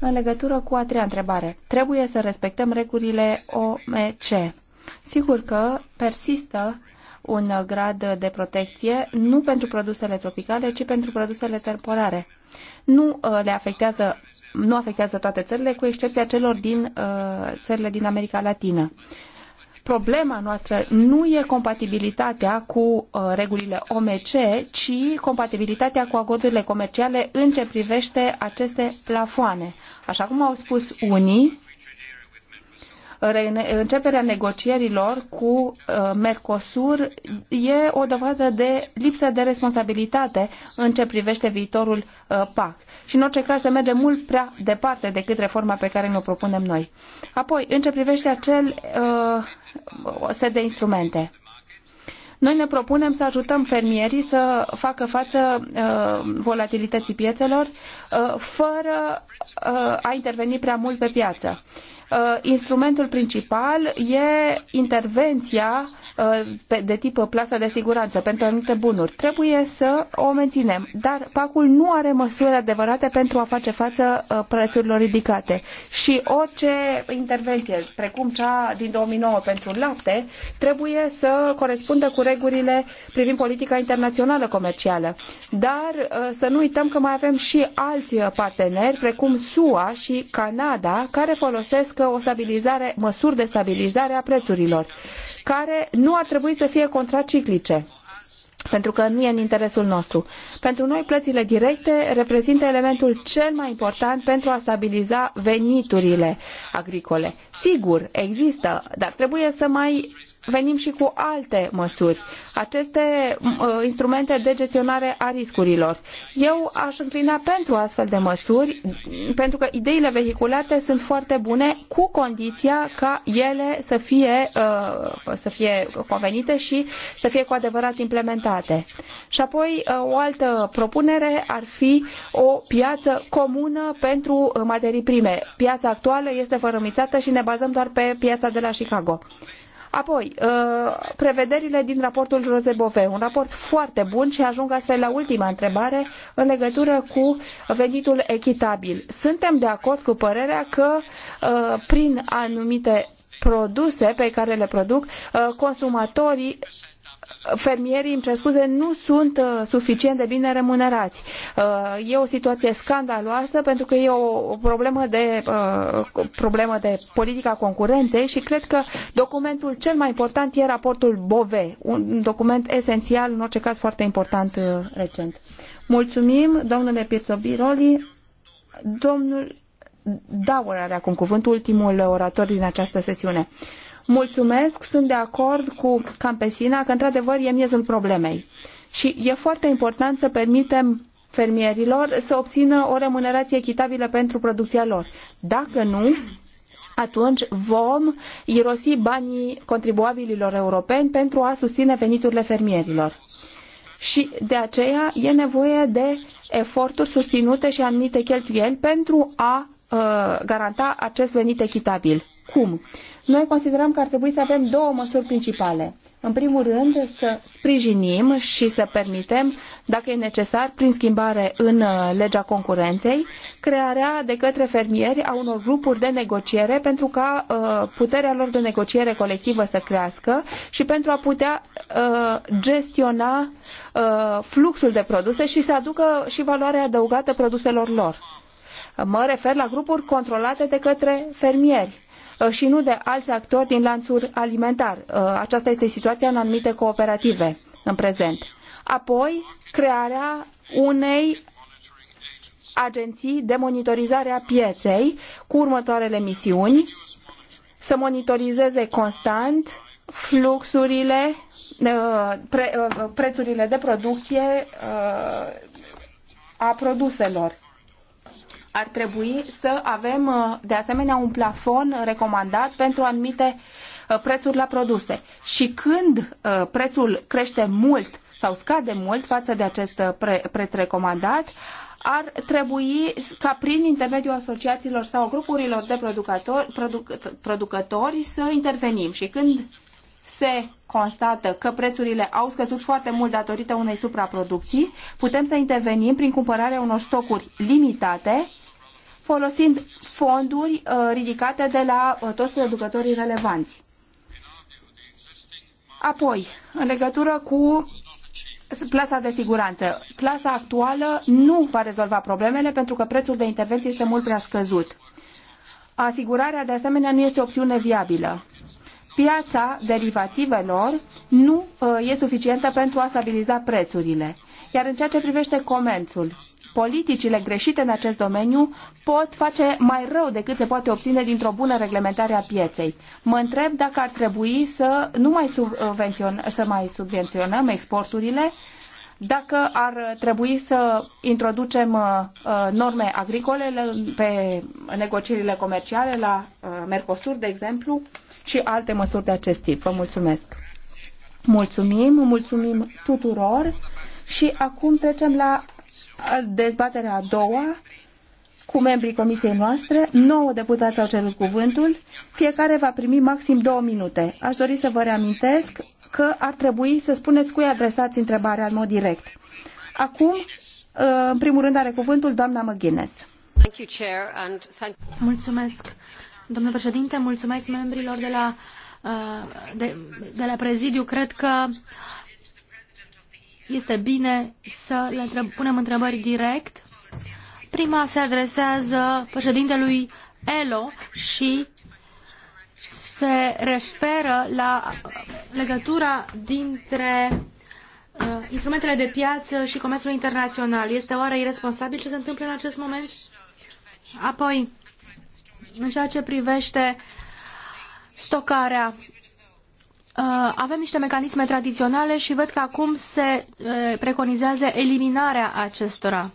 în legătură cu a treia întrebare. Trebuie să respectăm regulile OMC. Sigur că persistă un grad de protecție nu pentru produsele tropicale, ci pentru produsele temporare. Nu uh, le afectează nu afectează toate țările, cu excepția celor din uh, țările din America Latină. Problema noastră nu e compatibilitatea cu uh, regulile OMC, ci compatibilitatea cu acordurile comerciale în ce privește aceste plafoane. Așa cum au spus unii, începerea negocierilor cu uh, Mercosur e o dovadă de lipsă de responsabilitate în ce privește viitorul uh, PAC. Și în orice caz se merge mult prea departe decât reforma pe care ne-o propunem noi. Apoi, în ce privește acel o set de instrumente. Noi ne propunem să ajutăm fermierii să facă față uh, volatilității piețelor uh, fără uh, a interveni prea mult pe piață. Uh, Uh, instrumentul principal e intervenția uh, de tip plasa de siguranță pentru anumite bunuri. Trebuie să o menținem, dar pacul nu are măsuri adevărate pentru a face față uh, prețurilor ridicate. Și orice intervenție, precum cea din 2009 pentru lapte, trebuie să corespundă cu regulile privind politica internațională comercială. Dar să nu uităm că mai avem și alți parteneri, precum SUA și Canada, care folosesc urmărească o stabilizare, măsuri de stabilizare a prețurilor, care nu ar trebui să fie contraciclice pentru că nu e în interesul nostru. Pentru noi, plățile directe reprezintă elementul cel mai important pentru a stabiliza veniturile agricole. Sigur, există, dar trebuie să mai venim și cu alte măsuri, aceste uh, instrumente de gestionare a riscurilor. Eu aș înclina pentru astfel de măsuri, pentru că ideile vehiculate sunt foarte bune, cu condiția ca ele să fie, uh, să fie convenite și să fie cu adevărat implementate. Și apoi uh, o altă propunere ar fi o piață comună pentru uh, materii prime. Piața actuală este fărămițată și ne bazăm doar pe piața de la Chicago. Apoi, uh, prevederile din raportul Jose Bove, un raport foarte bun și ajung astfel la ultima întrebare în legătură cu venitul echitabil. Suntem de acord cu părerea că uh, prin anumite produse pe care le produc, uh, consumatorii fermierii, îmi cer scuze, nu sunt uh, suficient de bine remunerați. Uh, e o situație scandaloasă pentru că e o problemă de, uh, problemă de politica concurenței și cred că documentul cel mai important e raportul BOVE, un document esențial, în orice caz foarte important recent. Mulțumim, domnule Pirsobiroli. Domnul Dauer are acum cuvântul, ultimul orator din această sesiune. Mulțumesc, sunt de acord cu campesina că într-adevăr e miezul problemei. Și e foarte important să permitem fermierilor să obțină o remunerație echitabilă pentru producția lor. Dacă nu, atunci vom irosi banii contribuabililor europeni pentru a susține veniturile fermierilor. Și de aceea e nevoie de eforturi susținute și anumite cheltuieli pentru a uh, garanta acest venit echitabil cum. Noi considerăm că ar trebui să avem două măsuri principale. În primul rând, să sprijinim și să permitem, dacă e necesar, prin schimbare în uh, legea concurenței, crearea de către fermieri a unor grupuri de negociere pentru ca uh, puterea lor de negociere colectivă să crească și pentru a putea uh, gestiona fluxul de produse și să aducă și valoarea adăugată produselor lor. Mă refer la grupuri controlate de către fermieri Uh, și nu de alți actori din lanțul alimentar. Uh, aceasta este situația în anumite cooperative în prezent. Apoi, crearea unei agenții de monitorizare a pieței cu următoarele misiuni să monitorizeze constant fluxurile, uh, pre, prețurile de producție a produselor ar trebui să avem uh, de asemenea un plafon recomandat pentru anumite uh, prețuri la produse. Și când uh, prețul crește mult sau scade mult față de acest pre preț recomandat, ar trebui ca prin intermediul asociațiilor sau grupurilor de producători, produc, producători să intervenim și când se constată că prețurile au scăzut foarte mult datorită unei supraproducții, putem să intervenim prin cumpărarea unor stocuri limitate folosind fonduri uh, ridicate de la uh, toți producătorii relevanți. Apoi, în legătură cu plasa de siguranță, plasa actuală nu va rezolva problemele pentru că prețul de intervenție este mult prea scăzut. Asigurarea, de asemenea, nu este o opțiune viabilă piața derivativelor nu uh, e suficientă pentru a stabiliza prețurile. Iar în ceea ce privește comerțul, politicile greșite în acest domeniu pot face mai rău decât se poate obține dintr-o bună reglementare a pieței. Mă întreb dacă ar trebui să nu mai, să mai subvenționăm exporturile, dacă ar trebui să introducem uh, uh norme agricole pe negocierile comerciale la uh, Mercosur, de exemplu, și alte măsuri de acest tip. Vă mulțumesc! Mulțumim, mulțumim tuturor și acum trecem la dezbaterea a doua cu membrii comisiei noastre. Nouă deputați au cerut cuvântul. Fiecare va primi maxim două minute. Aș dori să vă reamintesc că ar trebui să spuneți cui adresați întrebarea în mod direct. Acum, uh, în primul rând, are cuvântul doamna McGuinness. Mulțumesc, domnule președinte, mulțumesc membrilor de la, uh, de, de la prezidiu. Cred că este bine să le întreb, punem întrebări direct. Prima se adresează președintelui ELO și se referă la legătura dintre uh, instrumentele de piață și comerțul internațional. Este oare irresponsabil ce se întâmplă în acest moment? Apoi, în ceea ce privește stocarea Uh, avem niște mecanisme tradiționale și văd că acum se uh, preconizează eliminarea acestora.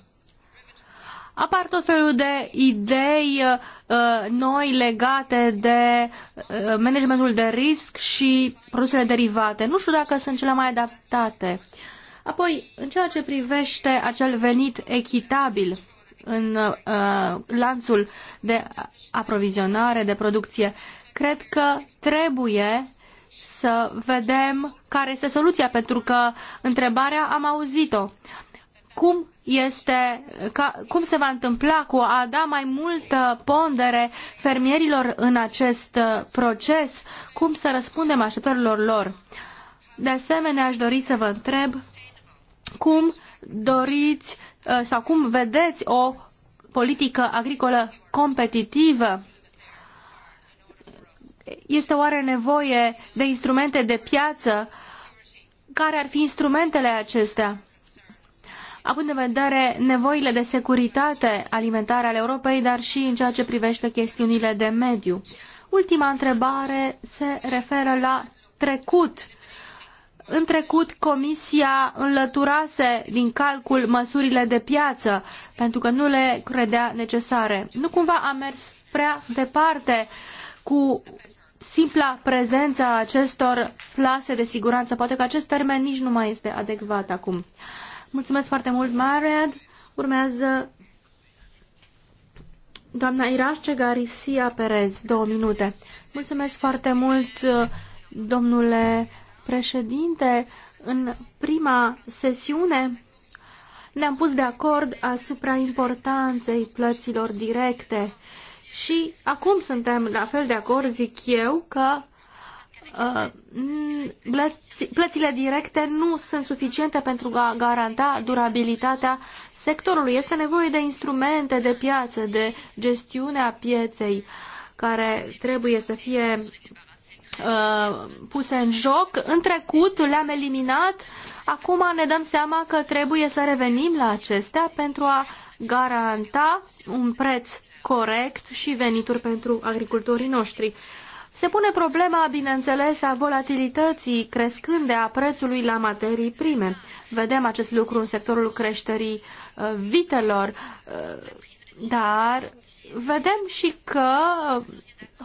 Apar tot felul de idei uh, noi legate de managementul de risc și produsele derivate. Nu știu dacă sunt cele mai adaptate. Apoi, în ceea ce privește acel venit echitabil în uh, lanțul de aprovizionare, de producție, cred că trebuie să vedem care este soluția, pentru că întrebarea am auzit-o. Cum, este, ca, cum se va întâmpla cu a da mai multă pondere fermierilor în acest uh, proces? Cum să răspundem așteptărilor lor? De asemenea, aș dori să vă întreb cum doriți uh, sau cum vedeți o politică agricolă competitivă este oare nevoie de instrumente de piață? Care ar fi instrumentele acestea? Având în vedere nevoile de securitate alimentară ale Europei, dar și în ceea ce privește chestiunile de mediu. Ultima întrebare se referă la trecut. În trecut, Comisia înlăturase din calcul măsurile de piață, pentru că nu le credea necesare. Nu cumva a mers prea departe cu simpla prezență a acestor plase de siguranță. Poate că acest termen nici nu mai este adecvat acum. Mulțumesc foarte mult, Mariad. Urmează doamna Irașce Garisia Perez, două minute. Mulțumesc foarte mult, domnule președinte. În prima sesiune ne-am pus de acord asupra importanței plăților directe și acum suntem la fel de acord, zic eu, că uh, plățile directe nu sunt suficiente pentru a garanta durabilitatea sectorului. Este nevoie de instrumente de piață, de gestiunea pieței care trebuie să fie uh, puse în joc. În trecut le-am eliminat, acum ne dăm seama că trebuie să revenim la acestea pentru a garanta un preț corect și venituri pentru agricultorii noștri. Se pune problema, bineînțeles, a volatilității crescânde a prețului la materii prime. Vedem acest lucru în sectorul creșterii uh, vitelor, uh, dar vedem și că uh,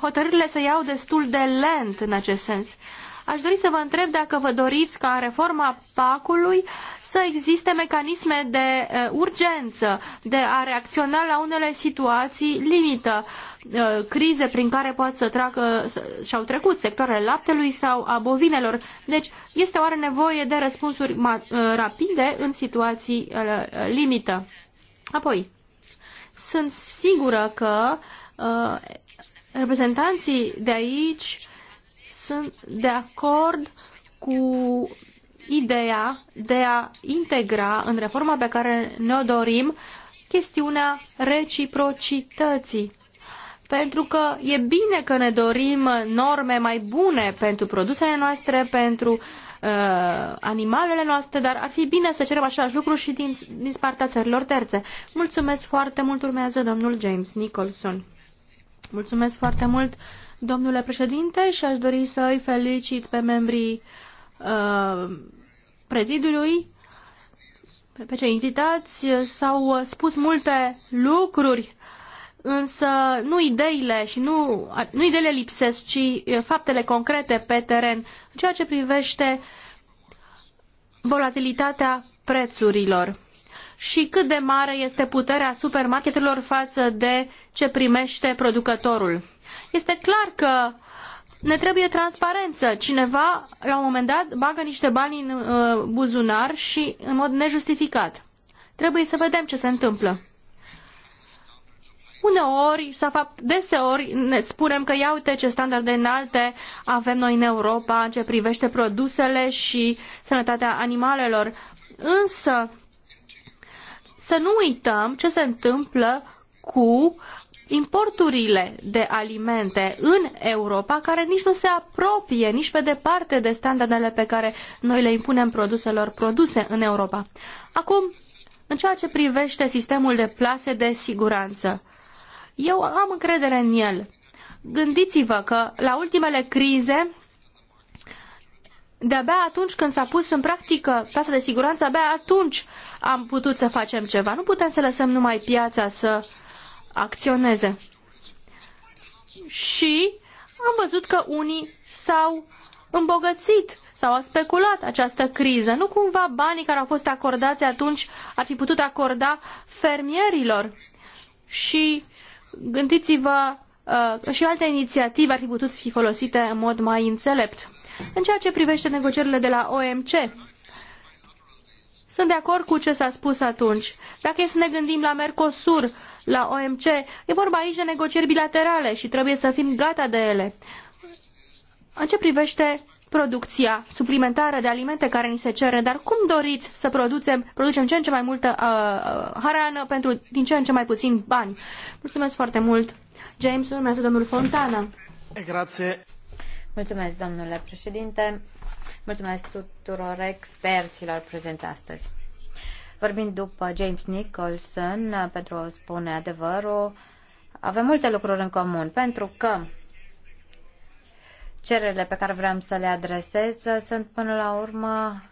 hotărârile se iau destul de lent în acest sens. Aș dori să vă întreb dacă vă doriți ca reforma PAC-ului să existe mecanisme de eh, urgență, de a reacționa la unele situații limită, eh, crize prin care pot să treacă și-au trecut sectoarele laptelui sau a bovinelor. Deci este oare nevoie de răspunsuri eh, rapide în situații limită. Apoi, sunt sigură că uh, reprezentanții de aici sunt de acord cu ideea de a integra în reforma pe care ne-o dorim chestiunea reciprocității. Pentru că e bine că ne dorim norme mai bune pentru produsele noastre, pentru uh, animalele noastre, dar ar fi bine să cerem același lucru și din, din partea țărilor terțe. Mulțumesc foarte mult, urmează domnul James Nicholson. Mulțumesc foarte mult, domnule președinte, și aș dori să îi felicit pe membrii Uh, prezidiului, pe cei invitați, s-au spus multe lucruri, însă nu ideile și nu, nu ideile lipsesc, ci uh, faptele concrete pe teren, în ceea ce privește volatilitatea prețurilor și cât de mare este puterea supermarketelor față de ce primește producătorul. Este clar că ne trebuie transparență. Cineva, la un moment dat, bagă niște bani în uh, buzunar și în mod nejustificat. Trebuie să vedem ce se întâmplă. Uneori, sau fapt, deseori, ne spunem că ia uite ce standarde înalte avem noi în Europa în ce privește produsele și sănătatea animalelor. Însă, să nu uităm ce se întâmplă cu importurile de alimente în Europa, care nici nu se apropie nici pe departe de standardele pe care noi le impunem produselor produse în Europa. Acum, în ceea ce privește sistemul de plase de siguranță, eu am încredere în el. Gândiți-vă că la ultimele crize, de-abia atunci când s-a pus în practică plasa de siguranță, abia atunci am putut să facem ceva. Nu putem să lăsăm numai piața să uh, acționeze. Și am văzut că unii s-au îmbogățit sau au speculat această criză. Nu cumva banii care au fost acordați atunci ar fi putut acorda fermierilor. Și gândiți-vă uh, și alte inițiative ar fi putut fi folosite în mod mai înțelept. În ceea ce privește negocierile de la OMC, sunt de acord cu ce s-a spus atunci. Dacă e să ne gândim la Mercosur, la OMC. E vorba aici de negocieri bilaterale și trebuie să fim gata de ele. În ce privește producția suplimentară de alimente care ni se cere, dar cum doriți să producem, producem ce în ce mai multă uh, uh hrană pentru din ce în ce mai puțin bani? Mulțumesc foarte mult. James, urmează domnul Fontana. Grazie. Mulțumesc, domnule președinte. Mulțumesc tuturor experților prezenți astăzi vorbind după James Nicholson, uh, pentru a spune adevărul, avem multe lucruri în comun, pentru că cererile pe care vreau să le adresez uh, sunt până la urmă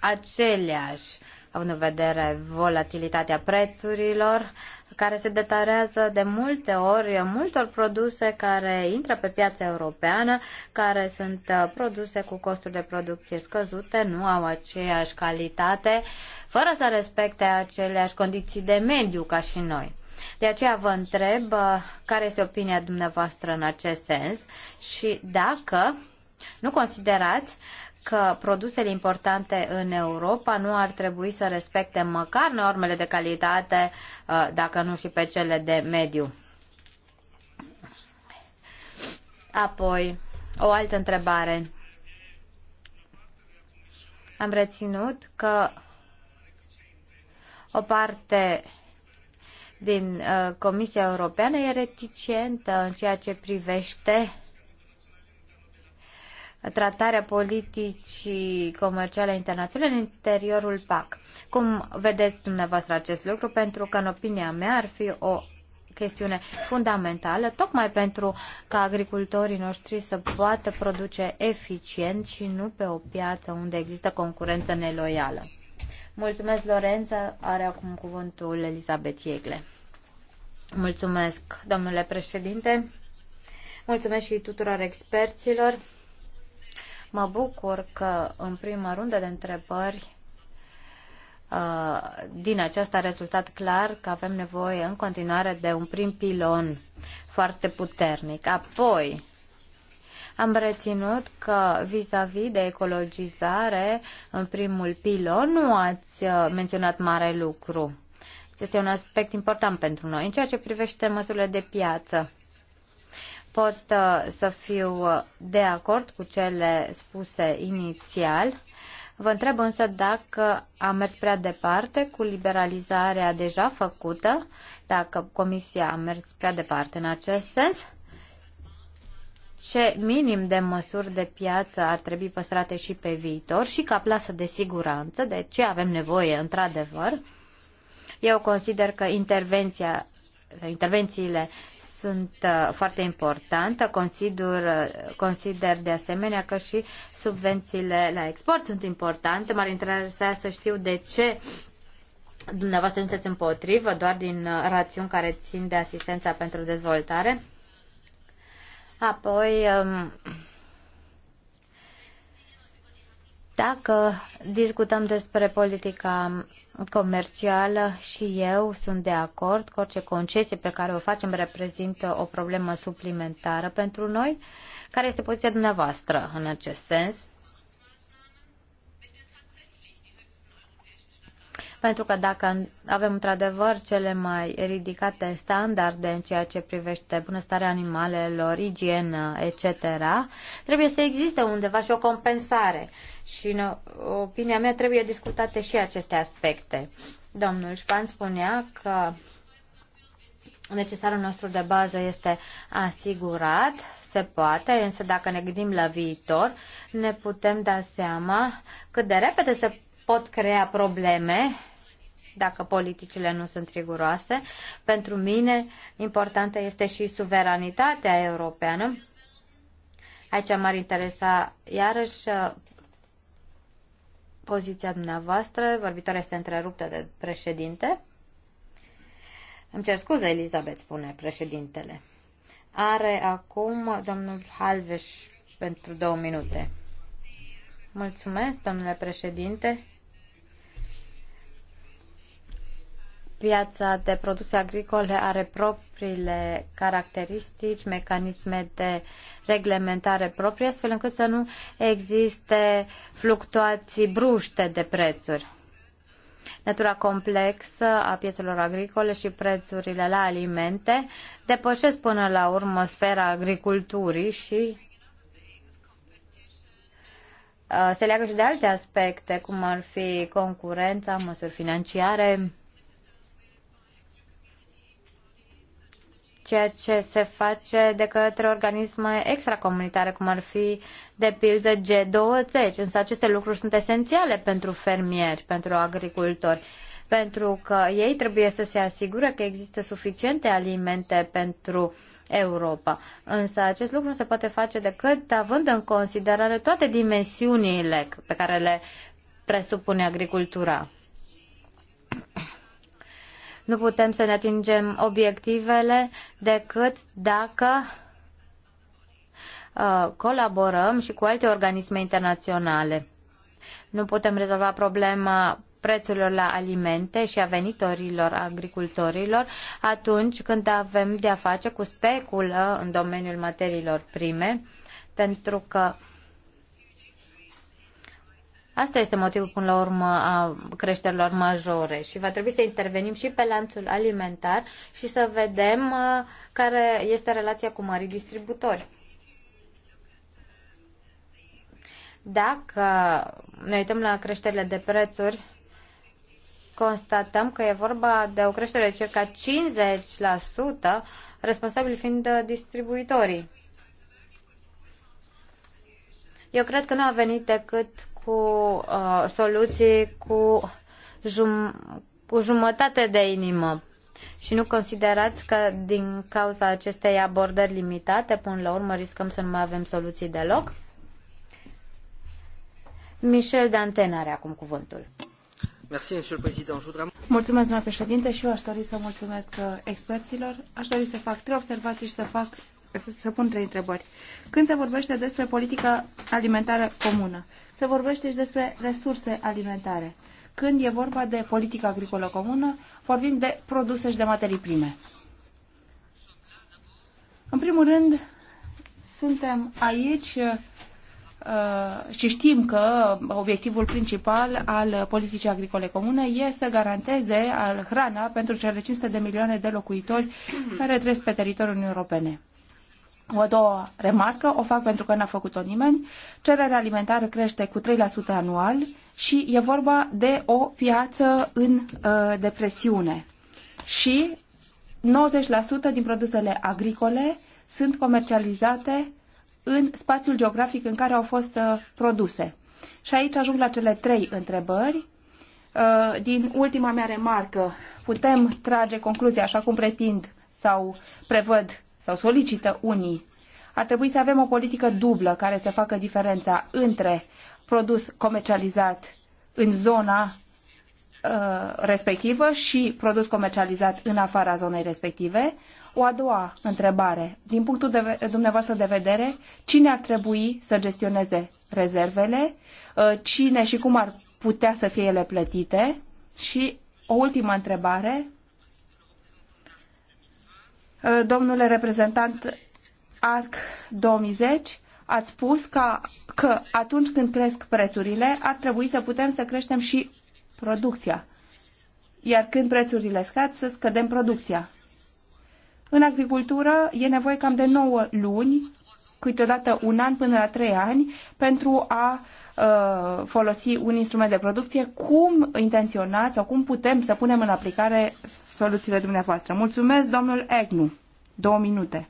aceleași, având în vedere volatilitatea prețurilor, care se detarează de multe ori multor produse care intră pe piața europeană, care sunt uh, produse cu costuri de producție scăzute, nu au aceeași calitate, fără să respecte aceleași condiții de mediu ca și noi. De aceea vă întreb uh, care este opinia dumneavoastră în acest sens și dacă nu considerați că produsele importante în Europa nu ar trebui să respecte măcar normele de calitate, uh, dacă nu și pe cele de mediu. Apoi, o altă întrebare. Am reținut că o parte din uh, Comisia Europeană e reticentă în ceea ce privește tratarea politicii comerciale internaționale în interiorul PAC. Cum vedeți dumneavoastră acest lucru? Pentru că, în opinia mea, ar fi o chestiune fundamentală, tocmai pentru ca agricultorii noștri să poată produce eficient și nu pe o piață unde există concurență neloială. Mulțumesc, Lorenza. Are acum cuvântul Elisabet Iegle. Mulțumesc, domnule președinte. Mulțumesc și tuturor experților. Mă bucur că în prima rundă de întrebări uh, din aceasta a rezultat clar că avem nevoie în continuare de un prim pilon foarte puternic. Apoi, am reținut că vis-a-vis -vis de ecologizare, în primul pilon, nu ați uh, menționat mare lucru. Este un aspect important pentru noi în ceea ce privește măsurile de piață pot uh, să fiu uh, de acord cu cele spuse inițial. Vă întreb însă dacă am mers prea departe cu liberalizarea deja făcută, dacă Comisia a mers prea departe în acest sens, ce minim de măsuri de piață ar trebui păstrate și pe viitor și ca plasă de siguranță, de ce avem nevoie într-adevăr. Eu consider că intervenția intervențiile sunt uh, foarte importante. Consider, consider de asemenea că și subvențiile la export sunt importante. M-ar interesa să știu de ce dumneavoastră sunteți împotrivă, doar din uh, rațiuni care țin de asistența pentru dezvoltare. Apoi, um, dacă discutăm despre politica comercială și eu sunt de acord că orice concesie pe care o facem reprezintă o problemă suplimentară pentru noi. Care este poziția dumneavoastră în acest sens? pentru că dacă avem într-adevăr cele mai ridicate standarde în ceea ce privește bunăstarea animalelor, igienă, etc., trebuie să existe undeva și o compensare. Și în opinia mea trebuie discutate și aceste aspecte. Domnul Șpan spunea că necesarul nostru de bază este asigurat, se poate, însă dacă ne gândim la viitor, ne putem da seama cât de repede se pot crea probleme dacă politicile nu sunt riguroase. Pentru mine importantă este și suveranitatea europeană. Aici m-ar interesa iarăși uh, poziția dumneavoastră. Vorbitoarea este întreruptă de președinte. Îmi cer scuze, Elizabeth, spune președintele. Are acum domnul Halveș pentru două minute. Mulțumesc, domnule președinte. Piața de produse agricole are propriile caracteristici, mecanisme de reglementare proprii, astfel încât să nu existe fluctuații bruște de prețuri. Natura complexă a piețelor agricole și prețurile la alimente depășesc până la urmă sfera agriculturii și uh, se leagă și de alte aspecte, cum ar fi concurența, măsuri financiare, ceea ce se face de către organisme extracomunitare, cum ar fi, de pildă, G20. Însă aceste lucruri sunt esențiale pentru fermieri, pentru agricultori, pentru că ei trebuie să se asigure că există suficiente alimente pentru Europa. Însă acest lucru se poate face decât având în considerare toate dimensiunile pe care le presupune agricultura. Nu putem să ne atingem obiectivele decât dacă uh, colaborăm și cu alte organisme internaționale. Nu putem rezolva problema prețurilor la alimente și a venitorilor agricultorilor atunci când avem de-a face cu speculă în domeniul materiilor prime, pentru că Asta este motivul, până la urmă, a creșterilor majore și va trebui să intervenim și pe lanțul alimentar și să vedem uh, care este relația cu mari distributori. Dacă ne uităm la creșterile de prețuri, constatăm că e vorba de o creștere de circa 50%, responsabili fiind uh, distribuitorii. Eu cred că nu a venit decât cu uh, soluții cu, jum- cu jumătate de inimă. Și nu considerați că din cauza acestei abordări limitate, până la urmă, riscăm să nu mai avem soluții deloc? Michel Danten are acum cuvântul. Mulțumesc, doamnă președinte, și eu aș dori să mulțumesc uh, experților. Aș dori să fac trei observații și să fac să, să pun trei întrebări. Când se vorbește despre politica alimentară comună, se vorbește și despre resurse alimentare. Când e vorba de politică agricolă comună, vorbim de produse și de materii prime. În primul rând, suntem aici uh, și știm că obiectivul principal al politicii agricole comune e să garanteze hrana pentru cele 500 de milioane de locuitori care trăiesc pe teritoriul Uniunii Europene. O a doua remarcă, o fac pentru că n-a făcut-o nimeni, cererea alimentară crește cu 3% anual și e vorba de o piață în uh, depresiune. Și 90% din produsele agricole sunt comercializate în spațiul geografic în care au fost uh, produse. Și aici ajung la cele trei întrebări. Uh, din ultima mea remarcă, putem trage concluzia, așa cum pretind sau prevăd sau solicită unii. Ar trebui să avem o politică dublă care să facă diferența între produs comercializat în zona uh, respectivă și produs comercializat în afara zonei respective. O a doua întrebare, din punctul de, dumneavoastră de vedere, cine ar trebui să gestioneze rezervele, uh, cine și cum ar putea să fie ele plătite și o ultimă întrebare, domnule reprezentant ARC 2010, ați spus că, că atunci când cresc prețurile, ar trebui să putem să creștem și producția. Iar când prețurile scad, să scădem producția. În agricultură e nevoie cam de 9 luni, câteodată un an până la 3 ani, pentru a Uh, folosi un instrument de producție, cum intenționați sau cum putem să punem în aplicare soluțiile dumneavoastră. Mulțumesc, domnul Egnu. Două minute.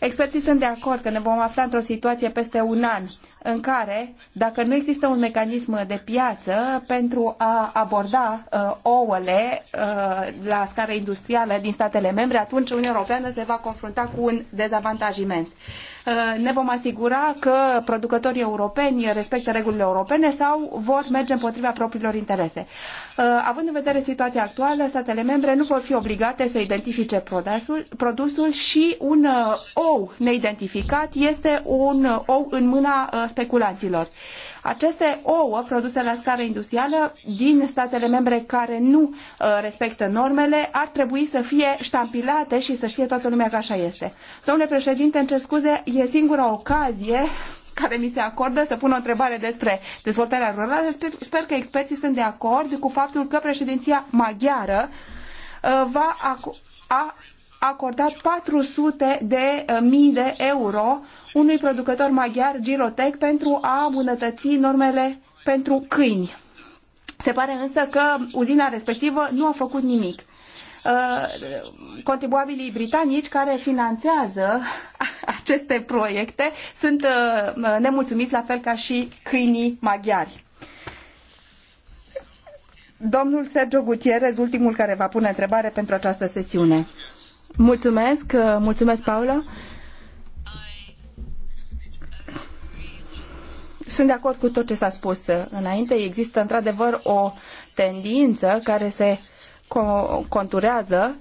Experții sunt de acord că ne vom afla într-o situație peste un an în care, dacă nu există un mecanism de piață pentru a aborda uh, ouăle uh, la scară industrială din statele membre, atunci Uniunea Europeană se va confrunta cu un dezavantaj imens. Eh, ne vom asigura că producătorii europeni respectă regulile europene sau vor merge împotriva propriilor interese. Eh, având în vedere situația actuală, statele membre nu vor fi obligate să identifice produsul, produsul și un eh, ou neidentificat este un ou în mâna speculanților. Aceste ouă produse la scară industrială din statele membre care nu uh, respectă normele ar trebui să fie ștampilate și să știe toată lumea că așa este. Domnule președinte, îmi cer scuze, e singura ocazie care mi se acordă să pun o întrebare despre dezvoltarea rurală. Sper, sper că experții sunt de acord cu faptul că președinția maghiară uh, va ac- a acordat 400 de uh, mii de euro unui producător maghiar, Girotec, pentru a îmbunătăți normele pentru câini. Se pare însă că uzina respectivă nu a făcut nimic. Uh, contribuabilii britanici care finanțează aceste proiecte sunt uh, nemulțumiți la fel ca și câinii maghiari. Domnul Sergio Gutierrez, ultimul care va pune întrebare pentru această sesiune. Mulțumesc, uh, mulțumesc, Paula. sunt de acord cu tot ce s-a spus înainte. Există într-adevăr o tendință care se conturează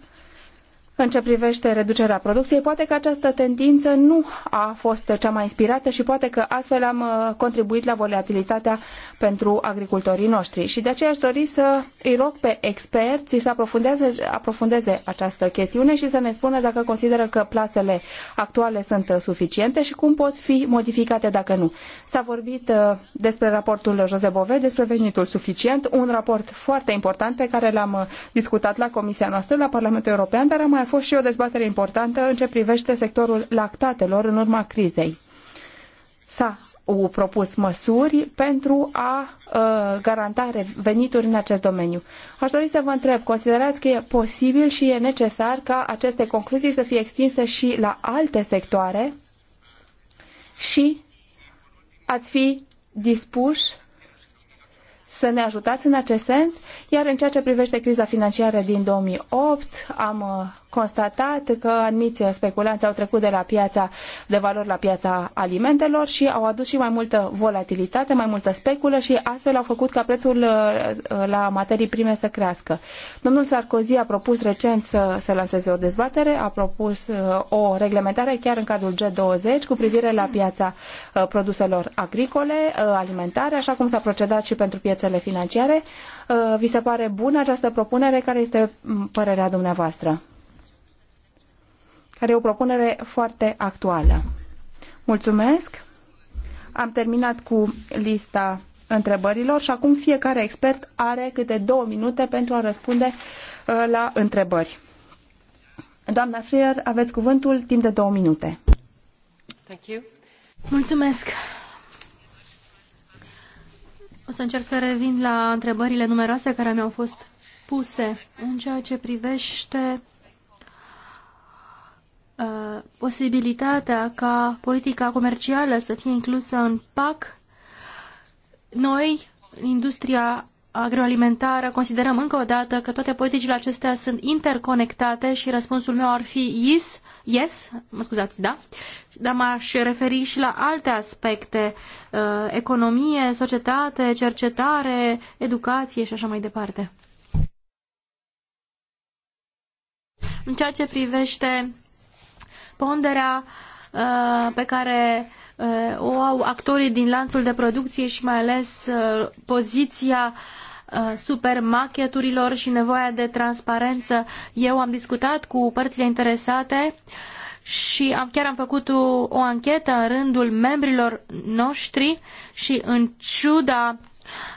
în ce privește reducerea producției, poate că această tendință nu a fost cea mai inspirată și poate că astfel am uh, contribuit la volatilitatea pentru agricultorii noștri. Și de aceea aș dori să îi rog pe experți să aprofundeze, aprofundeze această chestiune și să ne spună dacă consideră că plasele actuale sunt uh, suficiente și cum pot fi modificate dacă nu. S-a vorbit uh, despre raportul Jose Bove, despre venitul suficient, un raport foarte important pe care l-am discutat la Comisia noastră, la Parlamentul European, dar am mai fost și o dezbatere importantă în ce privește sectorul lactatelor în urma crizei. S-a propus măsuri pentru a uh, garanta venituri în acest domeniu. Aș dori să vă întreb, considerați că e posibil și e necesar ca aceste concluzii să fie extinse și la alte sectoare și ați fi dispuși să ne ajutați în acest sens, iar în ceea ce privește criza financiară din 2008, am uh, constatat că anumiți speculanți au trecut de la piața de valori la piața alimentelor și au adus și mai multă volatilitate, mai multă speculă și astfel au făcut ca prețul uh, la materii prime să crească. Domnul Sarkozy a propus recent să se lanseze o dezbatere, a propus uh, o reglementare chiar în cadrul G20 cu privire la piața uh, produselor agricole, alimentare, așa cum s-a procedat și pentru piețele financiare. Vi se pare bună această propunere? Care este mm, părerea dumneavoastră? care e o propunere foarte actuală. Mulțumesc! Am terminat cu lista întrebărilor și acum fiecare expert are câte două minute pentru a răspunde uh, la întrebări. Doamna Frier, aveți cuvântul timp de două minute. Mulțumesc! O să încerc să revin la întrebările numeroase care mi-au fost puse în ceea ce privește Uh, posibilitatea ca politica comercială să fie inclusă în PAC, noi, industria agroalimentară, considerăm încă o dată că toate politicile acestea sunt interconectate și răspunsul meu ar fi yes, yes mă scuzați, da, dar m-aș referi și la alte aspecte, uh, economie, societate, cercetare, educație și așa mai departe. În ceea ce privește ponderea uh, pe care uh, o au actorii din lanțul de producție și mai ales uh, poziția supermarketurilor și nevoia de transparență. Eu am discutat cu părțile interesate și am, chiar am făcut o, o anchetă în rândul membrilor noștri și în ciuda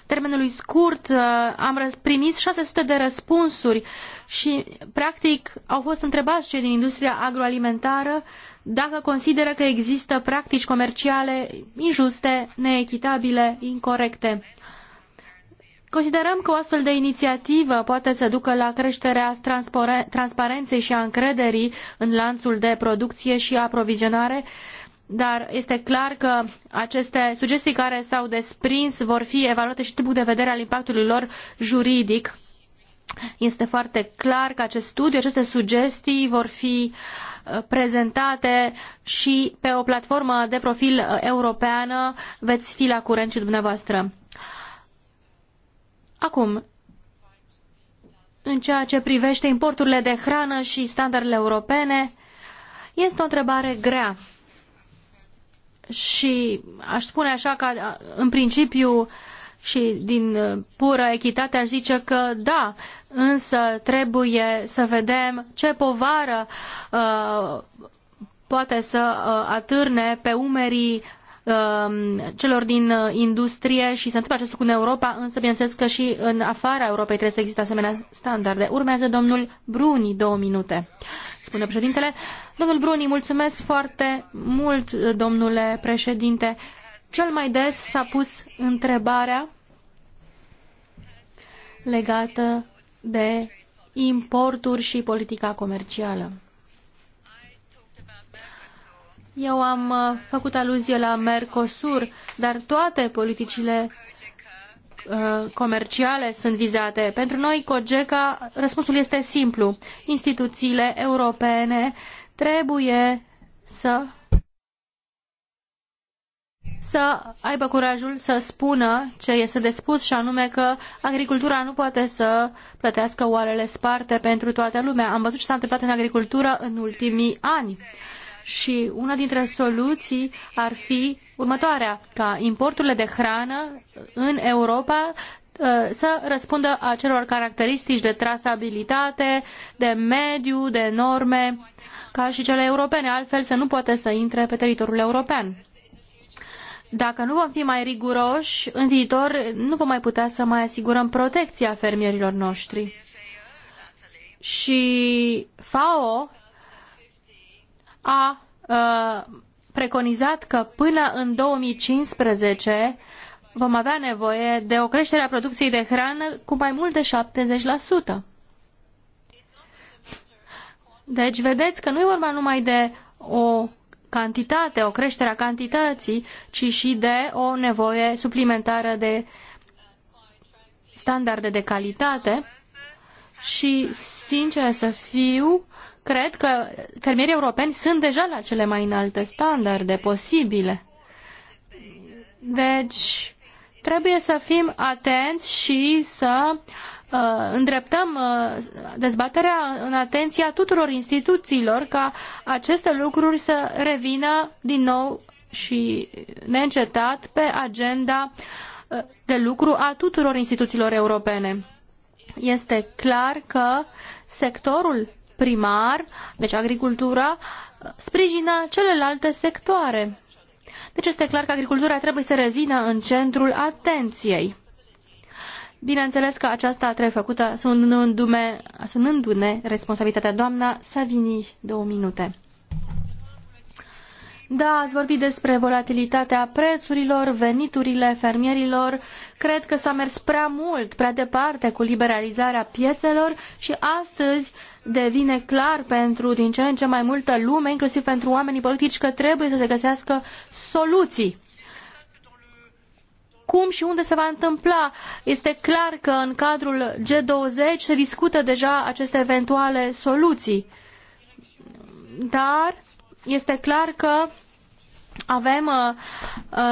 termenului scurt uh, am primit 600 de răspunsuri și, practic, au fost întrebați cei din industria agroalimentară dacă consideră că există practici comerciale injuste, neechitabile, incorrecte. Considerăm că o astfel de inițiativă poate să ducă la creșterea transparenței și a încrederii în lanțul de producție și aprovizionare dar este clar că aceste sugestii care s-au desprins vor fi evaluate și din de vedere al impactului lor juridic. Este foarte clar că acest studiu, aceste sugestii vor fi uh, prezentate și pe o platformă de profil uh, europeană. Veți fi la curent și dumneavoastră. Acum, în ceea ce privește importurile de hrană și standardele europene, este o întrebare grea și aș spune așa că în principiu și din uh, pură echitate aș zice că da, însă trebuie să vedem ce povară uh, poate să uh, atârne pe umerii um, celor din uh, industrie și se întâmplă acest lucru în Europa, însă bineînțeles că și în afara Europei trebuie să existe asemenea standarde. Urmează domnul Bruni două minute, spune președintele. Domnul Bruni, mulțumesc foarte mult, domnule președinte. Cel mai des s-a pus întrebarea legată de importuri și politica comercială. Eu am uh, făcut aluzie la Mercosur, dar toate politicile uh, comerciale sunt vizate. Pentru noi, COGECA, răspunsul este simplu. Instituțiile europene uh, trebuie să să aibă curajul să spună ce este de spus și anume că agricultura nu poate să plătească oarele sparte pentru toată lumea. Am văzut ce s-a întâmplat în agricultură în ultimii ani. Și una dintre soluții ar fi următoarea, ca importurile de hrană în Europa uh, să răspundă acelor caracteristici de trasabilitate, de mediu, de norme ca și cele europene, altfel se nu poate să intre pe teritoriul european. Dacă nu vom fi mai riguroși, în viitor nu vom mai putea să mai asigurăm protecția fermierilor noștri. Și FAO a uh, preconizat că până în 2015 vom avea nevoie de o creștere a producției de hrană cu mai mult de 70%. Deci vedeți că nu e vorba numai de o cantitate, o creștere a cantității, ci și de o nevoie suplimentară de standarde de calitate și, sincer să fiu, cred că fermierii europeni sunt deja la cele mai înalte standarde posibile. Deci, trebuie să fim atenți și să uh, Uh, îndreptăm uh, dezbaterea în atenția tuturor instituțiilor ca aceste lucruri să revină din nou și neîncetat pe agenda uh, de lucru a tuturor instituțiilor europene. Este clar că sectorul primar, deci agricultura, sprijină celelalte sectoare. Deci este clar că agricultura trebuie să revină în centrul atenției. Bineînțeles că aceasta trebuie făcută asumându-ne responsabilitatea. Doamna Savini, două minute. Da, ați vorbit despre volatilitatea prețurilor, veniturile fermierilor. Cred că s-a mers prea mult, prea departe cu liberalizarea piețelor și astăzi devine clar pentru din ce în ce mai multă lume, inclusiv pentru oamenii politici, că trebuie să se găsească soluții cum și unde se va întâmpla. Este clar că în cadrul G20 se discută deja aceste eventuale soluții. Dar este clar că avem uh, uh,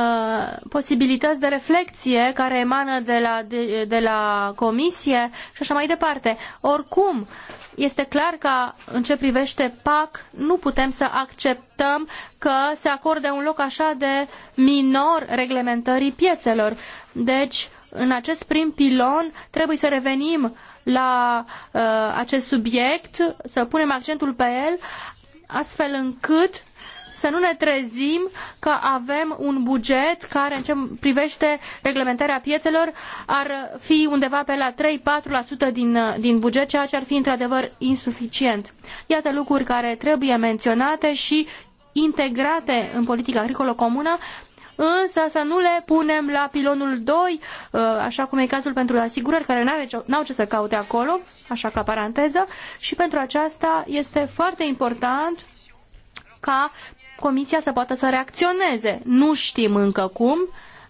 posibilități de reflexie care emană de la, de, de la comisie și așa mai departe. Oricum, este clar că în ce privește PAC nu putem să acceptăm că se acorde un loc așa de minor reglementării piețelor. Deci, în acest prim pilon trebuie să revenim la uh, acest subiect, să punem accentul pe el, astfel încât uh, să nu ne trezim că avem un buget care în ce privește reglementarea piețelor ar fi undeva pe la 3-4% din, din buget, ceea ce ar fi într-adevăr insuficient. Iată lucruri care trebuie menționate și integrate în politica agricolă comună, însă să nu le punem la pilonul 2, uh, așa cum e cazul pentru asigurări, care n au ce să caute acolo, așa ca paranteză, și pentru aceasta este foarte important ca Comisia să poată să reacționeze. Nu știm încă cum,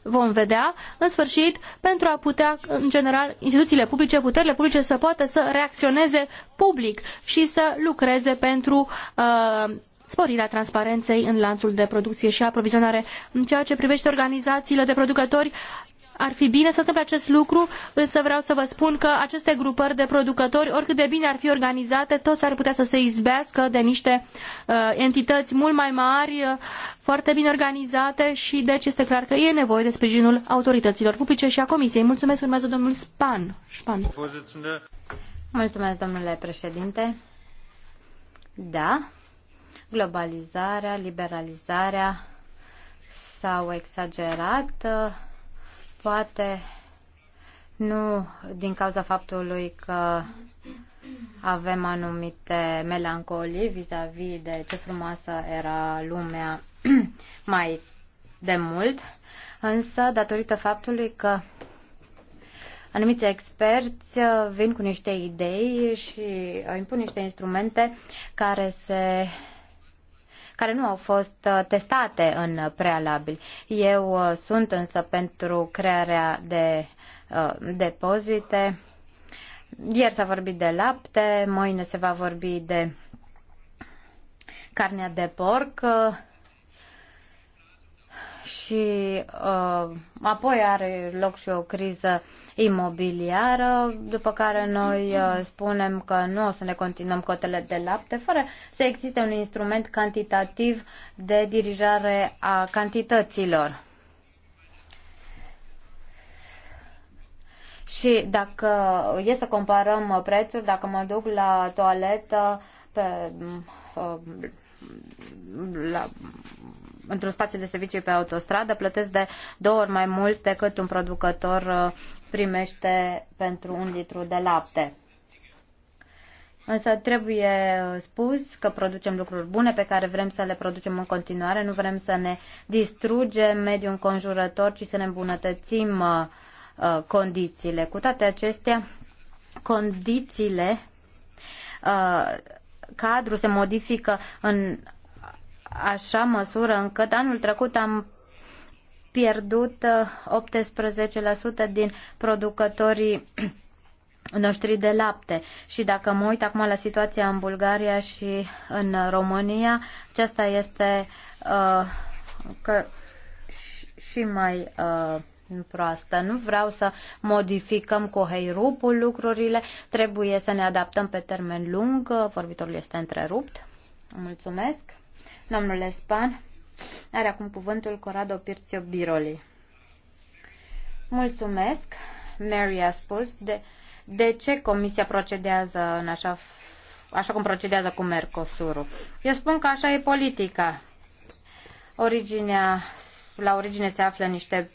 vom vedea, în sfârșit, pentru a putea, în general, instituțiile publice, puterile publice să poată să reacționeze public și să lucreze pentru uh, sporirea transparenței în lanțul de producție și aprovizionare. În ceea ce privește organizațiile de producători, ar fi bine să întâmple acest lucru, însă vreau să vă spun că aceste grupări de producători, oricât de bine ar fi organizate, toți ar putea să se izbească de niște uh, entități mult mai mari, uh, foarte bine organizate și deci este clar că e nevoie de sprijinul autorităților publice și a Comisiei. Mulțumesc, urmează domnul Span. Span. Mulțumesc, domnule președinte. Da, globalizarea, liberalizarea s-au exagerat uh, Poate nu din cauza faptului că avem anumite melancolii vis-a-vis -vis de ce frumoasă era lumea mai de mult, însă datorită faptului că anumiți experți uh, vin cu niște idei și uh, impun niște instrumente care se care nu au fost uh, testate în prealabil. Eu uh, sunt însă pentru crearea de uh, depozite. Ieri s-a vorbit de lapte, mâine se va vorbi de carnea de porc și uh, apoi are loc și o criză imobiliară, după care noi uh, spunem că nu o să ne continuăm cotele de lapte, fără să existe un instrument cantitativ de dirijare a cantităților. Și dacă e să comparăm prețuri, dacă mă duc la toaletă pe uh, la, într-un spațiu de servicii pe autostradă plătesc de două ori mai mult decât un producător uh, primește pentru un litru de lapte. Însă trebuie spus că producem lucruri bune pe care vrem să le producem în continuare, nu vrem să ne distrugem mediul înconjurător, ci să ne îmbunătățim uh, uh condițiile. Cu toate acestea, condițiile uh, cadru se modifică în așa măsură încât anul trecut am pierdut 18% uh, din producătorii noștri de lapte. Și dacă mă uit acum la situația în Bulgaria și în România, aceasta este uh, că și mai uh, proastă. Nu vreau să modificăm cu heirupul lucrurile, trebuie să ne adaptăm pe termen lung. Vorbitorul este întrerupt. Mulțumesc. Domnule Span, are acum cuvântul Corrado Pirțio Biroli. Mulțumesc. Mary a spus de, de ce Comisia procedează în așa, așa cum procedează cu Mercosurul. Eu spun că așa e politica. Originea, la origine se află niște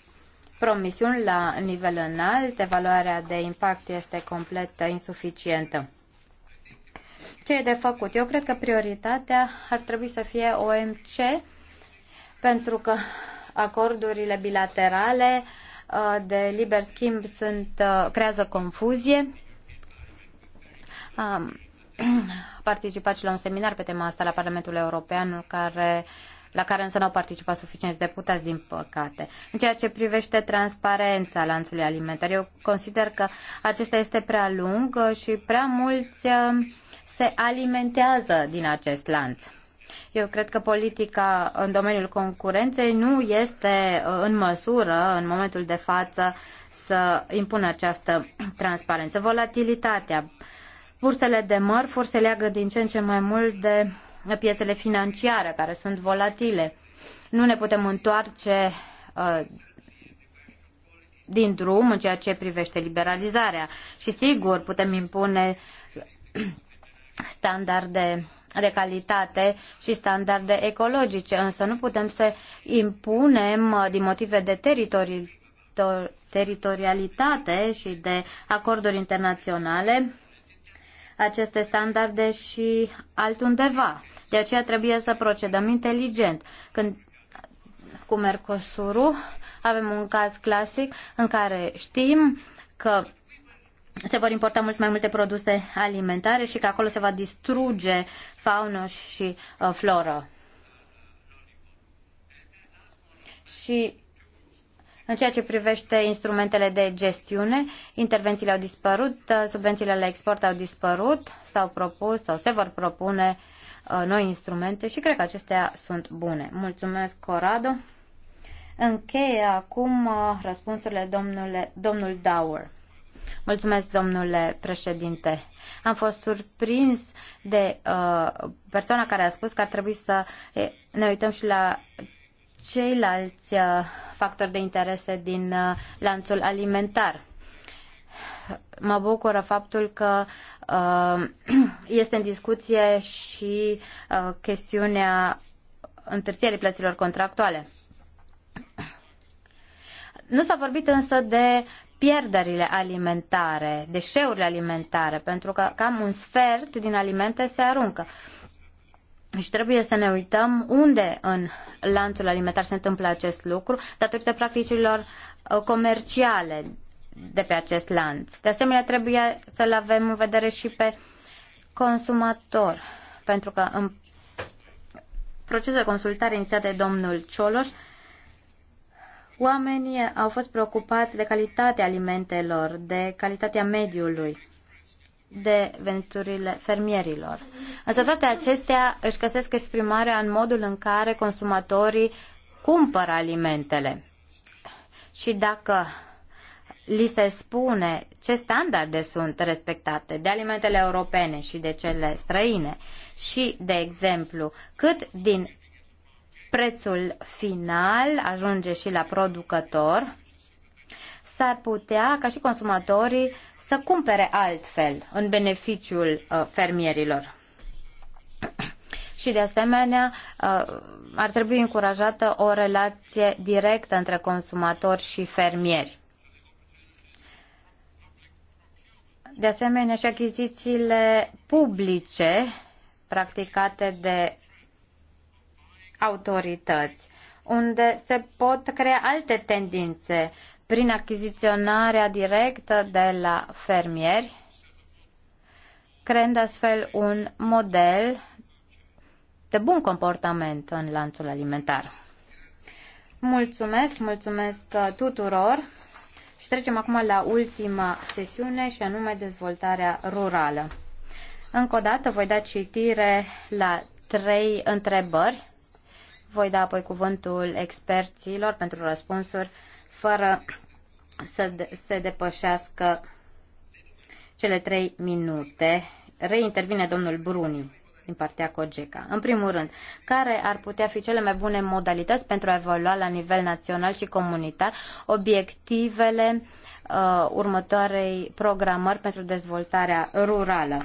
promisiuni la nivel înalt, evaluarea de impact este complet insuficientă. Ce e de făcut? Eu cred că prioritatea ar trebui să fie OMC, pentru că acordurile bilaterale uh, de liber schimb sunt, uh, creează confuzie. Am participat și la un seminar pe tema asta la Parlamentul European, care uh, la care însă nu au participat suficienți deputați, din păcate. În ceea ce privește transparența lanțului alimentar, eu consider că acesta este prea lung și prea mulți uh, se alimentează din acest lanț. Eu cred că politica în domeniul concurenței nu este uh, în măsură, în momentul de față, să impună această transparență. Volatilitatea. Bursele de mărfuri se leagă din ce în ce mai mult de piețele financiare care sunt volatile. Nu ne putem întoarce uh, din drum în ceea ce privește liberalizarea și sigur putem impune standarde de calitate și standarde ecologice, însă nu putem să impunem uh, din motive de teritori, teritorialitate și de acorduri internaționale aceste standarde și altundeva. De aceea trebuie să procedăm inteligent. Când cu Mercosurul avem un caz clasic în care știm că se vor importa mult mai multe produse alimentare și că acolo se va distruge faună și uh, floră. Și în ceea ce privește instrumentele de gestiune, intervențiile au dispărut, subvențiile la export au dispărut, s-au propus sau se vor propune uh, noi instrumente și cred că acestea sunt bune. Mulțumesc, Corado. Încheie acum uh, răspunsurile domnule, domnul Dauer. Mulțumesc, domnule președinte. Am fost surprins de uh, persoana care a spus că ar trebui să ne uităm și la ceilalți uh, factori de interese din uh, lanțul alimentar. Mă bucură faptul că uh, este în discuție și chestiunea întârzierii plăților contractuale. Nu s-a vorbit însă de pierderile alimentare, deșeurile alimentare, pentru că cam un sfert din alimente se aruncă. Și trebuie să ne uităm unde în lanțul alimentar se întâmplă acest lucru datorită practicilor uh, comerciale de pe acest lanț. De asemenea, trebuie să-l avem în vedere și pe consumator, pentru că în procesul de consultare inițiat de domnul Cioloș, oamenii au fost preocupați de calitatea alimentelor, de calitatea mediului de veniturile fermierilor. Însă toate acestea își găsesc exprimarea în modul în care consumatorii cumpără alimentele. Și dacă li se spune ce standarde sunt respectate de alimentele europene și de cele străine și, de exemplu, cât din prețul final ajunge și la producător, s-ar putea ca și consumatorii să cumpere altfel în beneficiul uh, fermierilor. Și de asemenea uh, ar trebui încurajată o relație directă între consumatori și fermieri. De asemenea și achizițiile publice practicate de autorități, unde se pot crea alte tendințe prin achiziționarea directă de la fermieri, creând astfel un model de bun comportament în lanțul alimentar. Mulțumesc, mulțumesc tuturor și trecem acum la ultima sesiune și anume dezvoltarea rurală. Încă o dată voi da citire la trei întrebări. Voi da apoi cuvântul experților pentru răspunsuri fără să se depășească cele trei minute. Reintervine domnul Bruni din partea COGECA. În primul rând, care ar putea fi cele mai bune modalități pentru a evolua la nivel național și comunitar obiectivele uh, următoarei programări pentru dezvoltarea rurală?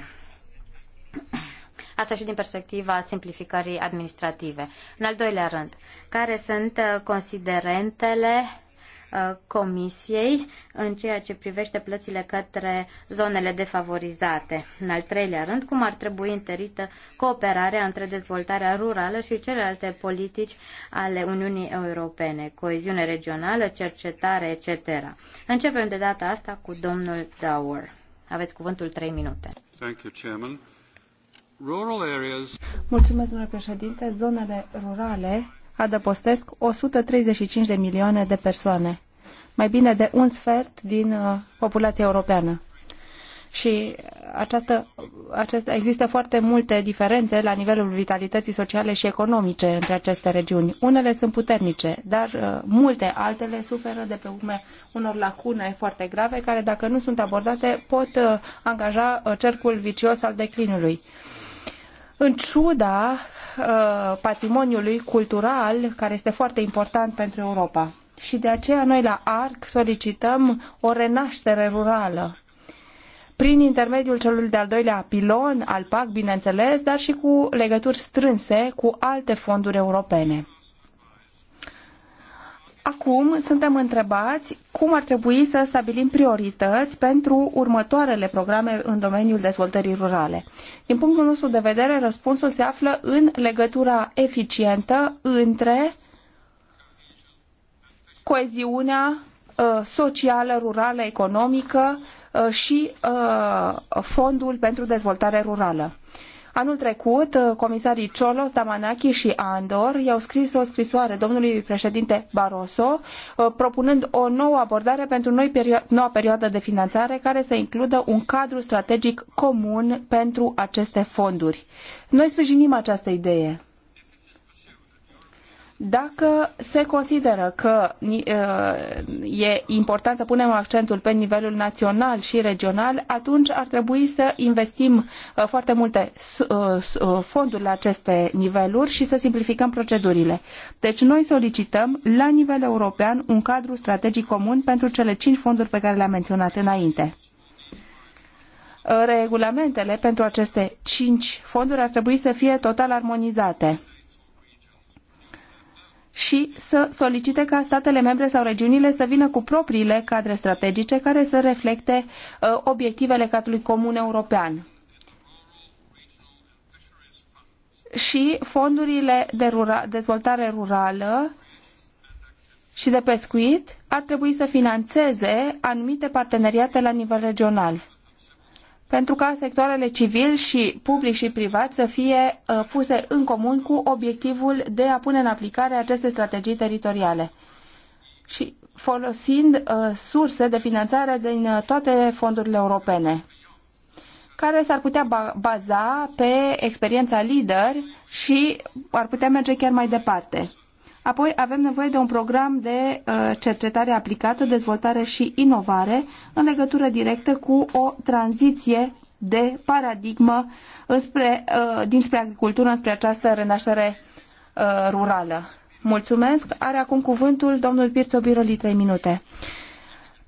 Asta și din perspectiva simplificării administrative. În al doilea rând, care sunt uh, considerentele Uh, Comisiei în ceea ce privește plățile către zonele defavorizate. În al treilea rând, cum ar trebui întărită cooperarea între dezvoltarea rurală și celelalte politici ale Uniunii Europene, coeziune regională, cercetare, etc. Începem de data asta cu domnul Dauer. Aveți cuvântul 3 minute. Thank you, Chairman. Rural areas... Mulțumesc, domnule președinte. Zonele rurale adăpostesc 135 de milioane de persoane, mai bine de un sfert din uh, populația europeană și această, aceasta, există foarte multe diferențe la nivelul vitalității sociale și economice între aceste regiuni. Unele sunt puternice, dar uh, multe altele suferă de pe urme unor lacune foarte grave care, dacă nu sunt abordate, pot uh, angaja uh, cercul vicios al declinului. În ciuda Uh, patrimoniului cultural, care este foarte important pentru Europa. Și de aceea noi la ARC solicităm o renaștere rurală prin intermediul celui de-al doilea pilon al PAC, bineînțeles, dar și cu legături strânse cu alte fonduri europene. Acum suntem întrebați cum ar trebui să stabilim priorități pentru următoarele programe în domeniul dezvoltării rurale. Din punctul nostru de vedere, răspunsul se află în legătura eficientă între coeziunea uh, socială, rurală, economică uh, și uh, fondul pentru dezvoltare rurală. Anul trecut, uh, comisarii Ciolo, Damanaki și Andor i-au scris o scrisoare domnului președinte Barroso, uh, propunând o nouă abordare pentru noi perio- noua perioadă de finanțare care să includă un cadru strategic comun pentru aceste fonduri. Noi sprijinim această idee. Dacă se consideră că uh, e important să punem accentul pe nivelul național și regional, atunci ar trebui să investim uh, foarte multe uh, fonduri la aceste niveluri și să simplificăm procedurile. Deci noi solicităm la nivel european un cadru strategic comun pentru cele cinci fonduri pe care le-am menționat înainte regulamentele pentru aceste cinci fonduri ar trebui să fie total armonizate și să solicite ca statele membre sau regiunile să vină cu propriile cadre strategice care să reflecte uh, obiectivele cadrului comun european. Și fondurile de rura, dezvoltare rurală și de pescuit ar trebui să financeze anumite parteneriate la nivel regional pentru ca sectoarele civil și public și privat să fie uh, puse în comun cu obiectivul de a pune în aplicare aceste strategii teritoriale. Și folosind uh, surse de finanțare din uh, toate fondurile europene care s-ar putea baza pe experiența lider și ar putea merge chiar mai departe. Apoi avem nevoie de un program de uh, cercetare aplicată, dezvoltare și inovare în legătură directă cu o tranziție de paradigmă înspre, uh, dinspre agricultură înspre această renaștere uh, rurală. Mulțumesc. Are acum cuvântul domnul Pirțo Biroli, 3 minute.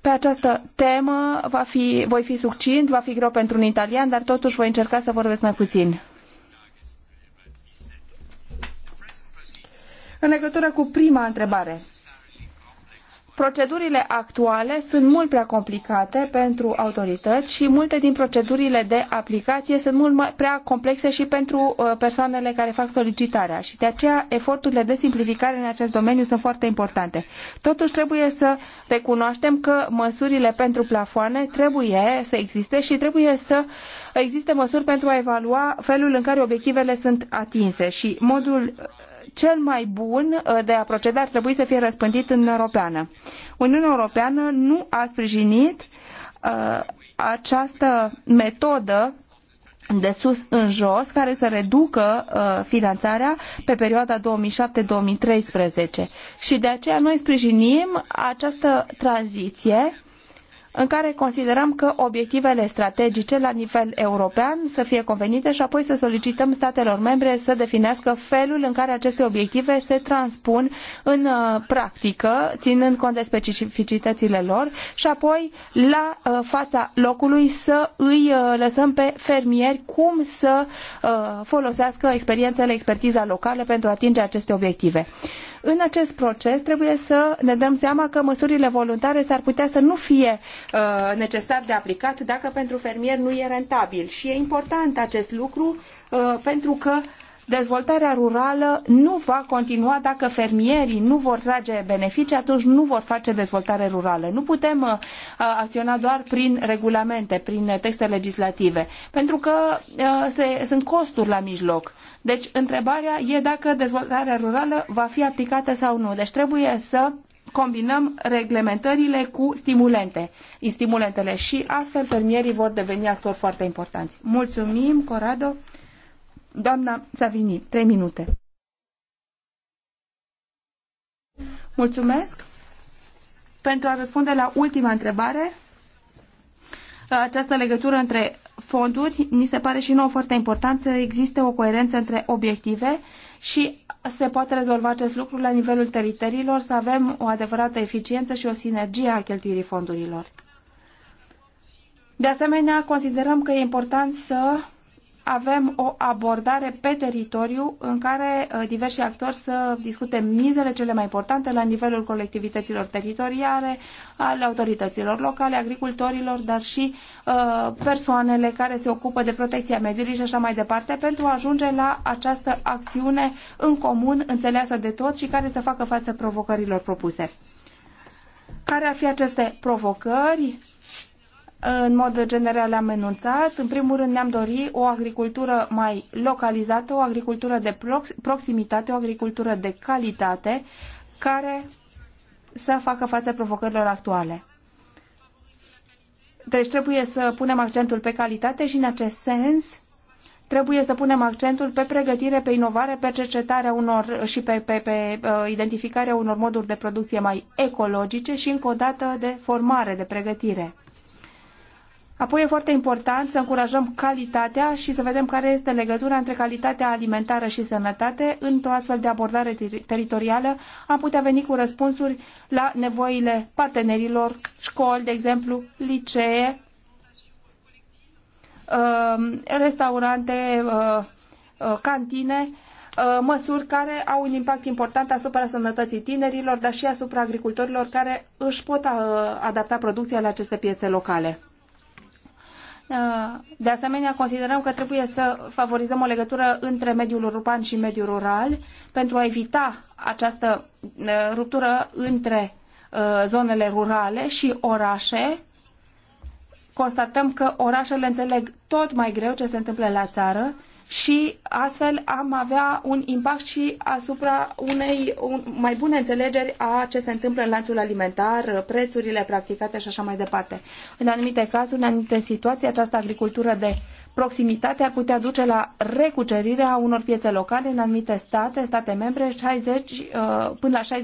Pe această temă va fi, voi fi succint, va fi greu pentru un italian, dar totuși voi încerca să vorbesc mai puțin. În legătură cu prima întrebare, procedurile actuale sunt mult prea complicate pentru autorități și multe din procedurile de aplicație sunt mult prea complexe și pentru uh, persoanele care fac solicitarea și de aceea eforturile de simplificare în acest domeniu sunt foarte importante. Totuși trebuie să recunoaștem că măsurile pentru plafoane trebuie să existe și trebuie să existe măsuri pentru a evalua felul în care obiectivele sunt atinse și modul cel mai bun uh, de a proceda ar trebui să fie răspândit în Europeană. Uniunea Europeană nu a sprijinit uh, această metodă de sus în jos, care să reducă uh, finanțarea pe perioada 2007-2013. Și de aceea noi sprijinim această tranziție în care considerăm că obiectivele strategice la nivel european să fie convenite și apoi să solicităm statelor membre să definească felul în care aceste obiective se transpun în uh, practică, ținând cont de specificitățile lor și apoi la uh, fața locului să îi uh, lăsăm pe fermieri cum să folosească experiențele, expertiza locală pentru a atinge aceste obiective. În acest proces trebuie să ne dăm seama că măsurile voluntare s-ar putea să nu fie uh, necesar de aplicat dacă pentru fermier nu e rentabil. Și e important acest lucru uh, pentru că dezvoltarea rurală nu va continua dacă fermierii nu vor trage beneficii, atunci nu vor face dezvoltare rurală. Nu putem uh, acționa doar prin regulamente, prin texte legislative, pentru că uh, se, sunt costuri la mijloc. Deci, întrebarea e dacă dezvoltarea rurală va fi aplicată sau nu. Deci trebuie să combinăm reglementările cu stimulente, stimulentele și astfel fermierii vor deveni actori foarte importanți. Mulțumim, Corado! Doamna Savini, trei minute. Mulțumesc. Pentru a răspunde la ultima întrebare, această legătură între fonduri, ni se pare și nouă foarte important să existe o coerență între obiective și se poate rezolva acest lucru la nivelul teritoriilor, să avem o adevărată eficiență și o sinergie a cheltuirii fondurilor. De asemenea, considerăm că e important să avem o abordare pe teritoriu în care uh, diversi actori să discute mizele cele mai importante la nivelul colectivităților teritoriale, al autorităților locale, agricultorilor, dar și uh, persoanele care se ocupă de protecția mediului și așa mai departe, pentru a ajunge la această acțiune în comun, înțeleasă de toți și care să facă față provocărilor propuse. Care ar fi aceste provocări? în mod general am enunțat. În primul rând ne-am dorit o agricultură mai localizată, o agricultură de proximitate, o agricultură de calitate care să facă față provocărilor actuale. Deci trebuie să punem accentul pe calitate și în acest sens trebuie să punem accentul pe pregătire, pe inovare, pe cercetarea unor și pe, pe, pe uh, identificarea unor moduri de producție mai ecologice și încă o dată de formare, de pregătire. Apoi e foarte important să încurajăm calitatea și să vedem care este legătura între calitatea alimentară și sănătate. Într-o astfel de abordare teritorială am putea veni cu răspunsuri la nevoile partenerilor, școli, de exemplu, licee, um, restaurante, uh, uh, cantine, uh, măsuri care au un impact important asupra sănătății tinerilor, dar și asupra agricultorilor care își pot adapta producția la aceste piețe locale. De asemenea, considerăm că trebuie să favorizăm o legătură între mediul urban și mediul rural pentru a evita această uh, ruptură între uh, zonele rurale și orașe. Constatăm că orașele înțeleg tot mai greu ce se întâmplă la țară și astfel am avea un impact și asupra unei un, mai bune înțelegeri a ce se întâmplă în lanțul alimentar, prețurile practicate și așa mai departe. În anumite cazuri, în anumite situații, această agricultură de proximitatea ar putea duce la recucerirea unor piețe locale în anumite state, state membre, 60, uh, până la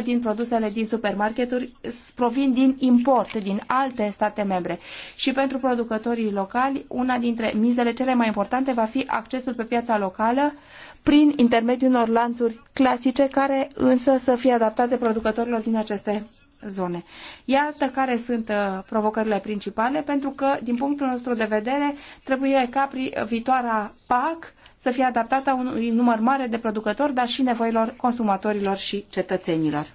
60% din produsele din supermarketuri provin din import din alte state membre. Și pentru producătorii locali, una dintre mizele cele mai importante va fi accesul pe piața locală prin intermediul unor lanțuri clasice care însă să fie adaptate producătorilor din aceste zone. Iată care sunt uh, provocările principale, pentru că, din punctul nostru de vedere, trebuie ca viitoarea PAC să fie adaptată unui număr mare de producători, dar și nevoilor consumatorilor și cetățenilor.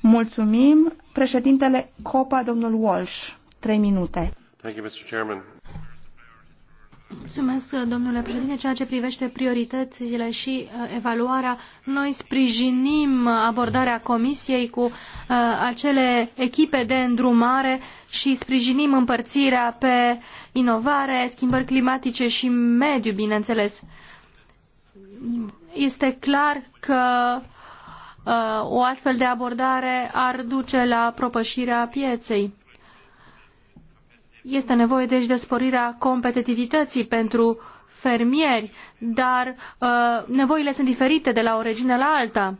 Mulțumim. Președintele COPA, domnul Walsh. Trei minute. Thank you, Mr. Chairman. Mulțumesc, domnule președinte. Ceea ce privește prioritățile și uh, evaluarea, noi sprijinim abordarea comisiei cu uh, acele echipe de îndrumare și sprijinim împărțirea pe inovare, schimbări climatice și mediu, bineînțeles. Este clar că uh, o astfel de abordare ar duce la propășirea pieței este nevoie deci de sporirea competitivității pentru fermieri, dar uh, nevoile sunt diferite de la o regiune la alta.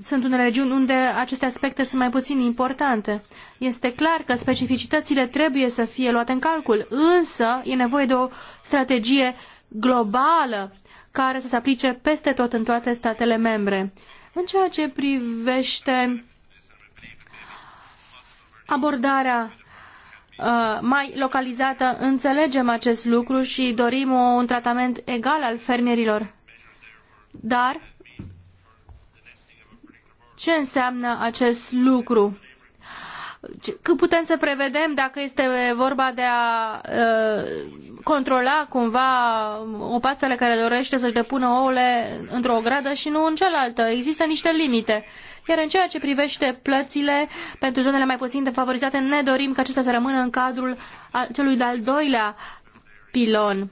Sunt unele regiuni unde aceste aspecte sunt mai puțin importante. Este clar că specificitățile trebuie să fie luate în calcul, însă e nevoie de o strategie globală care să se aplice peste tot în toate statele membre. În ceea ce privește abordarea Uh, mai localizată, înțelegem acest lucru și dorim un tratament egal al fermierilor. Dar ce înseamnă acest lucru? cât putem să prevedem dacă este vorba de a controla cumva o pastele care dorește să-și depună ouăle într-o ogradă și nu în cealaltă. Există niște limite. Iar în ceea ce privește plățile pentru zonele mai puțin defavorizate, ne dorim ca acestea să rămână în cadrul celui de-al doilea pilon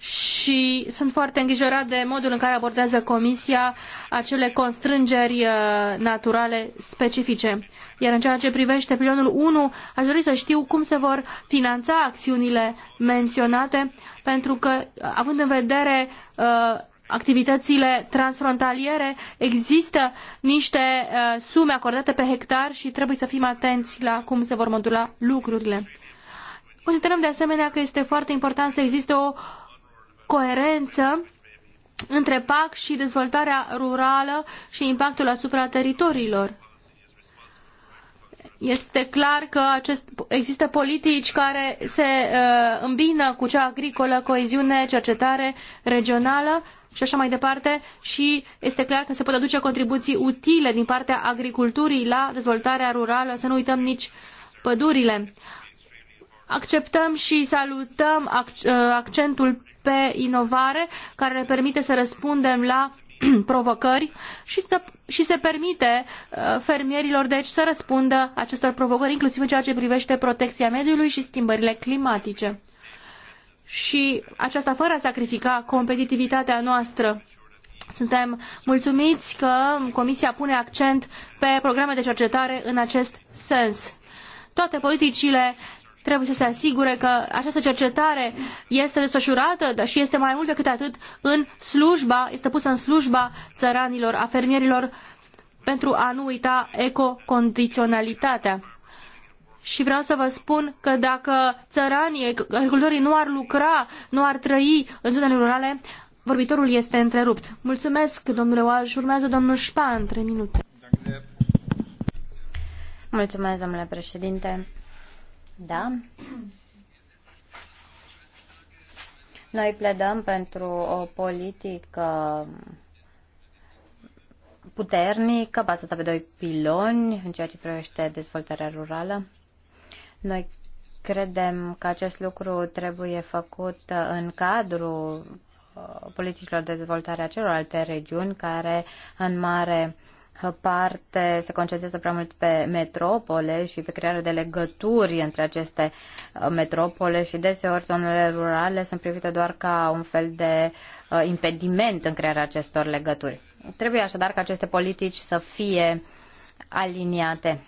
și sunt foarte îngrijorat de modul în care abordează Comisia acele constrângeri uh, naturale specifice. Iar în ceea ce privește pilonul 1, aș dori să știu cum se vor finanța acțiunile menționate, pentru că, având în vedere uh, activitățile transfrontaliere, există niște uh, sume acordate pe hectar și trebuie să fim atenți la cum se vor modula lucrurile. Considerăm de asemenea că este foarte important să existe o coerență între PAC și dezvoltarea rurală și impactul asupra teritoriilor. Este clar că acest, există politici care se uh, îmbină cu cea agricolă, coeziune, cercetare regională și așa mai departe și este clar că se pot aduce contribuții utile din partea agriculturii la dezvoltarea rurală, să nu uităm nici pădurile. Uh, Acceptăm și salutăm uh, accentul pe inovare care ne permite să răspundem la provocări și, să, și se permite uh, fermierilor deci să răspundă acestor provocări, inclusiv în ceea ce privește protecția mediului și schimbările climatice. Și aceasta fără a sacrifica competitivitatea noastră. Suntem mulțumiți că Comisia pune accent pe programe de cercetare în acest sens. Toate politicile trebuie să se asigure că această cercetare este desfășurată, dar și este mai mult decât atât în slujba, este pusă în slujba țăranilor, a fermierilor, pentru a nu uita ecocondiționalitatea. Și vreau să vă spun că dacă țăranii, agricultorii nu ar lucra, nu ar trăi în zonele rurale, vorbitorul este întrerupt. Mulțumesc, domnule Oaj. Urmează domnul Șpan, trei minute. Mulțumesc, domnule președinte. Da? Noi pledăm pentru o politică puternică, bazată pe doi piloni în ceea ce privește dezvoltarea rurală. Noi credem că acest lucru trebuie făcut în cadrul uh, politicilor de dezvoltare a celorlalte regiuni care în mare uh, parte se concentrează prea mult pe metropole și pe crearea de legături între aceste uh, metropole și deseori zonele rurale sunt privite doar ca un fel de uh, impediment în crearea acestor legături. Trebuie așadar ca aceste politici să fie aliniate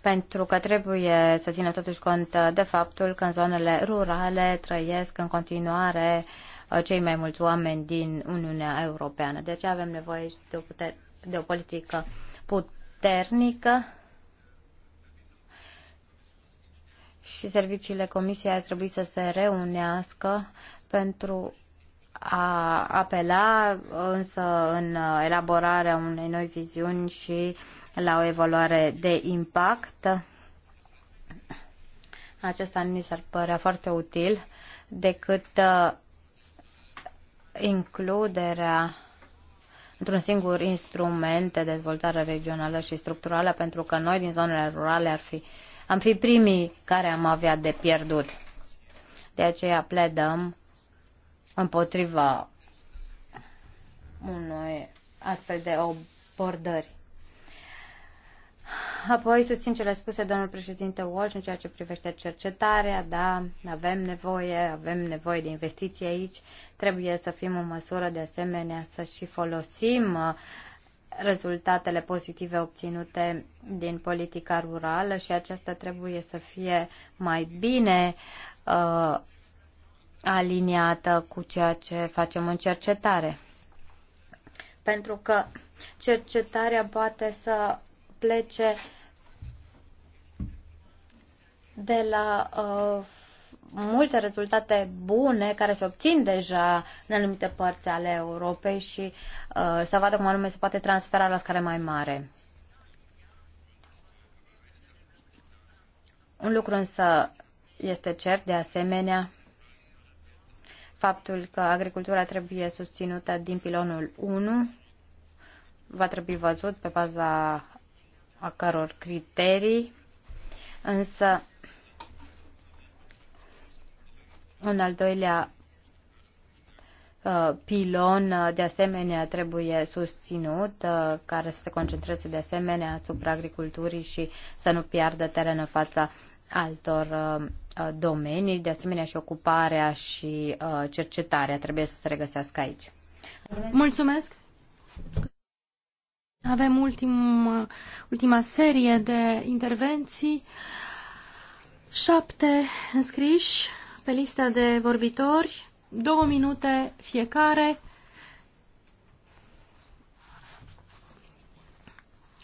pentru că trebuie să țină totuși cont de faptul că în zonele rurale trăiesc în continuare uh, Uh, cei mai mulți oameni din Uniunea Europeană. Deci avem nevoie de o, puter, de o politică puternică și serviciile Comisiei ar trebui să se reunească pentru a apela însă în elaborarea unei noi viziuni și la o evaluare de impact. Acesta ni s-ar părea foarte util decât uh, includerea într-un singur instrument de dezvoltare regională și structurală, pentru că noi din zonele rurale ar fi, am fi primii care am avea de pierdut. De aceea pledăm împotriva unui astfel de abordări. Apoi susțin cele spuse domnul președinte Walsh în ceea ce privește cercetarea, da, avem nevoie, avem nevoie de investiții aici, trebuie să fim în măsură de asemenea să și folosim uh, rezultatele pozitive obținute din politica rurală și aceasta trebuie să fie mai bine uh, aliniată cu ceea ce facem în cercetare. Pentru că cercetarea poate să plece de la uh, multe rezultate bune care se obțin deja în anumite părți ale Europei și uh, să vadă cum anume se poate transfera la scară mai mare. Un lucru însă este cert, de asemenea, faptul că agricultura trebuie susținută din pilonul 1 va trebui văzut pe baza a căror criterii, însă un al doilea uh, pilon uh, de asemenea trebuie susținut, uh, care să se concentreze de asemenea asupra agriculturii și să nu piardă teren în fața altor domenii, de asemenea și ocuparea și cercetarea trebuie să se regăsească aici. Mulțumesc! Avem ultima, ultima serie de intervenții. Șapte înscriși pe lista de vorbitori, două minute fiecare.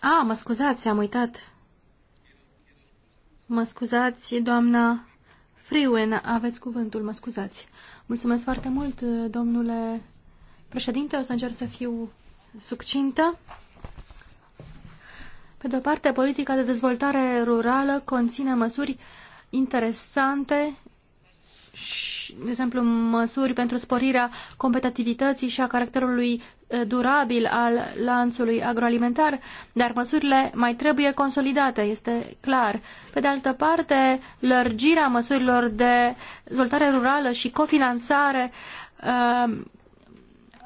A, mă scuzați, am uitat. Mă scuzați, doamna Friuen, aveți cuvântul, mă scuzați. Mulțumesc foarte mult, domnule președinte, o să încerc să fiu succintă. Pe de o parte, politica de dezvoltare rurală conține măsuri interesante și, de exemplu, măsuri pentru sporirea competitivității și a caracterului durabil al lanțului agroalimentar, dar măsurile mai trebuie consolidate, este clar. Pe de altă parte, lărgirea măsurilor de dezvoltare rurală și cofinanțare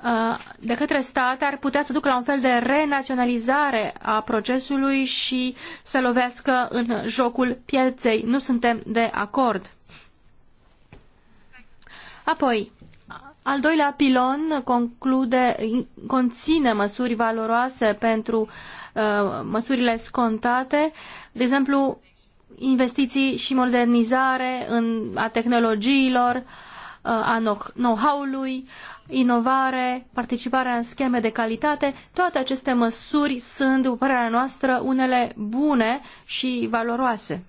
Uh, de către state ar putea să ducă la un fel de renaționalizare a procesului și să lovească în jocul pieței. Nu suntem de acord. Apoi, al doilea pilon conclude, conține măsuri valoroase pentru uh, măsurile scontate, de exemplu, investiții și modernizare în, a tehnologiilor, uh, a know-how-ului, uh, inovare, participarea în scheme de calitate, toate aceste măsuri sunt, după părerea noastră, unele bune și valoroase.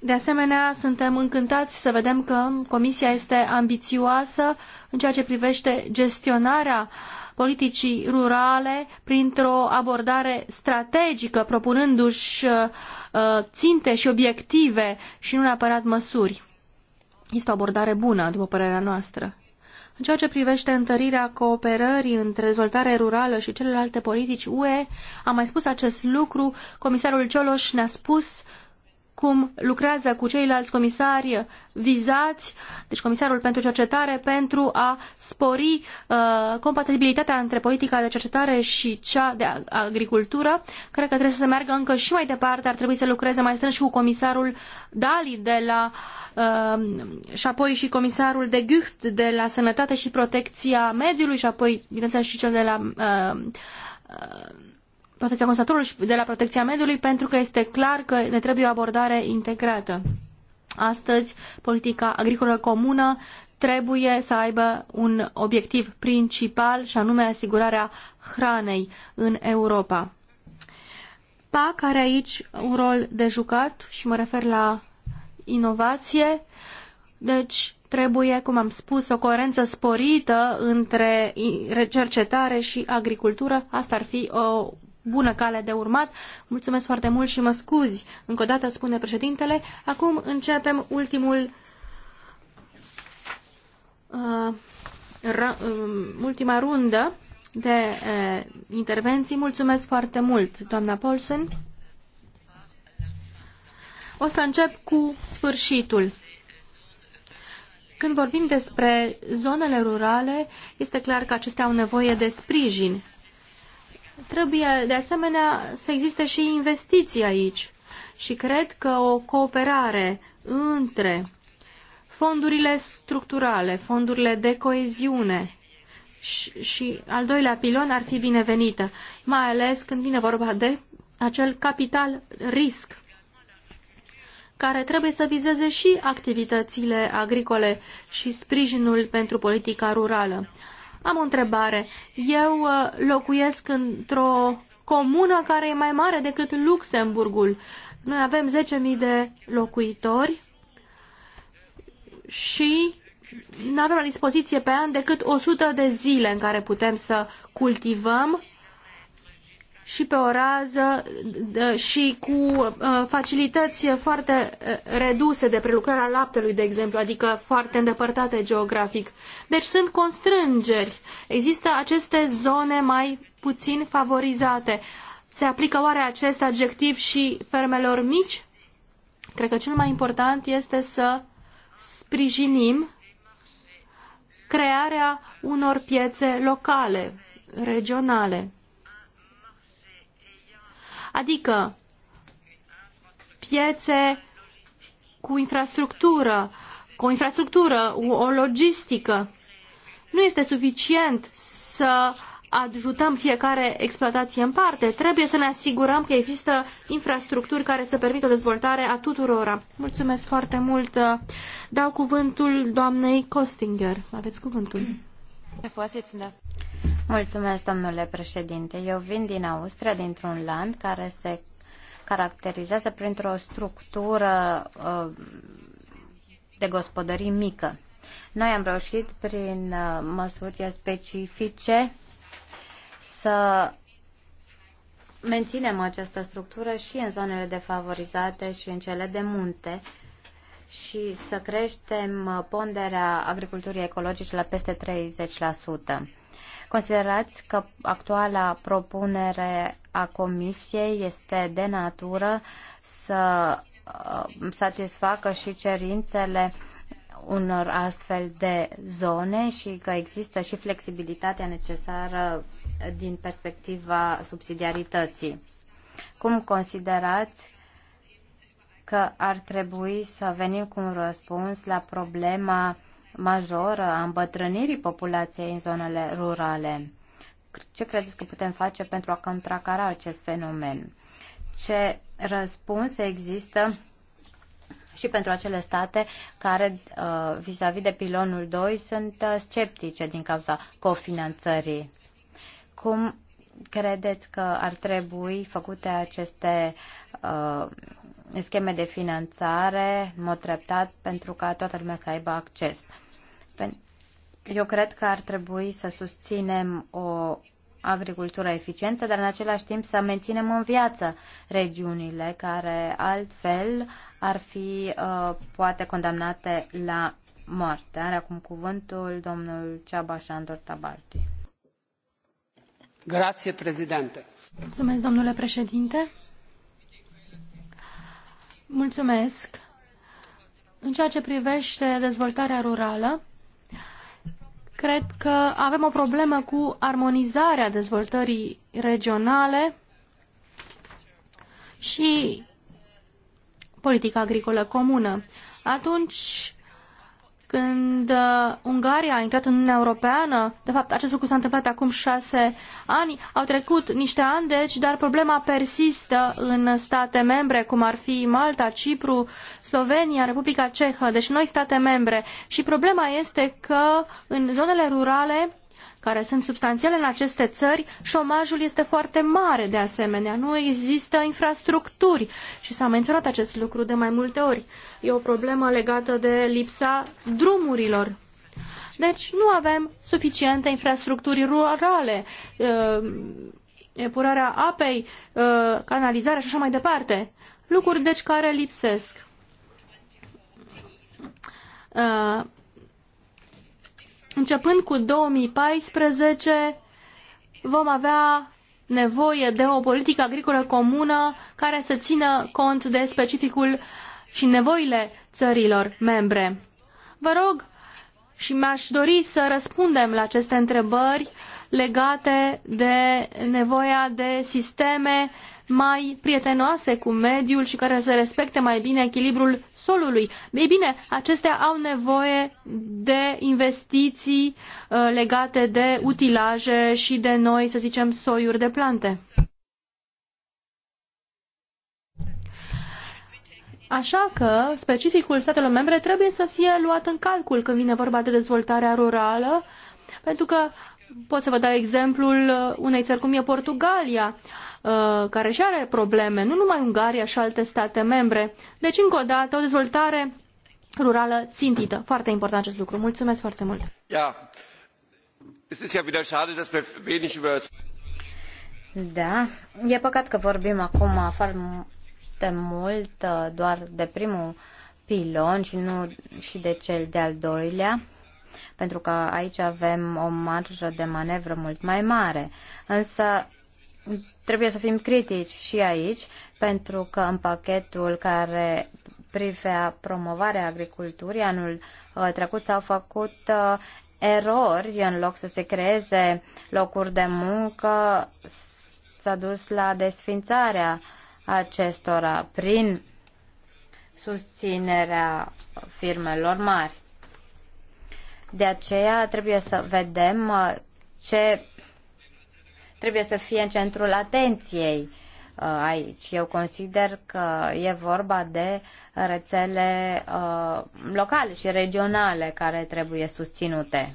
De asemenea, suntem încântați să vedem că Comisia este ambițioasă în ceea ce privește gestionarea politicii rurale printr-o abordare strategică, propunându-și uh, ținte și obiective și nu neapărat măsuri. Este o abordare bună, după părerea noastră. În ceea ce privește întărirea cooperării între dezvoltare rurală și celelalte politici UE, am mai spus acest lucru, comisarul Cioloș ne-a spus cum lucrează cu ceilalți comisari vizați, deci comisarul pentru cercetare, pentru a spori uh, compatibilitatea între politica de cercetare și cea de agricultură. Cred că trebuie să se meargă încă și mai departe, ar trebui să lucreze mai strâns și cu comisarul Dali de la uh, și apoi și comisarul de Gucht de la Sănătate și Protecția Mediului și apoi, bineînțeles, și cel de la uh, uh protecția consumatorului și de la protecția mediului, pentru că este clar că ne trebuie o abordare integrată. Astăzi, politica agricolă comună trebuie să aibă un obiectiv principal și anume asigurarea hranei în Europa. PAC are aici un rol de jucat și mă refer la inovație, deci trebuie, cum am spus, o coerență sporită între cercetare și agricultură. Asta ar fi o bună cale de urmat. Mulțumesc foarte mult și mă scuzi încă o dată, spune președintele. Acum începem ultimul uh, um, ultima rundă de uh, intervenții. Mulțumesc foarte mult, doamna Paulsen. O să încep cu sfârșitul. Când vorbim despre zonele rurale, este clar că acestea au nevoie de sprijin Trebuie, de asemenea, să existe și investiții aici și cred că o cooperare între fondurile structurale, fondurile de coeziune și, și al doilea pilon ar fi binevenită, mai ales când vine vorba de acel capital risc care trebuie să vizeze și activitățile agricole și sprijinul pentru politica rurală. Am o întrebare. Eu uh, locuiesc într-o comună care e mai mare decât Luxemburgul. Noi avem 10.000 de locuitori și nu avem la dispoziție pe an decât 100 de zile în care putem să cultivăm și pe o rază și cu uh, facilități foarte uh, reduse de prelucrare a laptelui, de exemplu, adică foarte îndepărtate geografic. Deci sunt constrângeri. Există aceste zone mai puțin favorizate. Se aplică oare acest adjectiv și fermelor mici? Cred că cel mai important este să sprijinim crearea unor piețe locale, regionale adică piețe cu infrastructură, cu o infrastructură, o logistică. Nu este suficient să ajutăm fiecare exploatație în parte. Trebuie să ne asigurăm că există infrastructuri care să permită dezvoltarea tuturora. Mulțumesc foarte mult. Dau cuvântul doamnei Costinger. Aveți cuvântul. Mulțumesc, domnule președinte. Eu vin din Austria, dintr-un land care se caracterizează printr-o structură uh, de gospodării mică. Noi am reușit prin uh, măsuri specifice să menținem această structură și în zonele defavorizate și în cele de munte, și să creștem ponderea agriculturii ecologice la peste 30%. Considerați că actuala propunere a Comisiei este de natură să uh, satisfacă și cerințele unor astfel de zone și că există și flexibilitatea necesară din perspectiva subsidiarității. Cum considerați că ar trebui să venim cu un răspuns la problema majoră a îmbătrânirii populației în zonele rurale. Ce credeți că putem face pentru a contracara acest fenomen? Ce răspuns există și pentru acele state care, uh, vis-a-vis -vis de pilonul 2, sunt uh, sceptice din cauza cofinanțării? Cum credeți că ar trebui făcute aceste uh, scheme de finanțare în mod treptat pentru ca toată lumea să aibă acces. Eu cred că ar trebui să susținem o agricultură eficientă, dar în același timp să menținem în viață regiunile care altfel ar fi uh, poate condamnate la moarte. Are acum cuvântul domnul Ceaba Șandor Tabarti. Grație, prezidente. Mulțumesc, domnule președinte. Mulțumesc. În ceea ce privește dezvoltarea rurală, cred că avem o problemă cu armonizarea dezvoltării regionale și politica agricolă comună. Atunci când uh, Ungaria a intrat în Uniunea Europeană, de fapt acest lucru s-a întâmplat acum șase ani, au trecut niște ani, deci, dar problema persistă în state membre, cum ar fi Malta, Cipru, Slovenia, Republica Cehă, deci noi state membre. Și problema este că în zonele rurale care sunt substanțiale în aceste țări, șomajul este foarte mare de asemenea. Nu există infrastructuri și s-a menționat acest lucru de mai multe ori. E o problemă legată de lipsa drumurilor. Deci nu avem suficiente infrastructuri rurale, uh, epurarea apei, uh, canalizarea și așa mai departe. Lucruri deci care lipsesc uh, Începând cu 2014, vom avea nevoie de o politică agricolă comună care să țină cont de specificul și nevoile țărilor membre. Vă rog și mi-aș dori să răspundem la aceste întrebări legate de nevoia de sisteme uh, mai prietenoase cu mediul și care să respecte mai bine echilibrul solului. Ei bine, acestea au nevoie de investiții uh, legate de utilaje și de noi, să zicem, soiuri de plante. Așa că specificul statelor membre trebuie să fie luat în calcul când vine vorba de dezvoltarea rurală, pentru că pot să vă dau exemplul uh, unei țări cum e Portugalia. Uh, care și are probleme, nu numai Ungaria și alte state membre. Deci, încă o dată, o dezvoltare rurală țintită. Foarte important acest lucru. Mulțumesc foarte mult. Ja. Es ist ja wieder schade, dass wir wenig über da, e păcat că vorbim acum foarte mult uh, doar de primul pilon și nu și de cel de-al doilea, pentru că aici avem o marjă de manevră mult mai mare. Însă trebuie să fim critici și aici, pentru că în pachetul care privea promovarea agriculturii anul uh, trecut s-au făcut uh, erori în loc să se creeze locuri de muncă, s-a dus la desfințarea acestora prin susținerea firmelor mari. De aceea trebuie să vedem uh, ce trebuie să fie în centrul atenției uh, aici. Eu consider că e vorba de rețele uh, locale și regionale care trebuie susținute.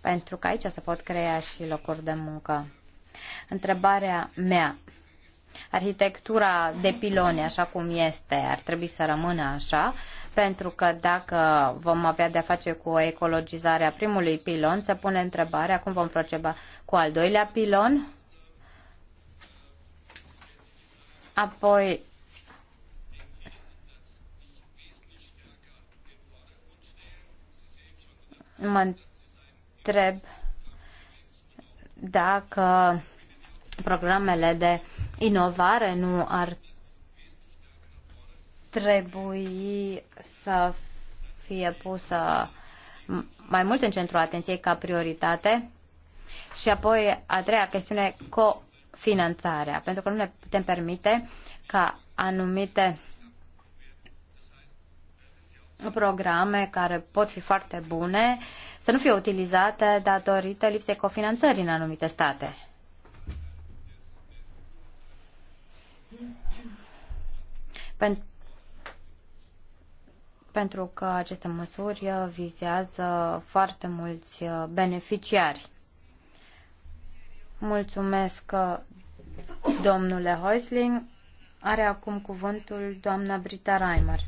Pentru că aici se pot crea și locuri de muncă. Întrebarea mea arhitectura de piloni așa cum este ar trebui să rămână așa, pentru că dacă vom avea de-a face cu o ecologizare a primului pilon, se pune întrebarea cum vom proceda cu al doilea pilon. Apoi, mă întreb dacă programele de inovare nu ar trebui să fie pusă mai mult în centrul atenției ca prioritate. Și apoi a treia chestiune, cofinanțarea, pentru că nu ne putem permite ca anumite programe care pot fi foarte bune să nu fie utilizate datorită lipsei cofinanțării în anumite state. Pentru că aceste măsuri uh, vizează foarte mulți uh, beneficiari. Mulțumesc, uh, domnule Hoisling. Are acum cuvântul doamna Brita Reimers.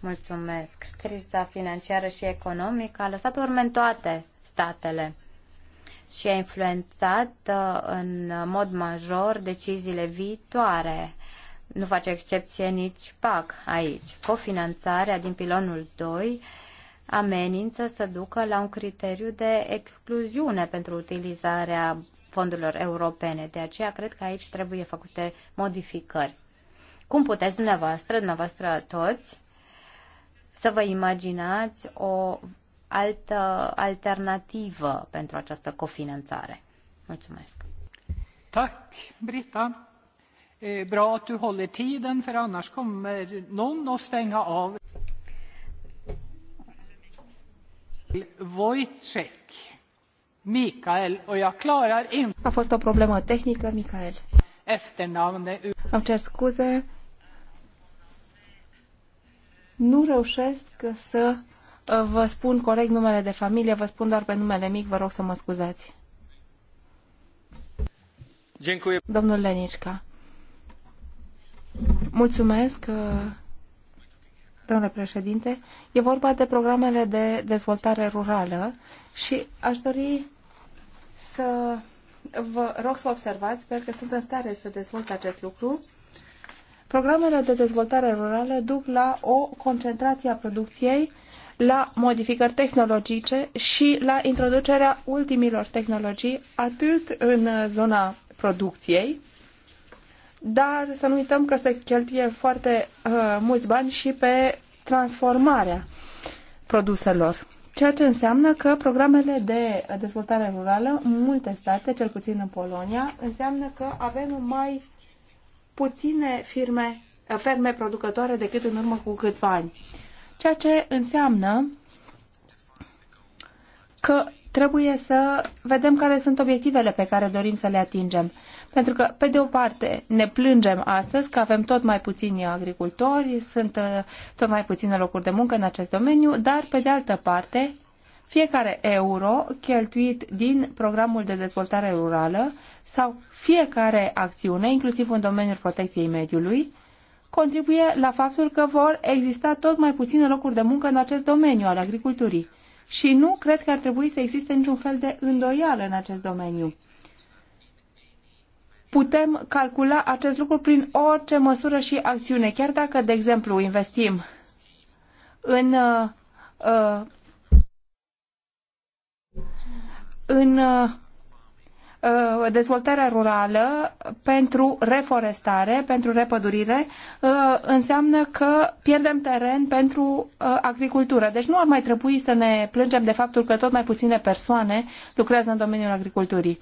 Mulțumesc. Criza financiară și economică a lăsat urme în toate statele și a influențat în mod major deciziile viitoare nu face excepție nici PAC aici. Cofinanțarea din pilonul 2 amenință să ducă la un criteriu de excluziune pentru utilizarea fondurilor europene. De aceea cred că aici trebuie făcute modificări. Cum puteți dumneavoastră, dumneavoastră toți, să vă imaginați o altă alternativă pentru această cofinanțare? Mulțumesc! Tak, Brita! Eh, bra att du håller tiden för annars kommer någon att stänga av. Wojciech, Mikael och jag klarar inte... A fost o problemă tehnică, Mikael. Efternamnet... Eh, Îmi cer scuze. Nu reușesc să eh, vă spun corect numele de familie, vă spun doar pe numele mic, vă rog să mă scuzați. Domnul Lenișca. Mulțumesc, uh, domnule președinte. E vorba de programele de dezvoltare rurală și aș dori să vă rog să observați, sper că sunt în stare să dezvolt acest lucru. Programele de dezvoltare rurală duc la o concentrație a producției, la modificări tehnologice și la introducerea ultimilor tehnologii, atât în uh, zona producției, dar să nu uităm că se cheltuie foarte uh, mulți bani și pe transformarea produselor. Ceea ce înseamnă că programele de dezvoltare rurală, în multe state, cel puțin în Polonia, înseamnă că avem mai puține firme, uh, ferme producătoare decât în urmă cu câțiva ani. Ceea ce înseamnă că trebuie să vedem care sunt obiectivele pe care dorim să le atingem. Pentru că, pe de o parte, ne plângem astăzi că avem tot mai puțini agricultori, sunt uh, tot mai puține locuri de muncă în acest domeniu, dar, pe de altă parte, fiecare euro cheltuit din programul de dezvoltare rurală sau fiecare acțiune, inclusiv în domeniul protecției mediului, contribuie la faptul că vor exista tot mai puține locuri de muncă în acest domeniu al agriculturii și nu cred că ar trebui să existe niciun fel de îndoială în acest domeniu. Putem calcula acest lucru prin orice măsură și acțiune, chiar dacă, de exemplu, investim în uh, uh în uh, Uh, dezvoltarea rurală pentru reforestare, pentru repădurire, uh, înseamnă că pierdem teren pentru uh, agricultură. Deci nu ar mai trebui să ne plângem de faptul că tot mai puține persoane lucrează în domeniul agriculturii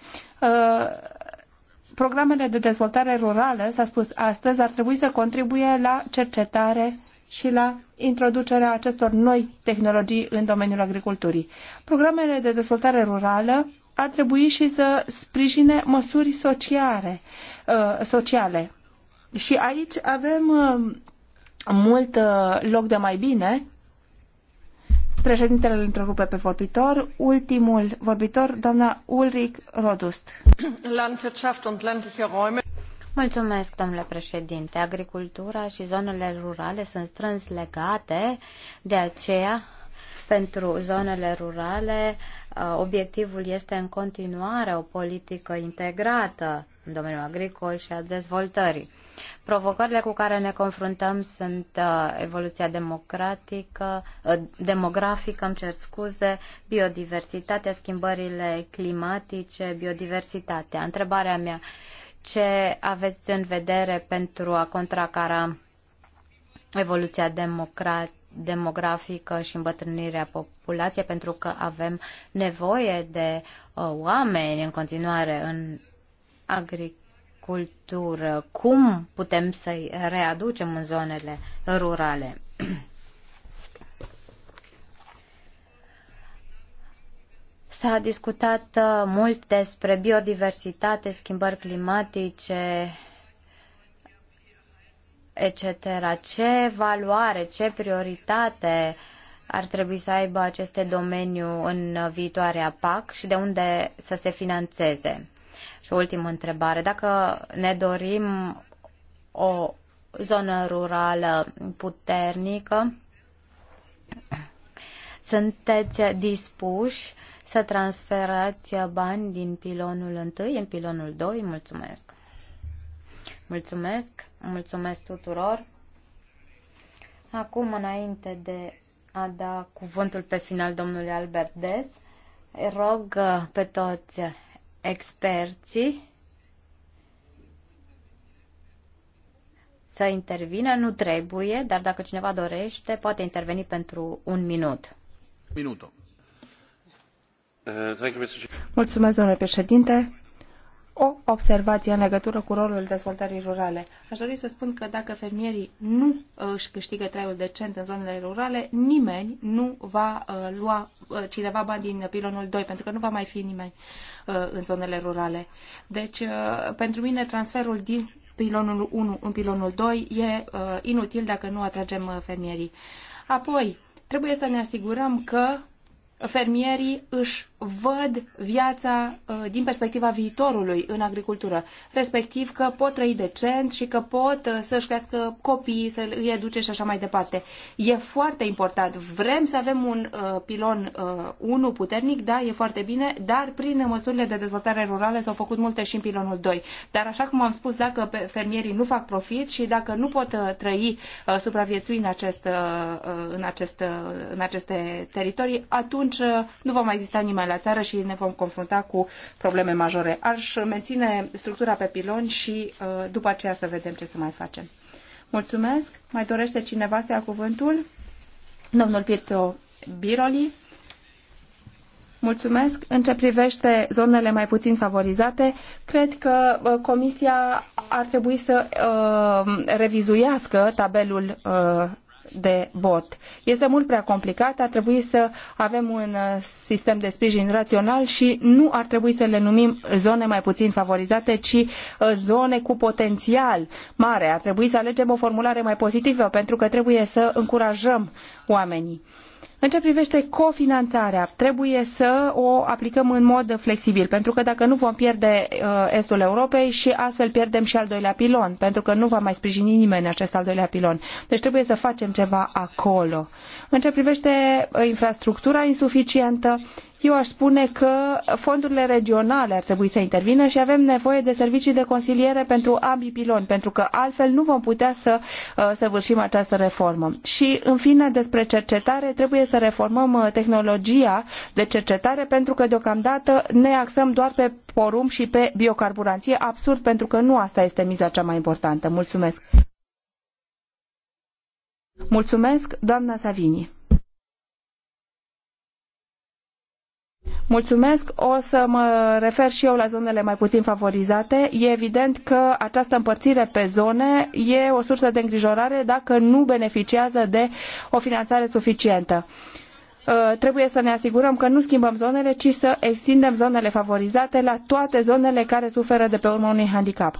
programele de dezvoltare rurală, s-a spus astăzi, ar trebui să contribuie la cercetare și la introducerea acestor noi tehnologii în domeniul agriculturii. Programele de dezvoltare rurală ar trebui și să sprijine măsuri sociale. Uh, sociale. Și aici avem uh, mult uh, loc de mai bine. Președintele îl întrerupe pe vorbitor. Ultimul vorbitor, doamna Ulrich Rodust. Landwirtschaft und ländliche Räume. Mulțumesc, domnule președinte. Agricultura și zonele rurale sunt strâns legate, de aceea pentru zonele rurale obiectivul este în continuare o politică integrată în domeniul agricol și a dezvoltării. Provocările cu care ne confruntăm sunt evoluția democratică, demografică, îmi cer scuze, biodiversitatea, schimbările climatice, biodiversitatea. Întrebarea mea, ce aveți în vedere pentru a contracara evoluția democratică? demografică și îmbătrânirea populației, pentru că avem nevoie de uh, oameni în continuare în agricultură. Cum putem să-i readucem în zonele rurale? S-a discutat uh, mult despre biodiversitate, schimbări climatice, etc. Ce valoare, ce prioritate ar trebui să aibă aceste domeniu în viitoarea PAC și de unde să se financeze? Și ultimă întrebare. Dacă ne dorim o zonă rurală puternică, sunteți dispuși să transferați bani din pilonul 1 în pilonul 2? Mulțumesc! Mulțumesc, mulțumesc tuturor. Acum, înainte de a da cuvântul pe final domnului Albert Des, rog uh, pe toți experții să intervină. Nu trebuie, dar dacă cineva dorește, poate interveni pentru un minut. Minutul. Uh, mulțumesc, domnule președinte o observație în legătură cu rolul dezvoltării rurale. Aș dori să spun că dacă fermierii nu uh, își câștigă traiul decent în zonele rurale, nimeni nu va uh, lua uh, cineva bani din pilonul 2, pentru că nu va mai fi nimeni în zonele rurale. Deci, pentru mine, transferul din pilonul 1 în pilonul 2 e inutil dacă nu atragem fermierii. Apoi, trebuie să ne asigurăm că fermierii își văd viața uh, din perspectiva viitorului în agricultură, respectiv că pot trăi decent și că pot uh, să-și crească copiii, să îi educe și așa mai departe. E foarte important. Vrem să avem un uh, pilon 1 puternic, da, e foarte bine, dar prin măsurile de dezvoltare rurală s-au făcut multe și în pilonul 2. Dar așa cum am spus, dacă fermierii nu fac profit și dacă nu pot trăi, supraviețui în, acest, în, acest, în aceste teritorii, atunci nu va mai exista nimeni la țară și ne vom confrunta cu probleme majore. Aș menține structura pe pilon și uh, după aceea să vedem ce să mai facem. Mulțumesc. Mai dorește cineva să ia cuvântul? Domnul Pirțo Biroli. Mulțumesc. În ce privește zonele mai puțin favorizate, cred că uh, Comisia ar trebui să uh, revizuiască tabelul uh, de vot. Este mult prea complicat, ar trebui să avem un uh, sistem de sprijin rațional și nu ar trebui să le numim zone mai puțin favorizate, ci uh, zone cu potențial mare. Ar trebui să alegem o formulare mai pozitivă pentru că trebuie să încurajăm oamenii. În ce privește cofinanțarea, trebuie să o aplicăm în mod flexibil, pentru că dacă nu vom pierde uh, estul Europei și astfel pierdem și al doilea pilon, pentru că nu va mai sprijini nimeni acest al doilea pilon. Deci trebuie să facem ceva acolo. În ce privește uh, infrastructura insuficientă, eu aș spune că fondurile regionale ar trebui să intervină și avem nevoie de servicii de consiliere pentru ambii piloni, pentru că altfel nu vom putea să uh, săvârșim această reformă. Și, în fine, despre cercetare, trebuie să reformăm uh, tehnologia de cercetare, pentru că, deocamdată, ne axăm doar pe porumb și pe biocarburanție. Absurd, pentru că nu asta este miza cea mai importantă. Mulțumesc! Mulțumesc, doamna Savini! Mulțumesc. O să mă refer și eu la zonele mai puțin favorizate. E evident că această împărțire pe zone e o sursă de îngrijorare dacă nu beneficiază de o finanțare suficientă uh, trebuie să ne asigurăm că nu schimbăm zonele, ci să extindem zonele favorizate la toate zonele care suferă de pe urma unui handicap.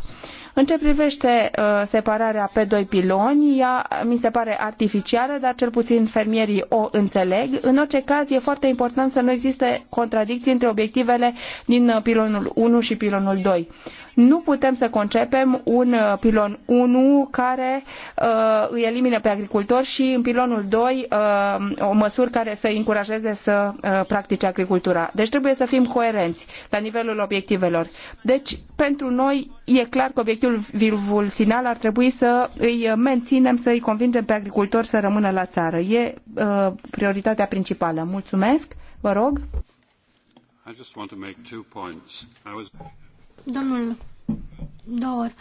În ce privește uh, separarea pe doi piloni, ea mi se pare artificială, dar cel puțin fermierii o înțeleg. În orice caz, e foarte important să nu existe contradicții între obiectivele din uh, pilonul 1 și pilonul 2 nu putem să concepem un uh, pilon 1 care uh, îi elimine pe agricultori și în pilonul 2 uh, o măsură care să îi încurajeze să uh, practice agricultura. Deci trebuie să fim coerenți la nivelul obiectivelor. Deci, pentru noi e clar că obiectivul obiectivul final ar trebui să îi menținem, să îi convingem pe agricultori să rămână la țară. E uh, prioritatea principală. Mulțumesc, vă rog. Was... Domnul Dor,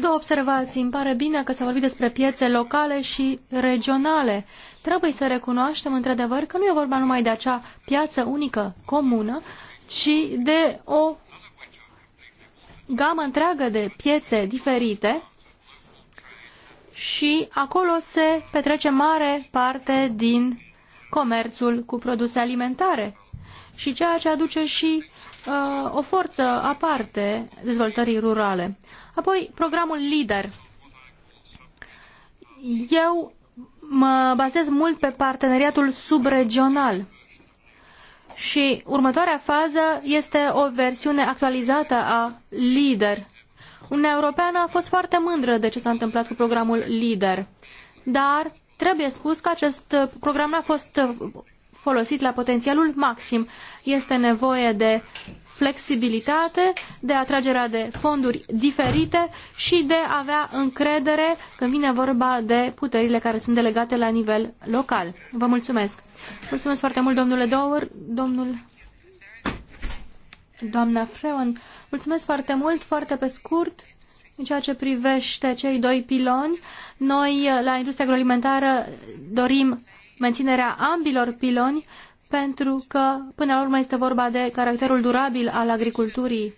două observații. Îmi pare bine că s-a vorbit despre piețe locale și regionale. Trebuie să recunoaștem, într-adevăr, că nu e vorba numai de acea piață unică comună, ci de o gamă întreagă de piețe diferite și acolo se petrece mare parte din comerțul cu produse alimentare și ceea ce aduce și uh, o forță aparte dezvoltării rurale. Apoi, programul LIDER. Eu mă bazez mult pe parteneriatul subregional și următoarea fază este o versiune actualizată a LIDER. Uniunea Europeană a fost foarte mândră de ce s-a întâmplat cu programul LIDER, dar trebuie spus că acest program a fost folosit la potențialul maxim. Este nevoie de flexibilitate, de atragerea de fonduri diferite și de a avea încredere când vine vorba de puterile care sunt delegate la nivel local. Vă mulțumesc! Mulțumesc foarte mult, domnule Dower, domnul doamna Freon. Mulțumesc foarte mult, foarte pe scurt, în ceea ce privește cei doi piloni. Noi, la industria agroalimentară, dorim menținerea ambilor piloni, pentru că, până la urmă, este vorba de caracterul durabil al agriculturii.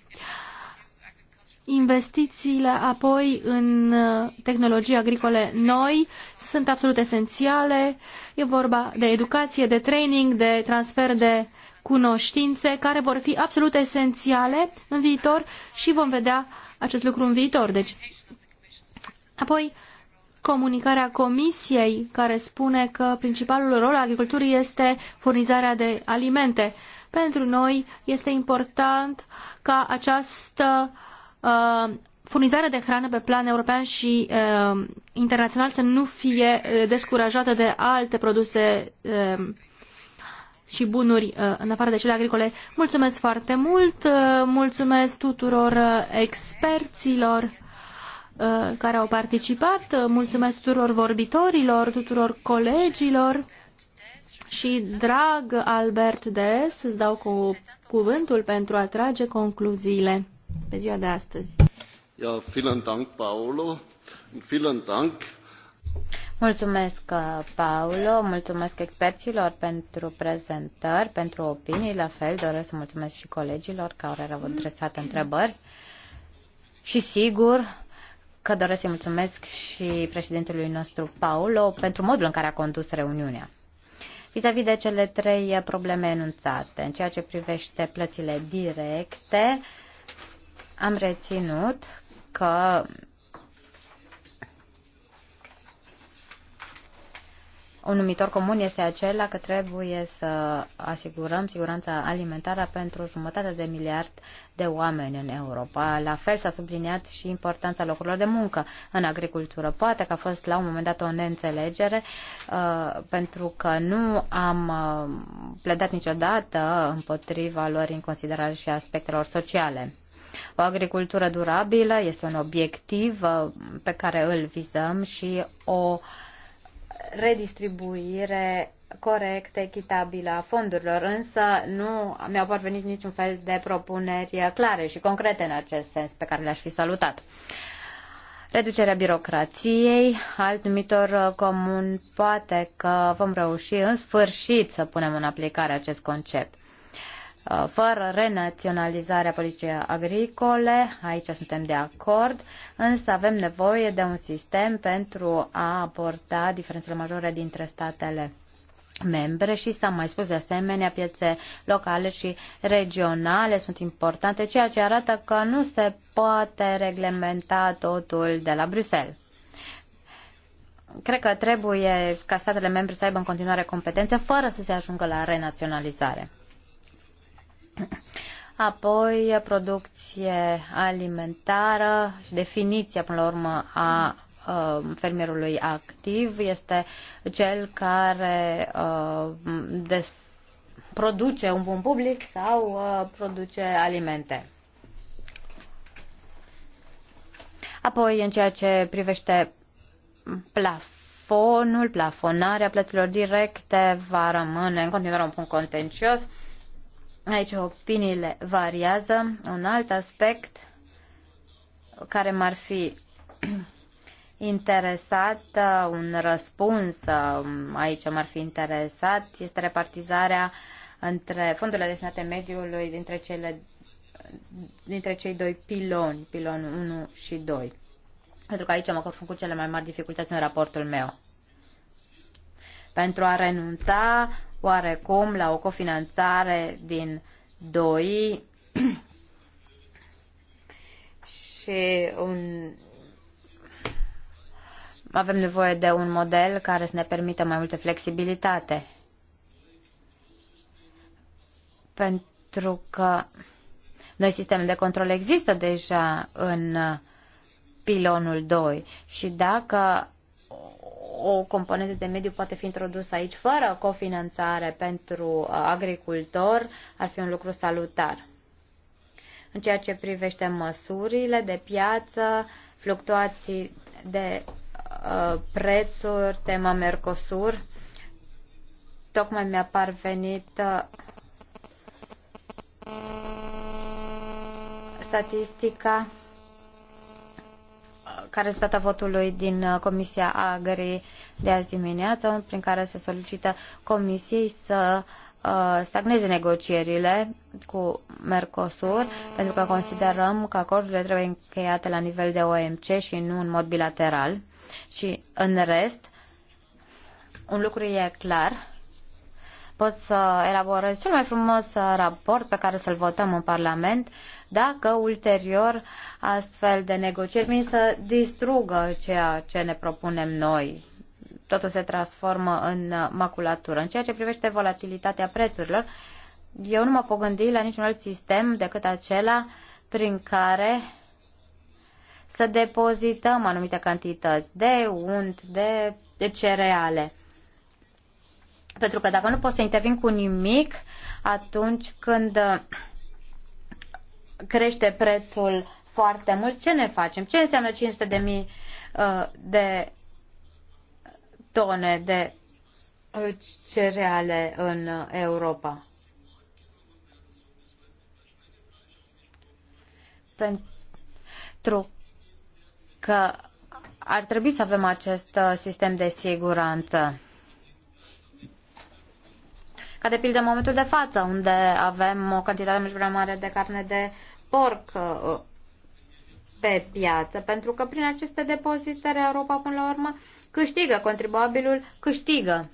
Investițiile apoi în tehnologii agricole noi sunt absolut esențiale E vorba de educație, de training, de transfer de cunoștințe care vor fi absolut esențiale în viitor și vom vedea acest lucru în viitor. Deci, apoi, comunicarea Comisiei care spune că principalul rol al agriculturii este furnizarea de alimente. Pentru noi este important ca această uh, furnizarea de hrană pe plan european și uh, internațional să nu fie uh, descurajată de alte produse uh, și bunuri uh, în afară de cele agricole. Mulțumesc foarte mult, uh, mulțumesc tuturor uh, experților uh, care au participat, uh, mulțumesc tuturor vorbitorilor, tuturor colegilor și drag Albert Des, îți dau cu cuvântul pentru a trage concluziile pe ziua de astăzi. Paolo. Mulțumesc, uh, Paolo, mulțumesc experților pentru prezentări, pentru opinii. La fel, doresc să mulțumesc și colegilor care au adresat întrebări. Și sigur că doresc să-i mulțumesc și președintelui nostru, Paolo, pentru modul în care a condus reuniunea. vis a -vis de cele trei probleme enunțate, în ceea ce privește plățile directe, am reținut că un numitor comun este acela că trebuie să asigurăm siguranța alimentară pentru jumătate de miliard de oameni în Europa. La fel s-a subliniat și importanța locurilor de muncă în agricultură. Poate că a fost la un moment dat o neînțelegere uh, pentru că nu am uh, pledat niciodată împotriva lor în considerare și aspectelor sociale. O agricultură durabilă este un obiectiv uh, pe care îl vizăm și o redistribuire corect, echitabilă a fondurilor, însă nu mi-au parvenit niciun fel de propuneri clare și concrete în acest sens pe care le-aș fi salutat. Reducerea birocrației, alt numitor uh, comun, poate că vom reuși în sfârșit să punem în aplicare acest concept. Uh, fără renaționalizarea politicii agricole, aici suntem de acord, însă avem nevoie de un sistem pentru a aborda diferențele majore dintre statele membre și s-a mai spus de asemenea piețe locale și regionale sunt importante, ceea ce arată că nu se poate reglementa totul de la Bruxelles. Cred că trebuie ca statele membre să aibă în continuare competențe fără să se ajungă la renaționalizare. Apoi, producție alimentară și definiția, până la urmă, a fermierului activ este cel care produce un bun public sau produce alimente. Apoi, în ceea ce privește plafonul, plafonarea plăților directe va rămâne în continuare un punct contencios. Aici opiniile variază. Un alt aspect care m-ar fi interesat, uh, un răspuns uh, aici m-ar fi interesat, este repartizarea între fondurile destinate mediului dintre, cele, dintre cei doi piloni, pilonul 1 și 2. Pentru că aici mă confrunt cu cele mai mari dificultăți în raportul meu. Pentru a renunța oarecum la o cofinanțare din doi și un... avem nevoie de un model care să ne permită mai multă flexibilitate. Pentru că noi sistemele de control există deja în pilonul 2 și dacă o componentă de mediu poate fi introdusă aici fără cofinanțare pentru uh, agricultor, ar fi un lucru salutar. În ceea ce privește măsurile de piață, fluctuații de uh, prețuri, tema Mercosur, tocmai mi-a parvenit uh, statistica ca rezultat a votului din uh, Comisia Agri de azi dimineață, prin care se solicită Comisiei să uh, stagneze negocierile cu Mercosur, pentru că considerăm că acordurile trebuie încheiate la nivel de OMC și nu în mod bilateral. Și în rest, un lucru e clar, pot să elaborez cel mai frumos uh, raport pe care să-l votăm în Parlament, dacă ulterior astfel de negocieri vin să distrugă ceea ce ne propunem noi. Totul se transformă în uh, maculatură. În ceea ce privește volatilitatea prețurilor, eu nu mă pot gândi la niciun alt sistem decât acela prin care să depozităm anumite cantități de unt, de, de cereale. Pentru că dacă nu pot să intervin cu nimic, atunci când uh, crește prețul foarte mult, ce ne facem? Ce înseamnă 500 de mii uh, de tone de uh, cereale în Europa? Pentru că ar trebui să avem acest sistem de siguranță. Ca de pildă în momentul de față, unde avem o cantitate mult prea mare de carne de porc uh, pe piață, pentru că prin aceste depozitări Europa până la urmă câștigă, contribuabilul câștigă.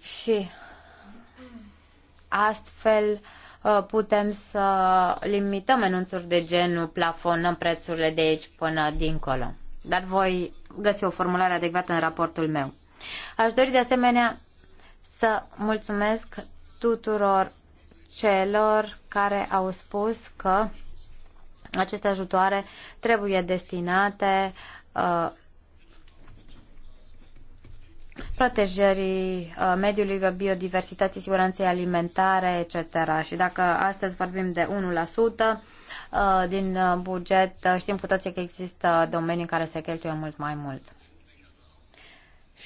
Și astfel uh, putem să limităm enunțuri de genul plafonăm prețurile de aici până dincolo. Dar voi găsi o formulare adecvată în raportul meu. Aș dori de asemenea să mulțumesc tuturor celor care au spus că aceste ajutoare trebuie destinate uh, protejării uh, mediului, biodiversității, siguranței alimentare, etc. Și dacă astăzi vorbim de 1% uh, din buget, știm cu toții că există domenii în care se cheltuie mult mai mult.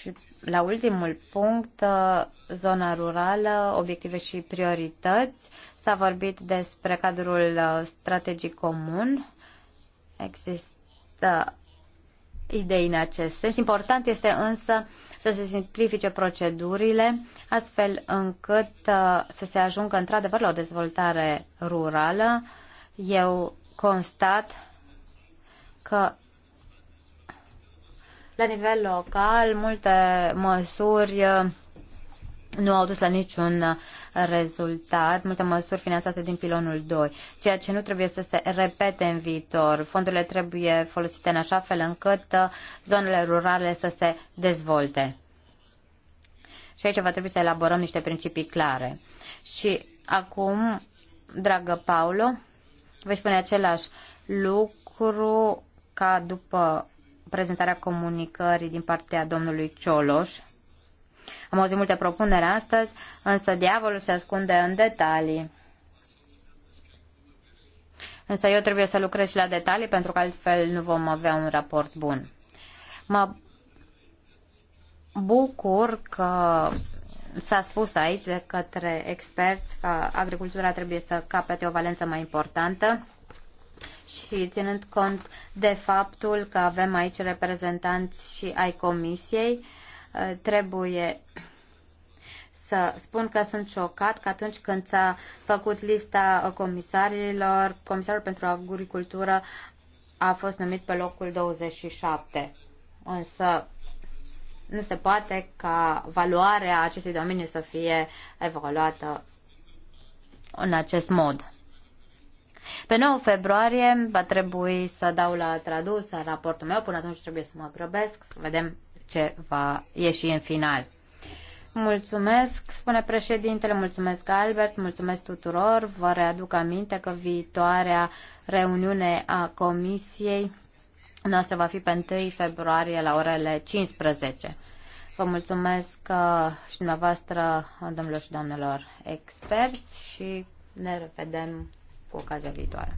Și la ultimul punct, uh, zona rurală, obiective și priorități. S-a vorbit despre cadrul uh, strategic comun. Există idei în acest sens. Important este însă să se simplifice procedurile, astfel încât uh, să se ajungă într-adevăr la o dezvoltare rurală. Eu constat că la nivel local, multe măsuri uh, nu au dus la niciun uh, rezultat, multe măsuri finanțate din pilonul 2, ceea ce nu trebuie să se repete în viitor. Fondurile trebuie folosite în așa fel încât uh, zonele rurale să se dezvolte. Și aici va trebui să elaborăm niște principii clare. Și acum, dragă Paulo, vei spune același lucru ca după prezentarea comunicării din partea domnului Cioloș. Am auzit multe propuneri astăzi, însă diavolul se ascunde în detalii. Însă eu trebuie să lucrez și la detalii pentru că altfel nu vom avea un raport bun. Mă bucur că s-a spus aici de către experți că agricultura trebuie să capete o valență mai importantă și ținând cont de faptul că avem aici reprezentanți și ai comisiei, ă, trebuie să spun că sunt șocat că atunci când s-a făcut lista comisarilor, comisarul pentru agricultură a fost numit pe locul 27. Însă nu se poate ca valoarea acestui domeniu să fie evaluată în acest mod. Pe 9 februarie va trebui să dau la tradus raportul meu, până atunci trebuie să mă grăbesc, să vedem ce va ieși în final. Mulțumesc, spune președintele, mulțumesc Albert, mulțumesc tuturor. Vă readuc aminte că viitoarea reuniune a comisiei noastră va fi pe 1 februarie la orele 15. Vă mulțumesc uh, și dumneavoastră, domnilor și doamnelor experți și ne revedem cu ocazia viitoare.